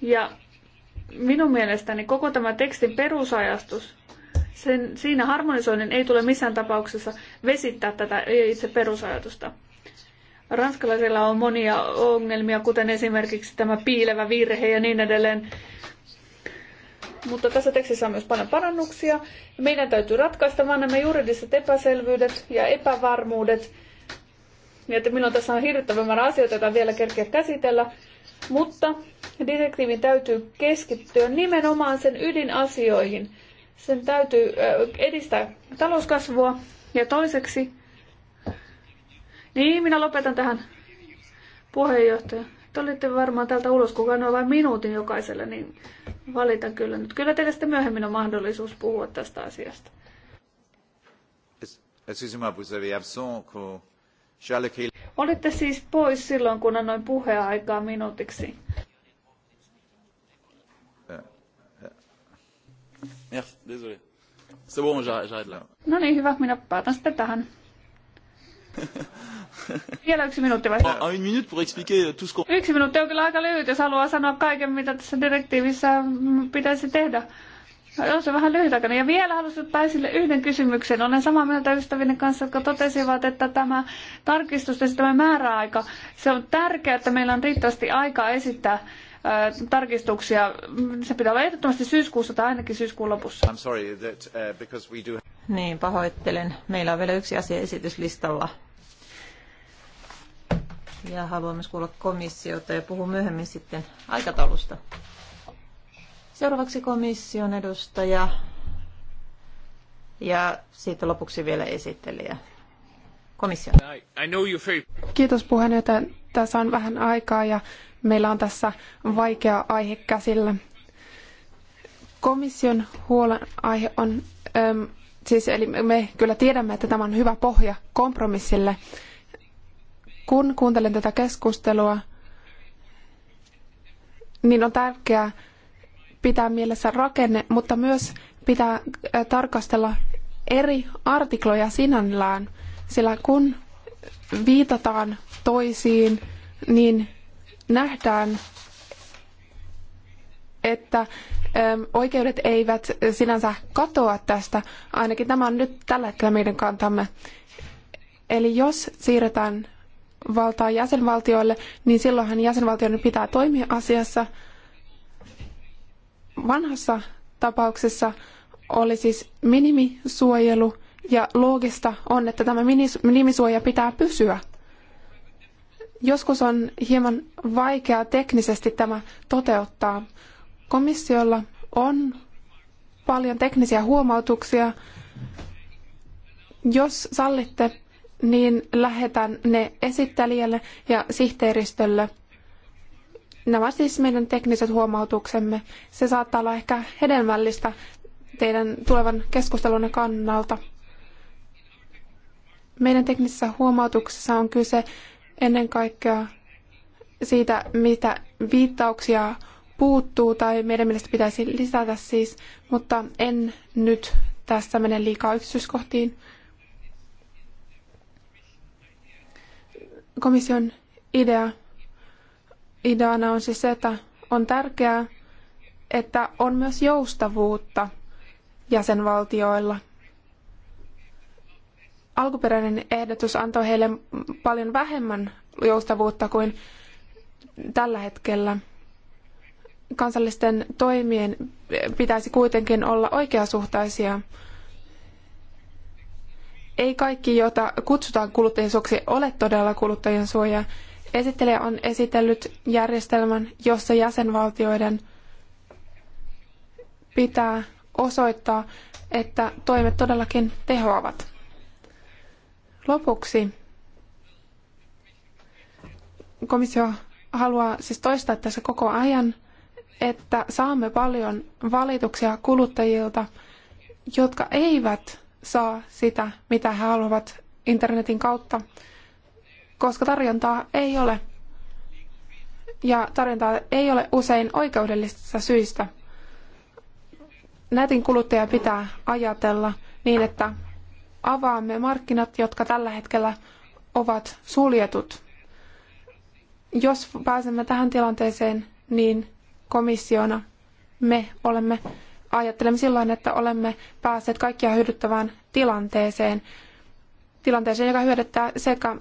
Ja minun mielestäni koko tämä tekstin perusajastus, sen, siinä harmonisoinnin ei tule missään tapauksessa vesittää tätä itse perusajatusta. Ranskalaisilla on monia ongelmia, kuten esimerkiksi tämä piilevä virhe ja niin edelleen. Mutta tässä tekstissä on myös paljon parannuksia. Meidän täytyy ratkaista vain nämä juridiset epäselvyydet ja epävarmuudet. Ja että milloin tässä on hirvittävän määrä asioita, joita vielä kerkeä käsitellä. Mutta direktiivin täytyy keskittyä nimenomaan sen ydinasioihin. Sen täytyy edistää talouskasvua ja toiseksi, niin minä lopetan tähän puheenjohtaja. Te olitte varmaan täältä ulos, kukaan noin vain minuutin jokaiselle, niin valitan kyllä nyt. Kyllä teillä sitten myöhemmin on mahdollisuus puhua tästä asiasta. Excusez-moi, vous avez absent Olitte siis pois silloin, kun annoin puheaikaa minuutiksi. Eh, eh. No niin, hyvä. Minä päätän sitten tähän. Vielä yksi minuutti vai? Euh, yksi minuutti on kyllä aika lyhyt, jos haluaa sanoa kaiken, mitä tässä direktiivissä mm, pitäisi tehdä. On se vähän aikana. Ja vielä haluaisin ottaa esille yhden kysymyksen. Olen samaa mieltä ystävien kanssa, jotka totesivat, että tämä tarkistus ja tämä määräaika, se on tärkeää, että meillä on riittävästi aikaa esittää tarkistuksia. Se pitää olla ehdottomasti syyskuussa tai ainakin syyskuun lopussa. I'm sorry that, uh, we do... Niin, pahoittelen. Meillä on vielä yksi asia esityslistalla. Ja haluamme kuulla komissiota ja puhun myöhemmin sitten aikataulusta. Seuraavaksi komission edustaja ja sitten lopuksi vielä esittelijä. Komissio. Kiitos puheenjohtaja. Tässä on vähän aikaa ja meillä on tässä vaikea aihe käsillä. Komission huolenaihe on, äm, siis eli me kyllä tiedämme, että tämä on hyvä pohja kompromissille. Kun kuuntelen tätä keskustelua, niin on tärkeää, pitää mielessä rakenne, mutta myös pitää tarkastella eri artikloja sinällään, sillä kun viitataan toisiin, niin nähdään, että oikeudet eivät sinänsä katoa tästä. Ainakin tämä on nyt tällä hetkellä meidän kantamme. Eli jos siirretään valtaa jäsenvaltioille, niin silloinhan jäsenvaltioiden pitää toimia asiassa – Vanhassa tapauksessa oli siis minimisuojelu ja loogista on, että tämä minimisuoja pitää pysyä. Joskus on hieman vaikeaa teknisesti tämä toteuttaa. Komissiolla on paljon teknisiä huomautuksia. Jos sallitte, niin lähetän ne esittelijälle ja sihteeristölle – Nämä siis meidän tekniset huomautuksemme. Se saattaa olla ehkä hedelmällistä teidän tulevan keskustelunne kannalta. Meidän teknisessä huomautuksessa on kyse ennen kaikkea siitä, mitä viittauksia puuttuu tai meidän mielestä pitäisi lisätä siis, mutta en nyt tässä mene liikaa yksityiskohtiin. Komission idea ideana on siis se, että on tärkeää, että on myös joustavuutta jäsenvaltioilla. Alkuperäinen ehdotus antoi heille paljon vähemmän joustavuutta kuin tällä hetkellä. Kansallisten toimien pitäisi kuitenkin olla oikeasuhtaisia. Ei kaikki, jota kutsutaan kuluttajien suoksi, ole todella kuluttajien suoja. Esittelijä on esitellyt järjestelmän, jossa jäsenvaltioiden pitää osoittaa, että toimet todellakin tehoavat. Lopuksi komissio haluaa siis toistaa tässä koko ajan, että saamme paljon valituksia kuluttajilta, jotka eivät saa sitä, mitä he haluavat internetin kautta koska tarjontaa ei ole. Ja tarjontaa ei ole usein oikeudellisista syistä. Nätin kuluttaja pitää ajatella niin, että avaamme markkinat, jotka tällä hetkellä ovat suljetut. Jos pääsemme tähän tilanteeseen, niin komissiona me olemme, ajattelemme silloin, että olemme päässeet kaikkia hyödyttävään tilanteeseen, tilanteeseen, joka hyödyttää sekä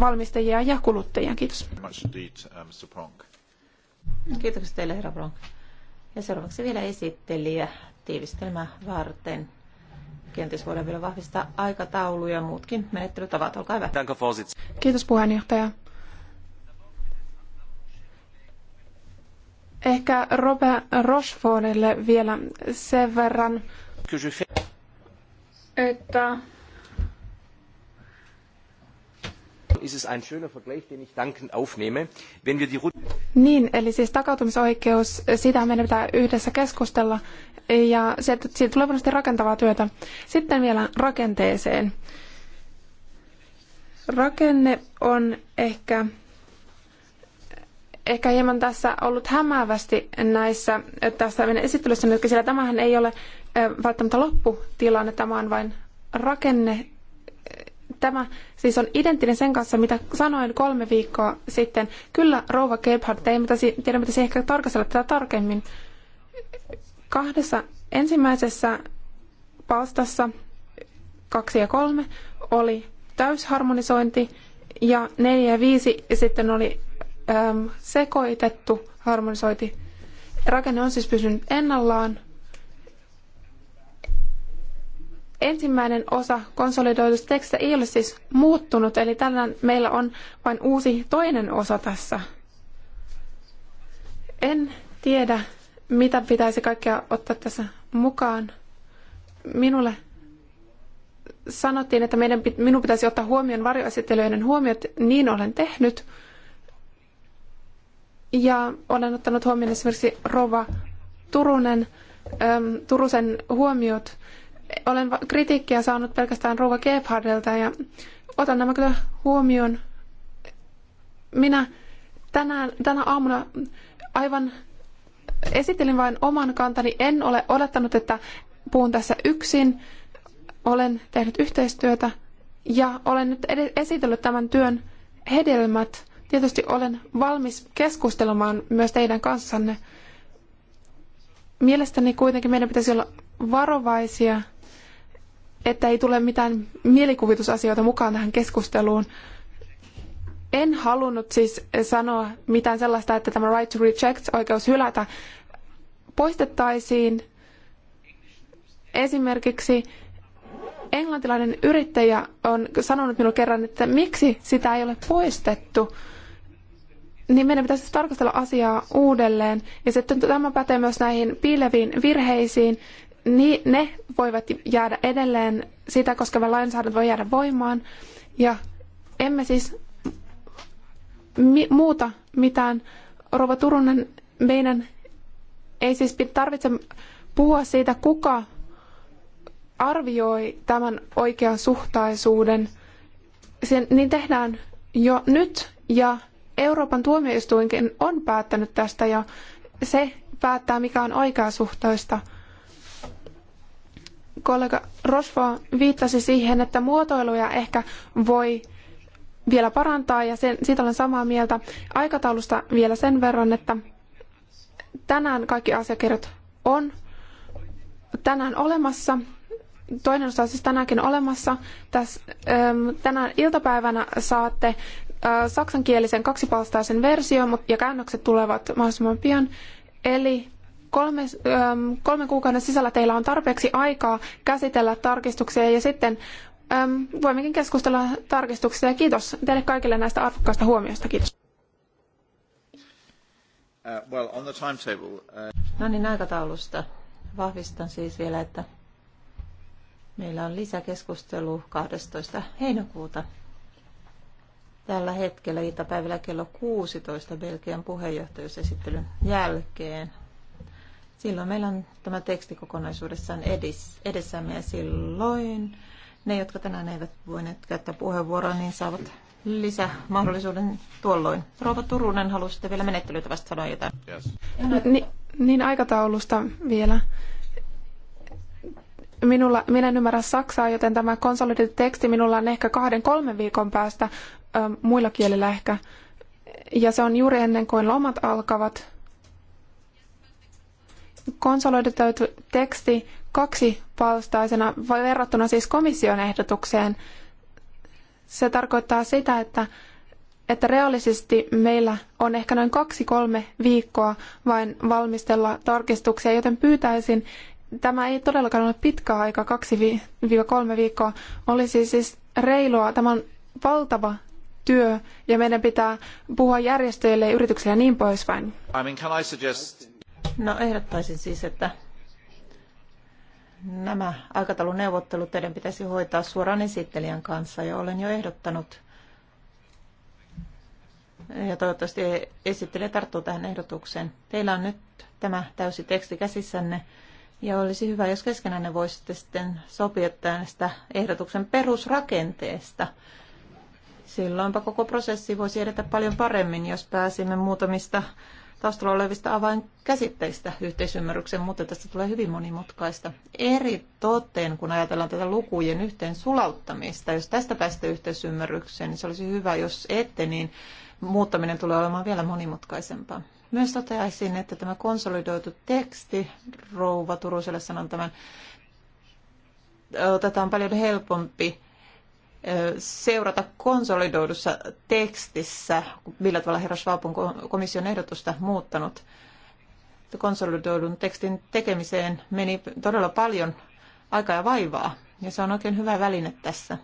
valmistajia ja kuluttajia. Kiitos. Uh, Kiitoksia teille, herra Bronk. Ja seuraavaksi vielä esittelijä tiivistelmää varten. Kenties voidaan vielä vahvistaa aikataulu ja muutkin menettelytavat. Olkaa hyvä. Kiitos puheenjohtaja. Ehkä Robert Rochefortille vielä sen verran, että ist es ein schöner Vergleich, den ich dankend aufnehme. Wenn wir die niin, eli siis takautumisoikeus, siitä meidän pitää yhdessä keskustella ja se, siitä tulee varmasti rakentavaa työtä. Sitten vielä rakenteeseen. Rakenne on ehkä ehkä hieman tässä ollut hämäävästi näissä tässä meidän esittelyssä sillä tämähän ei ole välttämättä lopputilanne, tämä on vain rakenne Tämä siis on identtinen sen kanssa, mitä sanoin kolme viikkoa sitten. Kyllä, rouva Gebhardt, ei tiedä, pitäisi ehkä tarkastella tätä tarkemmin. Kahdessa ensimmäisessä palstassa kaksi ja kolme oli täysharmonisointi ja neljä ja viisi ja sitten oli äm, sekoitettu harmonisointi. Rakenne on siis pysynyt ennallaan ensimmäinen osa konsolidoidusta tekstistä ei ole siis muuttunut, eli tällä meillä on vain uusi toinen osa tässä. En tiedä, mitä pitäisi kaikkea ottaa tässä mukaan. Minulle sanottiin, että meidän, minun pitäisi ottaa huomioon varjoesittelyiden huomiot, niin olen tehnyt. Ja olen ottanut huomioon esimerkiksi Rova Turunen, äm, Turusen huomiot, olen kritiikkiä saanut pelkästään Rouva Gebhardelta ja otan nämä kyllä huomioon. Minä tänään, tänä aamuna aivan esittelin vain oman kantani. En ole olettanut, että puhun tässä yksin. Olen tehnyt yhteistyötä ja olen nyt esitellyt tämän työn hedelmät. Tietysti olen valmis keskustelemaan myös teidän kanssanne. Mielestäni kuitenkin meidän pitäisi olla varovaisia – että ei tule mitään mielikuvitusasioita mukaan tähän keskusteluun. En halunnut siis sanoa mitään sellaista, että tämä right to reject, oikeus hylätä, poistettaisiin. Esimerkiksi englantilainen yrittäjä on sanonut minulle kerran, että miksi sitä ei ole poistettu niin meidän pitäisi tarkastella asiaa uudelleen. Ja sitten tämä pätee myös näihin piileviin virheisiin niin ne voivat jäädä edelleen, sitä koskeva lainsäädäntö voi jäädä voimaan, ja emme siis mi- muuta mitään. Rova Turunen, meidän ei siis tarvitse puhua siitä, kuka arvioi tämän oikean suhtaisuuden. Sen, niin tehdään jo nyt, ja Euroopan tuomioistuinkin on päättänyt tästä, ja se päättää, mikä on oikeasuhtaista. suhtaista kollega Rosvo viittasi siihen, että muotoiluja ehkä voi vielä parantaa ja sen, siitä olen samaa mieltä. Aikataulusta vielä sen verran, että tänään kaikki asiakirjat on tänään olemassa. Toinen osa on siis tänäänkin olemassa. tässä äm, tänään iltapäivänä saatte ä, äh, saksankielisen kaksipalstaisen version ja käännökset tulevat mahdollisimman pian. Eli Kolme, äm, kolmen kuukauden sisällä teillä on tarpeeksi aikaa käsitellä tarkistuksia ja sitten äm, voimmekin keskustella tarkistuksista. Ja kiitos teille kaikille näistä arvokkaista huomioista. Kiitos. Uh, well, on the timetable, uh... No niin, aikataulusta. Vahvistan siis vielä, että meillä on lisäkeskustelu 12. heinäkuuta tällä hetkellä iltapäivällä kello 16 Belgian puheenjohtajuusesittelyn jälkeen. Silloin meillä on tämä teksti kokonaisuudessaan edis, edessämme ja silloin ne, jotka tänään eivät voineet käyttää puheenvuoroa, niin saavat lisämahdollisuuden tuolloin. Rouva Turunen, haluaisitte vielä vasta sanoa jotain? Yes. Ni, niin aikataulusta vielä. Minulla, minä en ymmärrä saksaa, joten tämä konsolidit teksti minulla on ehkä kahden, kolmen viikon päästä, ö, muilla kielillä ehkä. Ja se on juuri ennen kuin lomat alkavat. Konsoloidettu teksti kaksi verrattuna siis komission ehdotukseen. Se tarkoittaa sitä, että, että reaalisesti meillä on ehkä noin kaksi-kolme viikkoa vain valmistella tarkistuksia, joten pyytäisin, tämä ei todellakaan ole pitkä aika, kaksi-kolme viikkoa, olisi siis reilua, tämä on valtava työ ja meidän pitää puhua järjestöille ja yrityksille ja niin poispäin. I mean, can I suggest No ehdottaisin siis, että nämä aikatauluneuvottelut teidän pitäisi hoitaa suoraan esittelijän kanssa ja olen jo ehdottanut. Ja toivottavasti esittelijä tarttuu tähän ehdotukseen. Teillä on nyt tämä täysi teksti käsissänne ja olisi hyvä, jos keskenään ne voisitte sitten sopia tästä ehdotuksen perusrakenteesta. Silloinpa koko prosessi voisi edetä paljon paremmin, jos pääsimme muutamista taustalla olevista avainkäsitteistä yhteisymmärryksen, mutta tästä tulee hyvin monimutkaista. Eri toteen, kun ajatellaan tätä lukujen yhteen sulauttamista, jos tästä päästä yhteisymmärrykseen, niin se olisi hyvä, jos ette, niin muuttaminen tulee olemaan vielä monimutkaisempaa. Myös toteaisin, että tämä konsolidoitu teksti, Rouva Turuselle sanon tämän, otetaan paljon helpompi seurata konsolidoidussa tekstissä, millä tavalla herra Schwab on komission ehdotusta muuttanut. Konsolidoidun tekstin tekemiseen meni todella paljon aikaa ja vaivaa, ja se on oikein hyvä väline tässä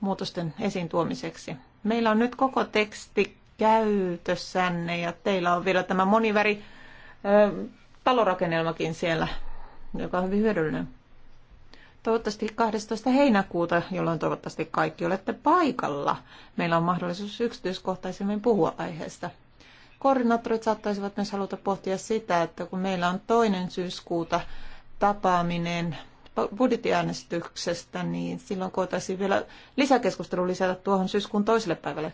muutosten esiin tuomiseksi. Meillä on nyt koko teksti käytössänne, ja teillä on vielä tämä moniväri talorakennelmakin siellä, joka on hyvin hyödyllinen toivottavasti 12. heinäkuuta, jolloin toivottavasti kaikki olette paikalla. Meillä on mahdollisuus yksityiskohtaisemmin puhua aiheesta. Koordinaattorit saattaisivat myös haluta pohtia sitä, että kun meillä on toinen syyskuuta tapaaminen budjettiäänestyksestä, niin silloin koitaisiin vielä lisäkeskustelu lisätä tuohon syyskuun toiselle päivälle.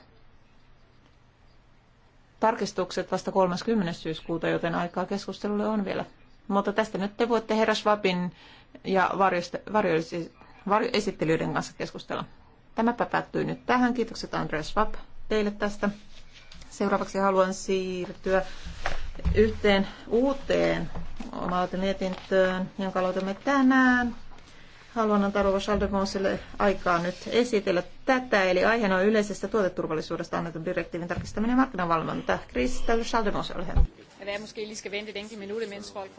Tarkistukset vasta 30. syyskuuta, joten aikaa keskustelulle on vielä. Mutta tästä nyt te voitte herra Schwabin ja varjoesittelyiden kanssa keskustella. Tämäpä päättyy nyt tähän. Kiitokset Andreas Schwab teille tästä. Seuraavaksi haluan siirtyä yhteen uuteen omalta mietintöön, jonka aloitamme tänään. Haluan antaa Rova Schaldemonsille aikaa nyt esitellä tätä, eli aiheena on yleisestä tuoteturvallisuudesta annetun direktiivin tarkistaminen ja markkinavalvonta. Kristel Schaldemons, ole hyvä at jeg måske lige skal vente et enkelt minut, mens folk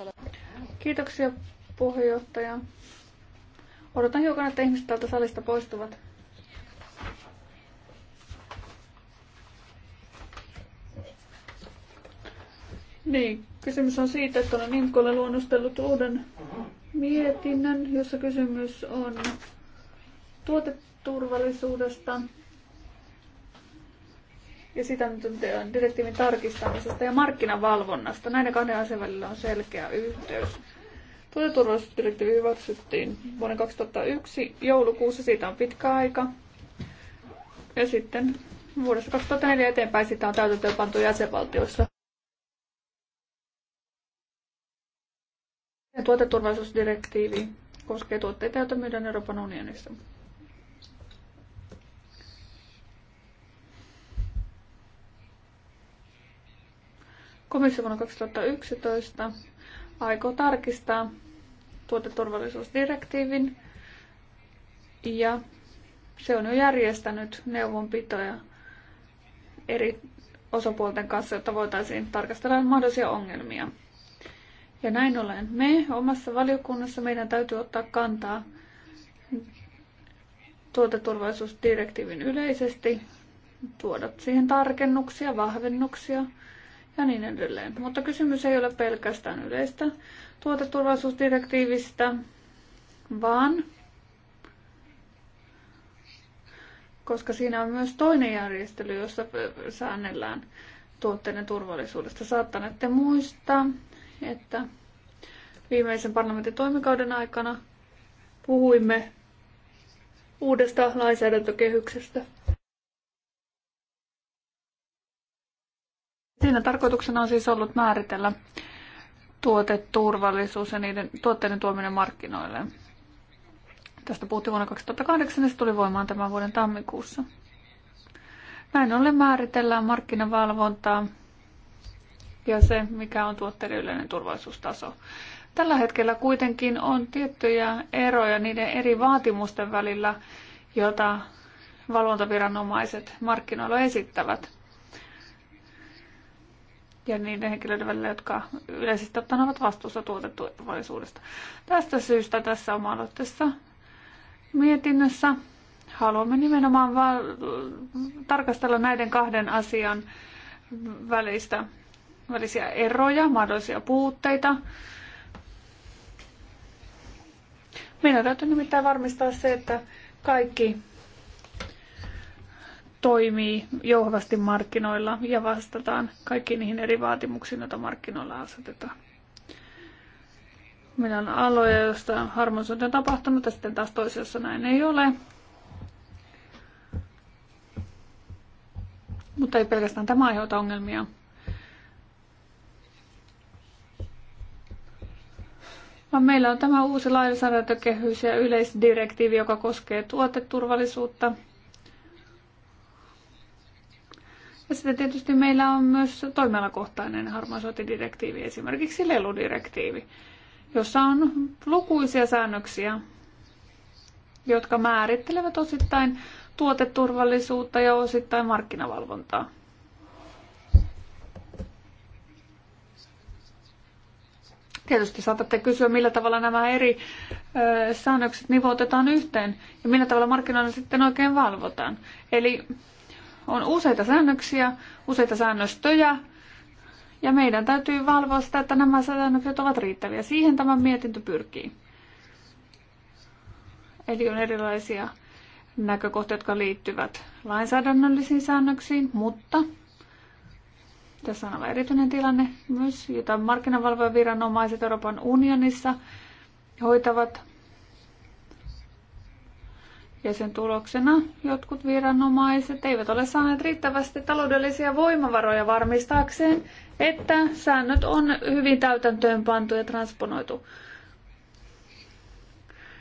Kiitoksia puheenjohtaja. Odotan hiukan, että ihmiset täältä salista poistuvat. Niin, kysymys on siitä, että olen Inkolle luonnostellut uuden mietinnön, jossa kysymys on tuoteturvallisuudesta ja sitä nyt direktiivin tarkistamisesta ja markkinavalvonnasta. Näiden kahden asian välillä on selkeä yhteys. Tuoteturvallisuusdirektiivi hyväksyttiin vuoden 2001 joulukuussa, siitä on pitkä aika. Ja sitten vuodesta 2004 eteenpäin sitä on täytäntöön pantu jäsenvaltioissa. Tuoteturvallisuusdirektiivi koskee tuotteita, joita myydään Euroopan unionissa. Komissio vuonna 2011 aikoo tarkistaa tuoteturvallisuusdirektiivin ja se on jo järjestänyt neuvonpitoja eri osapuolten kanssa, jotta voitaisiin tarkastella mahdollisia ongelmia. Ja näin ollen me omassa valiokunnassa meidän täytyy ottaa kantaa tuoteturvallisuusdirektiivin yleisesti, tuoda siihen tarkennuksia, vahvennuksia – ja niin edelleen. Mutta kysymys ei ole pelkästään yleistä tuoteturvallisuusdirektiivistä, vaan koska siinä on myös toinen järjestely, jossa säännellään tuotteiden turvallisuudesta. Saattanette muistaa, että viimeisen parlamentin toimikauden aikana puhuimme uudesta lainsäädäntökehyksestä. Siinä tarkoituksena on siis ollut määritellä tuoteturvallisuus ja niiden tuotteiden tuominen markkinoille. Tästä puhuttiin vuonna 2008 ja se tuli voimaan tämän vuoden tammikuussa. Näin ollen määritellään markkinavalvontaa ja se, mikä on tuotteiden yleinen turvallisuustaso. Tällä hetkellä kuitenkin on tiettyjä eroja niiden eri vaatimusten välillä, joita valvontaviranomaiset markkinoilla esittävät ja niiden henkilöiden välillä, jotka yleisesti ottaen ovat vastuussa tuotettuvallisuudesta. Tästä syystä tässä oma-aloitteessa mietinnössä haluamme nimenomaan va- tarkastella näiden kahden asian välistä, välisiä eroja, mahdollisia puutteita. Meidän täytyy nimittäin varmistaa se, että kaikki toimii jouhevasti markkinoilla ja vastataan kaikkiin niihin eri vaatimuksiin, joita markkinoilla asetetaan. Meillä on aloja, joista harmonisointi on tapahtunut ja sitten taas toisessa näin ei ole. Mutta ei pelkästään tämä aiheuta ongelmia. Vaan meillä on tämä uusi lainsäädäntökehys ja yleisdirektiivi, joka koskee tuoteturvallisuutta – Ja sitten tietysti meillä on myös toimialakohtainen harmaasotidirektiivi, esimerkiksi leludirektiivi, jossa on lukuisia säännöksiä, jotka määrittelevät osittain tuoteturvallisuutta ja osittain markkinavalvontaa. Tietysti saatatte kysyä, millä tavalla nämä eri säännökset nivoutetaan yhteen ja millä tavalla markkinoilla sitten oikein valvotaan. Eli on useita säännöksiä, useita säännöstöjä, ja meidän täytyy valvoa sitä, että nämä säännökset ovat riittäviä. Siihen tämä mietintö pyrkii. Eli on erilaisia näkökohtia, jotka liittyvät lainsäädännöllisiin säännöksiin, mutta tässä on aivan erityinen tilanne myös, jota markkinavalvojaviranomaiset Euroopan unionissa hoitavat. Ja sen tuloksena jotkut viranomaiset eivät ole saaneet riittävästi taloudellisia voimavaroja varmistaakseen, että säännöt on hyvin täytäntöön pantu ja transponoitu.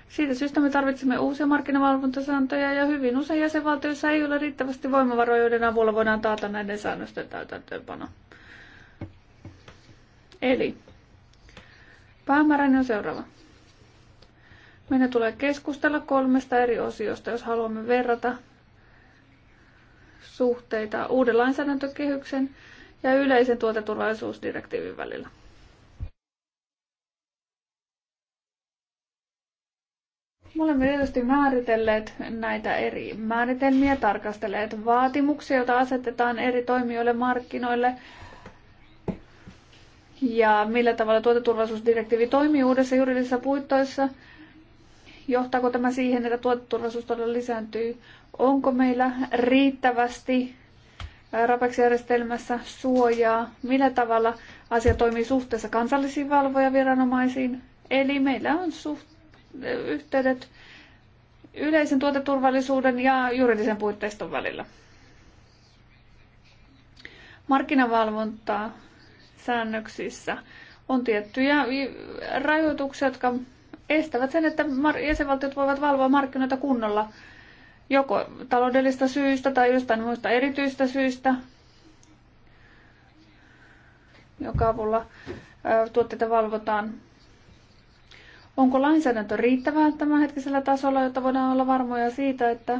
Siitä syystä me tarvitsemme uusia markkinavalvontasääntöjä ja hyvin usein jäsenvaltioissa ei ole riittävästi voimavaroja, joiden avulla voidaan taata näiden säännösten täytäntöönpano. Eli päämääräni on seuraava. Meidän tulee keskustella kolmesta eri osiosta, jos haluamme verrata suhteita uuden lainsäädäntökehyksen ja yleisen tuoteturvallisuusdirektiivin välillä. Me olemme tietysti määritelleet näitä eri määritelmiä, tarkastelleet vaatimuksia, joita asetetaan eri toimijoille markkinoille ja millä tavalla tuoteturvallisuusdirektiivi toimii uudessa juridisessa puittoissa – Johtaako tämä siihen, että tuoteturvallisuus todella lisääntyy? Onko meillä riittävästi rapeksijärjestelmässä suojaa? Millä tavalla asia toimii suhteessa kansallisiin valvojaviranomaisiin? Eli meillä on suht- yhteydet yleisen tuoteturvallisuuden ja juridisen puitteiston välillä. Markkinavalvontaa säännöksissä on tiettyjä rajoituksia, jotka estävät sen, että jäsenvaltiot voivat valvoa markkinoita kunnolla joko taloudellista syistä tai jostain muista erityistä syistä, joka avulla tuotteita valvotaan. Onko lainsäädäntö riittävää tämänhetkisellä tasolla, jotta voidaan olla varmoja siitä, että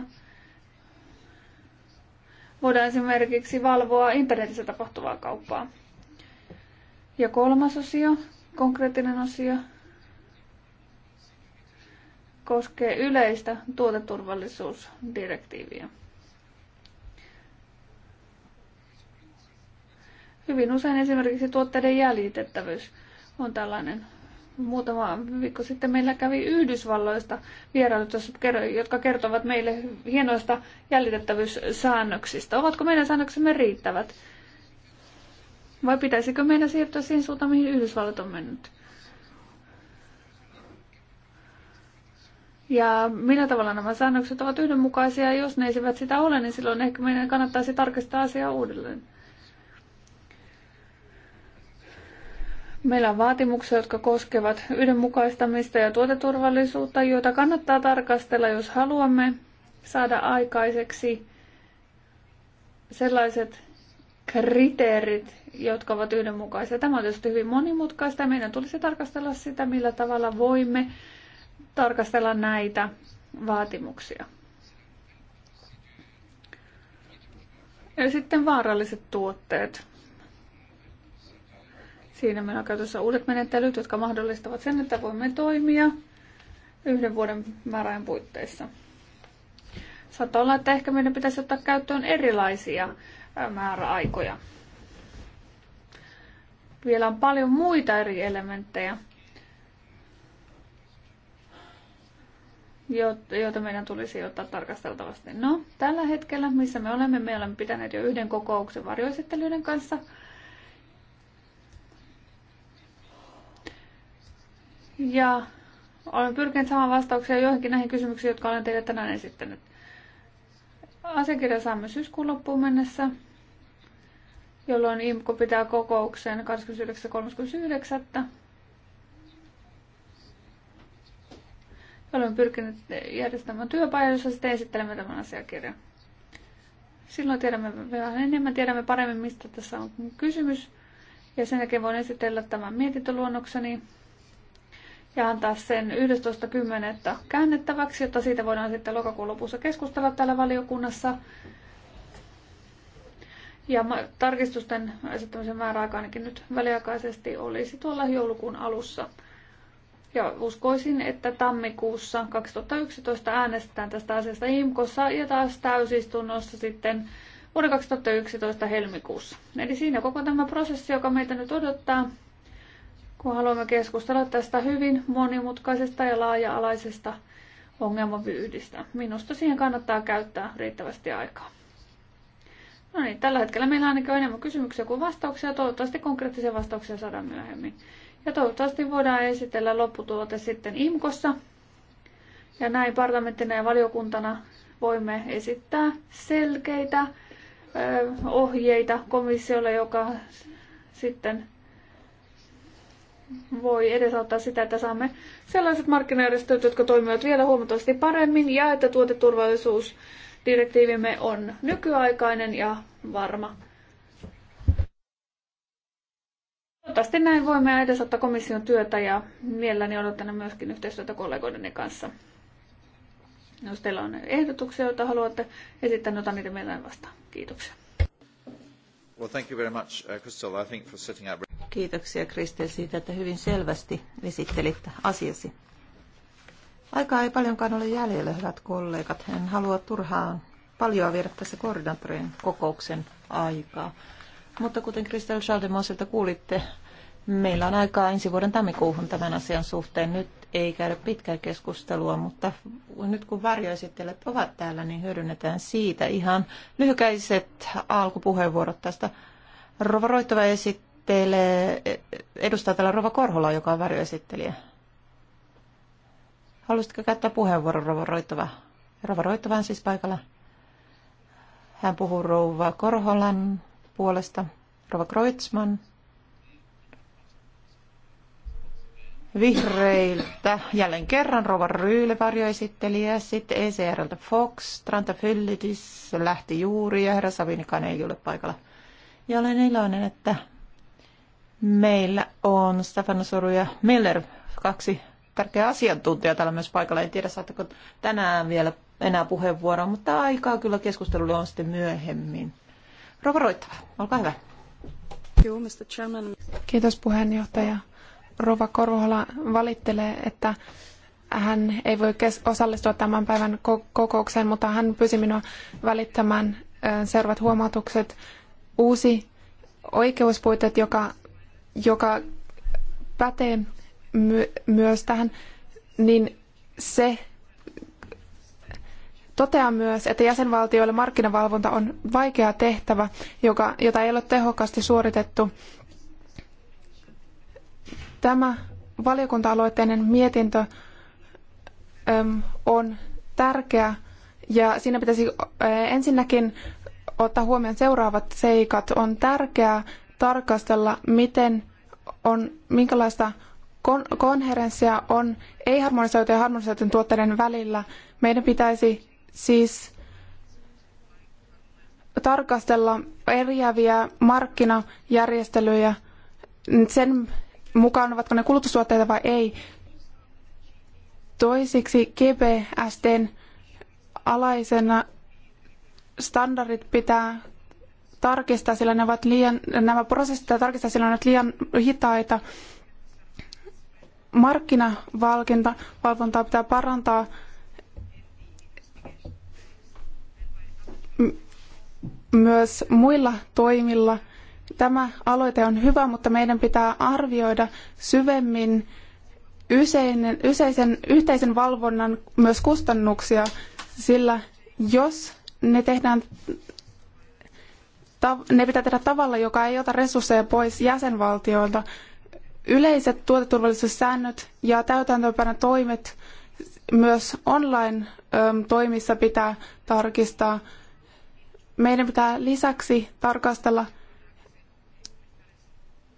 voidaan esimerkiksi valvoa internetissä tapahtuvaa kauppaa? Ja kolmas osio, konkreettinen osio, koskee yleistä tuoteturvallisuusdirektiiviä. Hyvin usein esimerkiksi tuotteiden jäljitettävyys on tällainen. Muutama viikko sitten meillä kävi Yhdysvalloista vierailut, jotka kertovat meille hienoista jäljitettävyyssäännöksistä. Ovatko meidän säännöksemme riittävät? Vai pitäisikö meidän siirtyä siihen suuntaan, mihin Yhdysvallat on mennyt? ja millä tavalla nämä säännökset ovat yhdenmukaisia. Jos ne eivät sitä ole, niin silloin ehkä meidän kannattaisi tarkistaa asiaa uudelleen. Meillä on vaatimuksia, jotka koskevat yhdenmukaistamista ja tuoteturvallisuutta, joita kannattaa tarkastella, jos haluamme saada aikaiseksi sellaiset kriteerit, jotka ovat yhdenmukaisia. Tämä on tietysti hyvin monimutkaista ja meidän tulisi tarkastella sitä, millä tavalla voimme tarkastella näitä vaatimuksia. Ja sitten vaaralliset tuotteet. Siinä meillä on käytössä uudet menettelyt, jotka mahdollistavat sen, että voimme toimia yhden vuoden määräajan puitteissa. Saattaa olla, että ehkä meidän pitäisi ottaa käyttöön erilaisia määräaikoja. Vielä on paljon muita eri elementtejä, joita meidän tulisi ottaa tarkasteltavasti. No, tällä hetkellä, missä me olemme, me olemme pitäneet jo yhden kokouksen varjoesittelyiden kanssa. Ja olen pyrkinyt saamaan vastauksia joihinkin näihin kysymyksiin, jotka olen teille tänään esittänyt. Asiakirja saamme syyskuun loppuun mennessä, jolloin IMKO pitää kokouksen 29.39. Olen pyrkinyt järjestämään työpajan, jossa sitten esittelemme tämän asiakirjan. Silloin tiedämme vähän enemmän, tiedämme paremmin, mistä tässä on kysymys. Ja sen jälkeen voin esitellä tämän mietintöluonnokseni ja antaa sen 11.10. käännettäväksi, jotta siitä voidaan sitten lokakuun lopussa keskustella täällä valiokunnassa. Ja tarkistusten esittämisen määräaika ainakin nyt väliaikaisesti olisi tuolla joulukuun alussa. Ja uskoisin, että tammikuussa 2011 äänestetään tästä asiasta IMKossa ja taas täysistunnossa sitten vuoden 2011 helmikuussa. Eli siinä koko tämä prosessi, joka meitä nyt odottaa, kun haluamme keskustella tästä hyvin monimutkaisesta ja laaja-alaisesta ongelmavyydistä. Minusta siihen kannattaa käyttää riittävästi aikaa. No niin, tällä hetkellä meillä ainakin on enemmän kysymyksiä kuin vastauksia. Toivottavasti konkreettisia vastauksia saadaan myöhemmin. Ja toivottavasti voidaan esitellä lopputuote sitten IMKossa. Ja näin parlamenttina ja valiokuntana voimme esittää selkeitä ohjeita komissiolle, joka sitten voi edesauttaa sitä, että saamme sellaiset markkinajärjestöt, jotka toimivat vielä huomattavasti paremmin ja että tuoteturvallisuusdirektiivimme on nykyaikainen ja varma. Toivottavasti näin voimme edesottaa komission työtä ja mielelläni odotan myöskin yhteistyötä kollegoiden kanssa. No, jos teillä on ehdotuksia, joita haluatte esittää, niin otan niitä mielelläni vastaan. Kiitoksia. Well, thank you very much, uh, Crystal, I think for setting up... Kiitoksia Kristel siitä, että hyvin selvästi esittelit asiasi. Aikaa ei paljonkaan ole jäljellä, hyvät kollegat. En halua turhaan paljon viedä tässä koordinaattorien kokouksen aikaa. Mutta kuten Kristel Schaldemoselta kuulitte, Meillä on aikaa ensi vuoden tammikuuhun tämän asian suhteen. Nyt ei käydä pitkää keskustelua, mutta nyt kun varjoesittelijät ovat täällä, niin hyödynnetään siitä ihan lyhykäiset alkupuheenvuorot tästä. Rova Roittava esittelee, edustaa täällä Rova Korhola, joka on varjoesittelijä. Haluaisitko käyttää puheenvuoron, Rova Roittava? Rova Roittava on siis paikalla. Hän puhuu Rova Korholan puolesta. Rova Kreutzmann Vihreiltä jälleen kerran Rova Ryyle varjoesittelijä, sitten ECRltä Fox, Tranta fyllitis lähti juuri ja herra Savinikaan ei ole paikalla. Ja olen iloinen, että meillä on Stefano Soru ja Miller, kaksi tärkeää asiantuntijaa täällä myös paikalla. En tiedä, saatteko tänään vielä enää puheenvuoroa, mutta aikaa kyllä keskustelulle on sitten myöhemmin. Rova Roittava, olkaa hyvä. Kiitos puheenjohtaja. Rova Korhola valittelee, että hän ei voi osallistua tämän päivän kokoukseen, mutta hän pyysi minua välittämään seuraavat huomautukset. Uusi oikeuspuitteet, joka, joka pätee my myös tähän, niin se toteaa myös, että jäsenvaltioille markkinavalvonta on vaikea tehtävä, joka, jota ei ole tehokkaasti suoritettu Tämä valiokunta-aloitteinen mietintö on tärkeä ja siinä pitäisi ensinnäkin ottaa huomioon seuraavat seikat. On tärkeää tarkastella, miten on, minkälaista kon- konherenssia on ei-harmonisoitujen ja harmonisoitujen tuotteiden välillä. Meidän pitäisi siis tarkastella eriäviä markkinajärjestelyjä sen mukaan, ovatko ne kulutustuotteita vai ei. Toisiksi n alaisena standardit pitää tarkistaa, sillä ne ovat liian, nämä prosessit pitää tarkistaa, sillä ne ovat liian hitaita. Markkinavalvontaa pitää parantaa. myös muilla toimilla – Tämä aloite on hyvä, mutta meidän pitää arvioida syvemmin yseinen, yseisen, yhteisen valvonnan myös kustannuksia, sillä jos ne tehdään ne pitää tehdä tavalla, joka ei ota resursseja pois jäsenvaltioilta. Yleiset tuoteturvallisuussäännöt ja täytäntöönpänä toimet myös online-toimissa ähm, pitää tarkistaa. Meidän pitää lisäksi tarkastella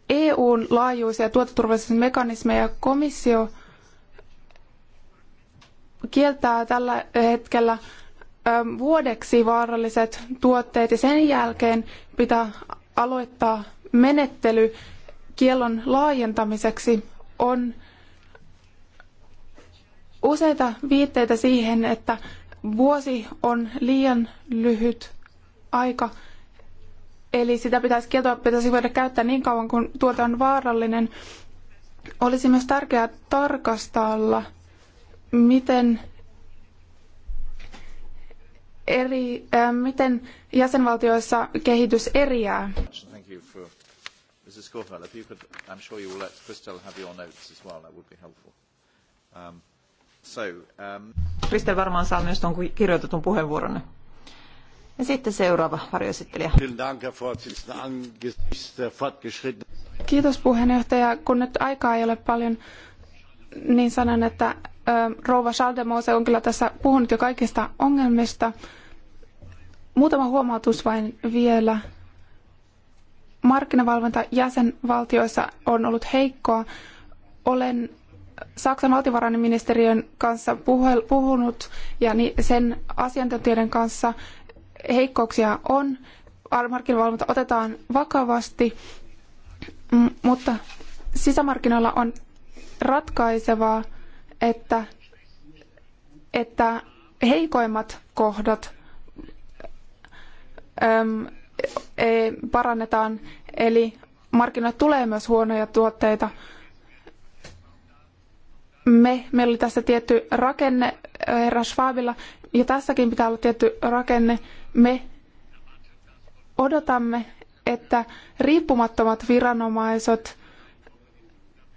EUn laajuisia tuoteturvallisuusmekanismeja. Komissio kieltää tällä hetkellä ähm, vuodeksi vaaralliset tuotteet ja sen jälkeen pitää aloittaa menettely kiellon laajentamiseksi. On useita viitteitä siihen, että vuosi on liian lyhyt aika Eli sitä pitäisi kieltoa pitäisi voida käyttää niin kauan, kun tuote on vaarallinen. Olisi myös tärkeää tarkastella, miten eri, äh, miten jäsenvaltioissa kehitys eriää. Mrs. if you could, I'm sure you will let have your notes as well, that would be helpful. Um, so, um, varmaan saa myös tuon kirjoitetun puheenvuoronne. Ja sitten seuraava varjoesittelijä. Kiitos puheenjohtaja. Kun nyt aikaa ei ole paljon, niin sanon, että rouva Schaldemose on kyllä tässä puhunut jo kaikista ongelmista. Muutama huomautus vain vielä. Markkinavalvonta jäsenvaltioissa on ollut heikkoa. Olen Saksan valtiovarainministeriön kanssa puhunut ja sen asiantuntijoiden kanssa heikkouksia on, markkinavalvonta otetaan vakavasti, mutta sisämarkkinoilla on ratkaisevaa, että, että heikoimmat kohdat äm, e, parannetaan, eli markkinoille tulee myös huonoja tuotteita. Me, meillä oli tässä tietty rakenne herra Schwabilla, ja tässäkin pitää olla tietty rakenne, me odotamme, että riippumattomat viranomaiset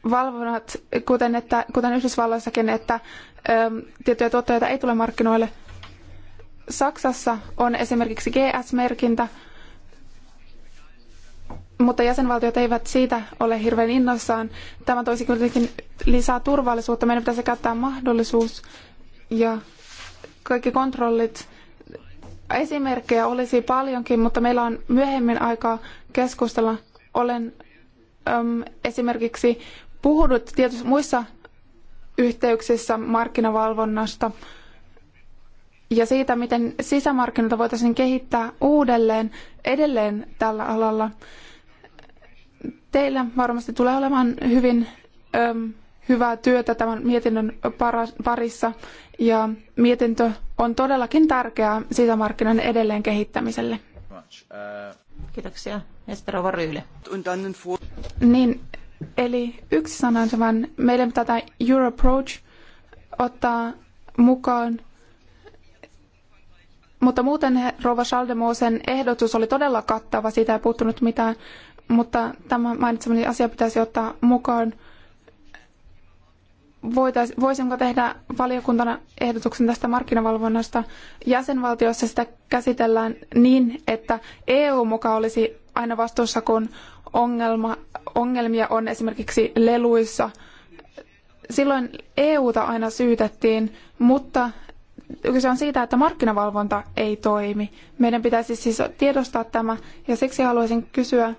valvonnat, kuten, että, kuten Yhdysvalloissakin, että äm, tiettyjä tuotteita ei tule markkinoille. Saksassa on esimerkiksi GS-merkintä, mutta jäsenvaltiot eivät siitä ole hirveän innoissaan. Tämä toisi kuitenkin lisää turvallisuutta. Meidän pitäisi käyttää mahdollisuus ja kaikki kontrollit Esimerkkejä olisi paljonkin, mutta meillä on myöhemmin aikaa keskustella. Olen äm, esimerkiksi puhunut tietysti muissa yhteyksissä markkinavalvonnasta ja siitä, miten sisämarkkinoita voitaisiin kehittää uudelleen edelleen tällä alalla. Teillä varmasti tulee olemaan hyvin äm, hyvää työtä tämän mietinnön parissa ja mietintö on todellakin tärkeää sisämarkkinoiden edelleen kehittämiselle. Kiitoksia. Esterova Ryyle. Niin, eli yksi sana tämän, meidän pitää tämä approach ottaa mukaan mutta muuten Rova Schaldemosen ehdotus oli todella kattava, siitä ei puuttunut mitään, mutta tämä mainitsemani asia pitäisi ottaa mukaan voitais, voisinko tehdä valiokuntana ehdotuksen tästä markkinavalvonnasta. Jäsenvaltioissa sitä käsitellään niin, että EU muka olisi aina vastuussa, kun ongelma, ongelmia on esimerkiksi leluissa. Silloin EUta aina syytettiin, mutta kyse on siitä, että markkinavalvonta ei toimi. Meidän pitäisi siis tiedostaa tämä ja siksi haluaisin kysyä,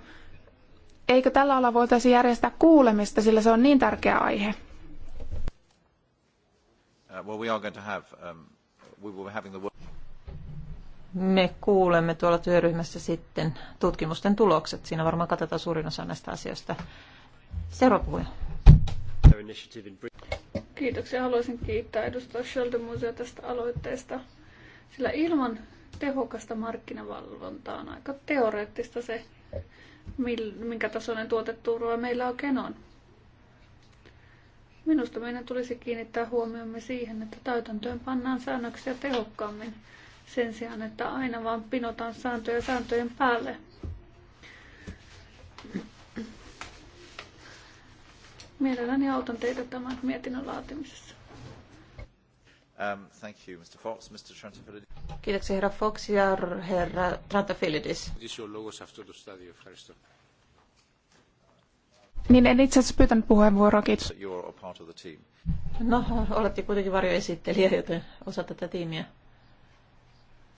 eikö tällä alalla voitaisi järjestää kuulemista, sillä se on niin tärkeä aihe. Uh, well, we are going to have, um, we will be having the me kuulemme tuolla työryhmässä sitten tutkimusten tulokset. Siinä varmaan katsotaan suurin osa näistä asioista. Seuraava puhuja. Kiitoksia. Haluaisin kiittää edustaja Schöldemusea tästä aloitteesta, sillä ilman tehokasta markkinavalvontaa on aika teoreettista se, minkä tasoinen tuoteturva meillä oikein on. Minusta meidän tulisi kiinnittää huomiomme siihen, että täytäntöön pannaan säännöksiä tehokkaammin sen sijaan, että aina vaan pinotaan sääntöjä sääntöjen päälle. Mielelläni autan teitä tämän mietinnön laatimisessa. Um, thank you, Mr. Fox, Mr. Trantafilidis. Kiitoksia herra Fox ja herra Trantafilidis. Niin en itse asiassa pyytänyt puheenvuoroa, kiitos. No, olette kuitenkin varjoesittelijä, joten osa tätä tiimiä.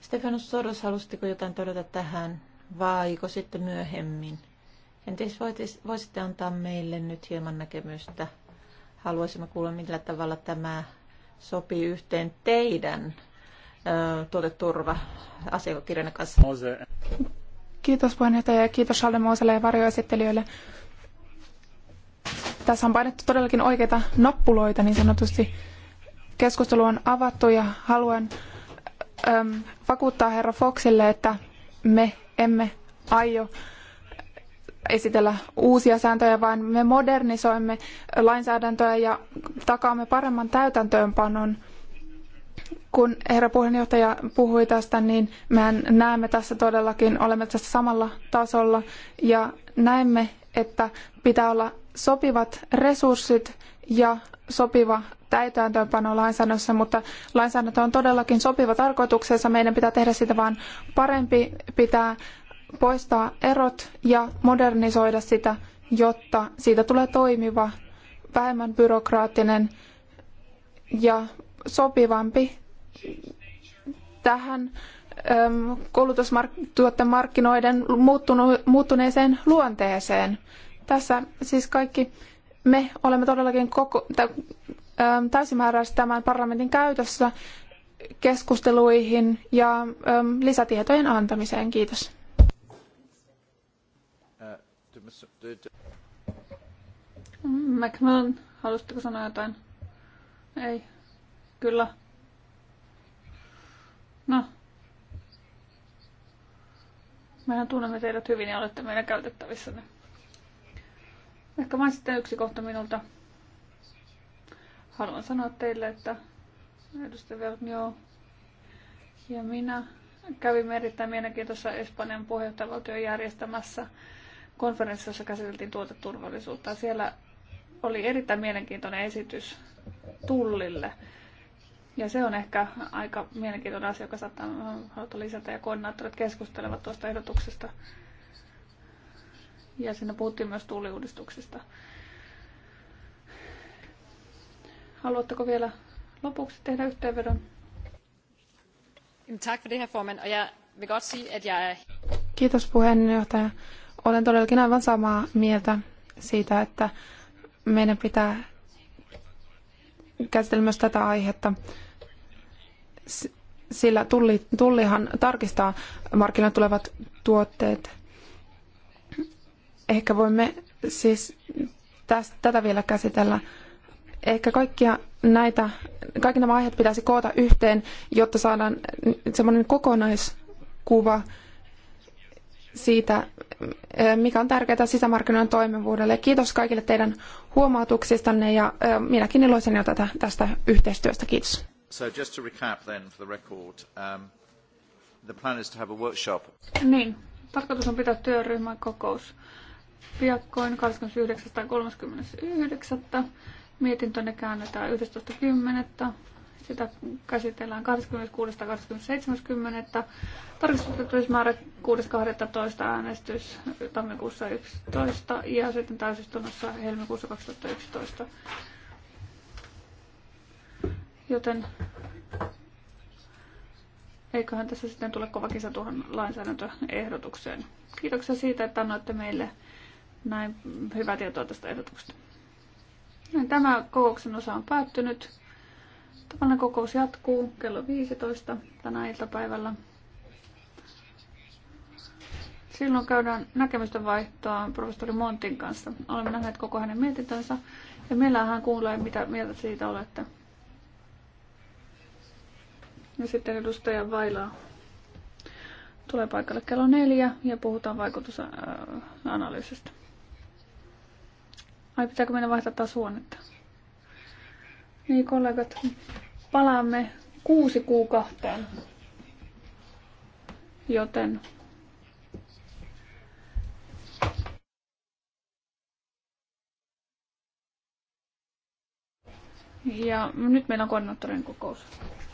Stefanus Soros, halusitko jotain todeta tähän vaiko sitten myöhemmin? Entäs voisitte antaa meille nyt hieman näkemystä? Haluaisimme kuulla, millä tavalla tämä sopii yhteen teidän tuoteturva-asiakirjan kanssa. Kiitos puheenjohtaja ja kiitos Charles Mooselle ja varjoesittelijöille tässä on painettu todellakin oikeita nappuloita niin sanotusti. Keskustelu on avattu ja haluan äm, vakuuttaa herra Foxille, että me emme aio esitellä uusia sääntöjä, vaan me modernisoimme lainsäädäntöä ja takaamme paremman täytäntöönpanon. Kun herra puheenjohtaja puhui tästä, niin mehän näemme tässä todellakin, olemme tässä samalla tasolla ja näemme, että pitää olla sopivat resurssit ja sopiva täytäntöönpano lainsäädännössä, mutta lainsäädäntö on todellakin sopiva tarkoituksessa Meidän pitää tehdä sitä vaan parempi, pitää poistaa erot ja modernisoida sitä, jotta siitä tulee toimiva, vähemmän byrokraattinen ja sopivampi tähän Ähm, koulutustuotemarkkinoiden muuttuneeseen luonteeseen. Tässä siis kaikki me olemme todellakin koko, ähm, täysimääräisesti tämän parlamentin käytössä keskusteluihin ja ähm, lisätietojen antamiseen. Kiitos. Macmillan haluaisitteko sanoa jotain? Ei. Kyllä. No, Mehän tunnemme teidät hyvin ja olette meidän käytettävissänne. Ehkä vain sitten yksi kohta minulta. Haluan sanoa teille, että edustaja Vergnio ja minä kävimme erittäin mielenkiintoisessa Espanjan puheenjohtajavaltion järjestämässä konferenssissa, jossa käsiteltiin tuoteturvallisuutta. Siellä oli erittäin mielenkiintoinen esitys tullille ja se on ehkä aika mielenkiintoinen asia, joka saattaa haluta lisätä, ja koordinaattorit keskustelevat tuosta ehdotuksesta. Ja siinä puhuttiin myös tuuliuudistuksesta. Haluatteko vielä lopuksi tehdä yhteenvedon? Tack för det, formen. Och jag vill gott säga att jag er- Kiitos puheenjohtaja. Olen todellakin aivan samaa mieltä siitä, että meidän pitää käsitellä myös tätä aihetta sillä tulli, tullihan tarkistaa markkinoille tulevat tuotteet. Ehkä voimme siis tästä, tätä vielä käsitellä. Ehkä kaikkia näitä, kaikki nämä aiheet pitäisi koota yhteen, jotta saadaan semmoinen kokonaiskuva siitä, eh, mikä on tärkeää sisämarkkinoiden toimivuudelle. Kiitos kaikille teidän huomautuksistanne ja eh, minäkin iloisin jo tätä, tästä yhteistyöstä. Kiitos. So just to recap then for the record, um, the plan is to have a workshop. Niin, tarkoitus on pitää työryhmän kokous piakkoin 29. tai 39. Mietintönne käännetään 11.10. Sitä käsitellään 26. ja 27.10. Tarkistusmäärä 6.12. äänestys tammikuussa 11 ja sitten täysistunnossa helmikuussa 2011. Joten eiköhän tässä sitten tule kova kisa tuohon lainsäädäntöehdotukseen. Kiitoksia siitä, että annoitte meille näin hyvää tietoa tästä ehdotuksesta. Tämä kokouksen osa on päättynyt. Tavallinen kokous jatkuu kello 15 tänä iltapäivällä. Silloin käydään näkemystä vaihtoa professori Montin kanssa. Olemme nähneet koko hänen mietintönsä ja meillähän hän kuulee, mitä mieltä siitä olette. Ja sitten edustaja Vailaa tulee paikalle kello neljä ja puhutaan vaikutusanalyysistä. Ai pitääkö mennä vaihtaa taas huonetta? Niin kollegat, palaamme kuusi kuukautta. Joten Ja nyt meillä on koordinaattorin kokous.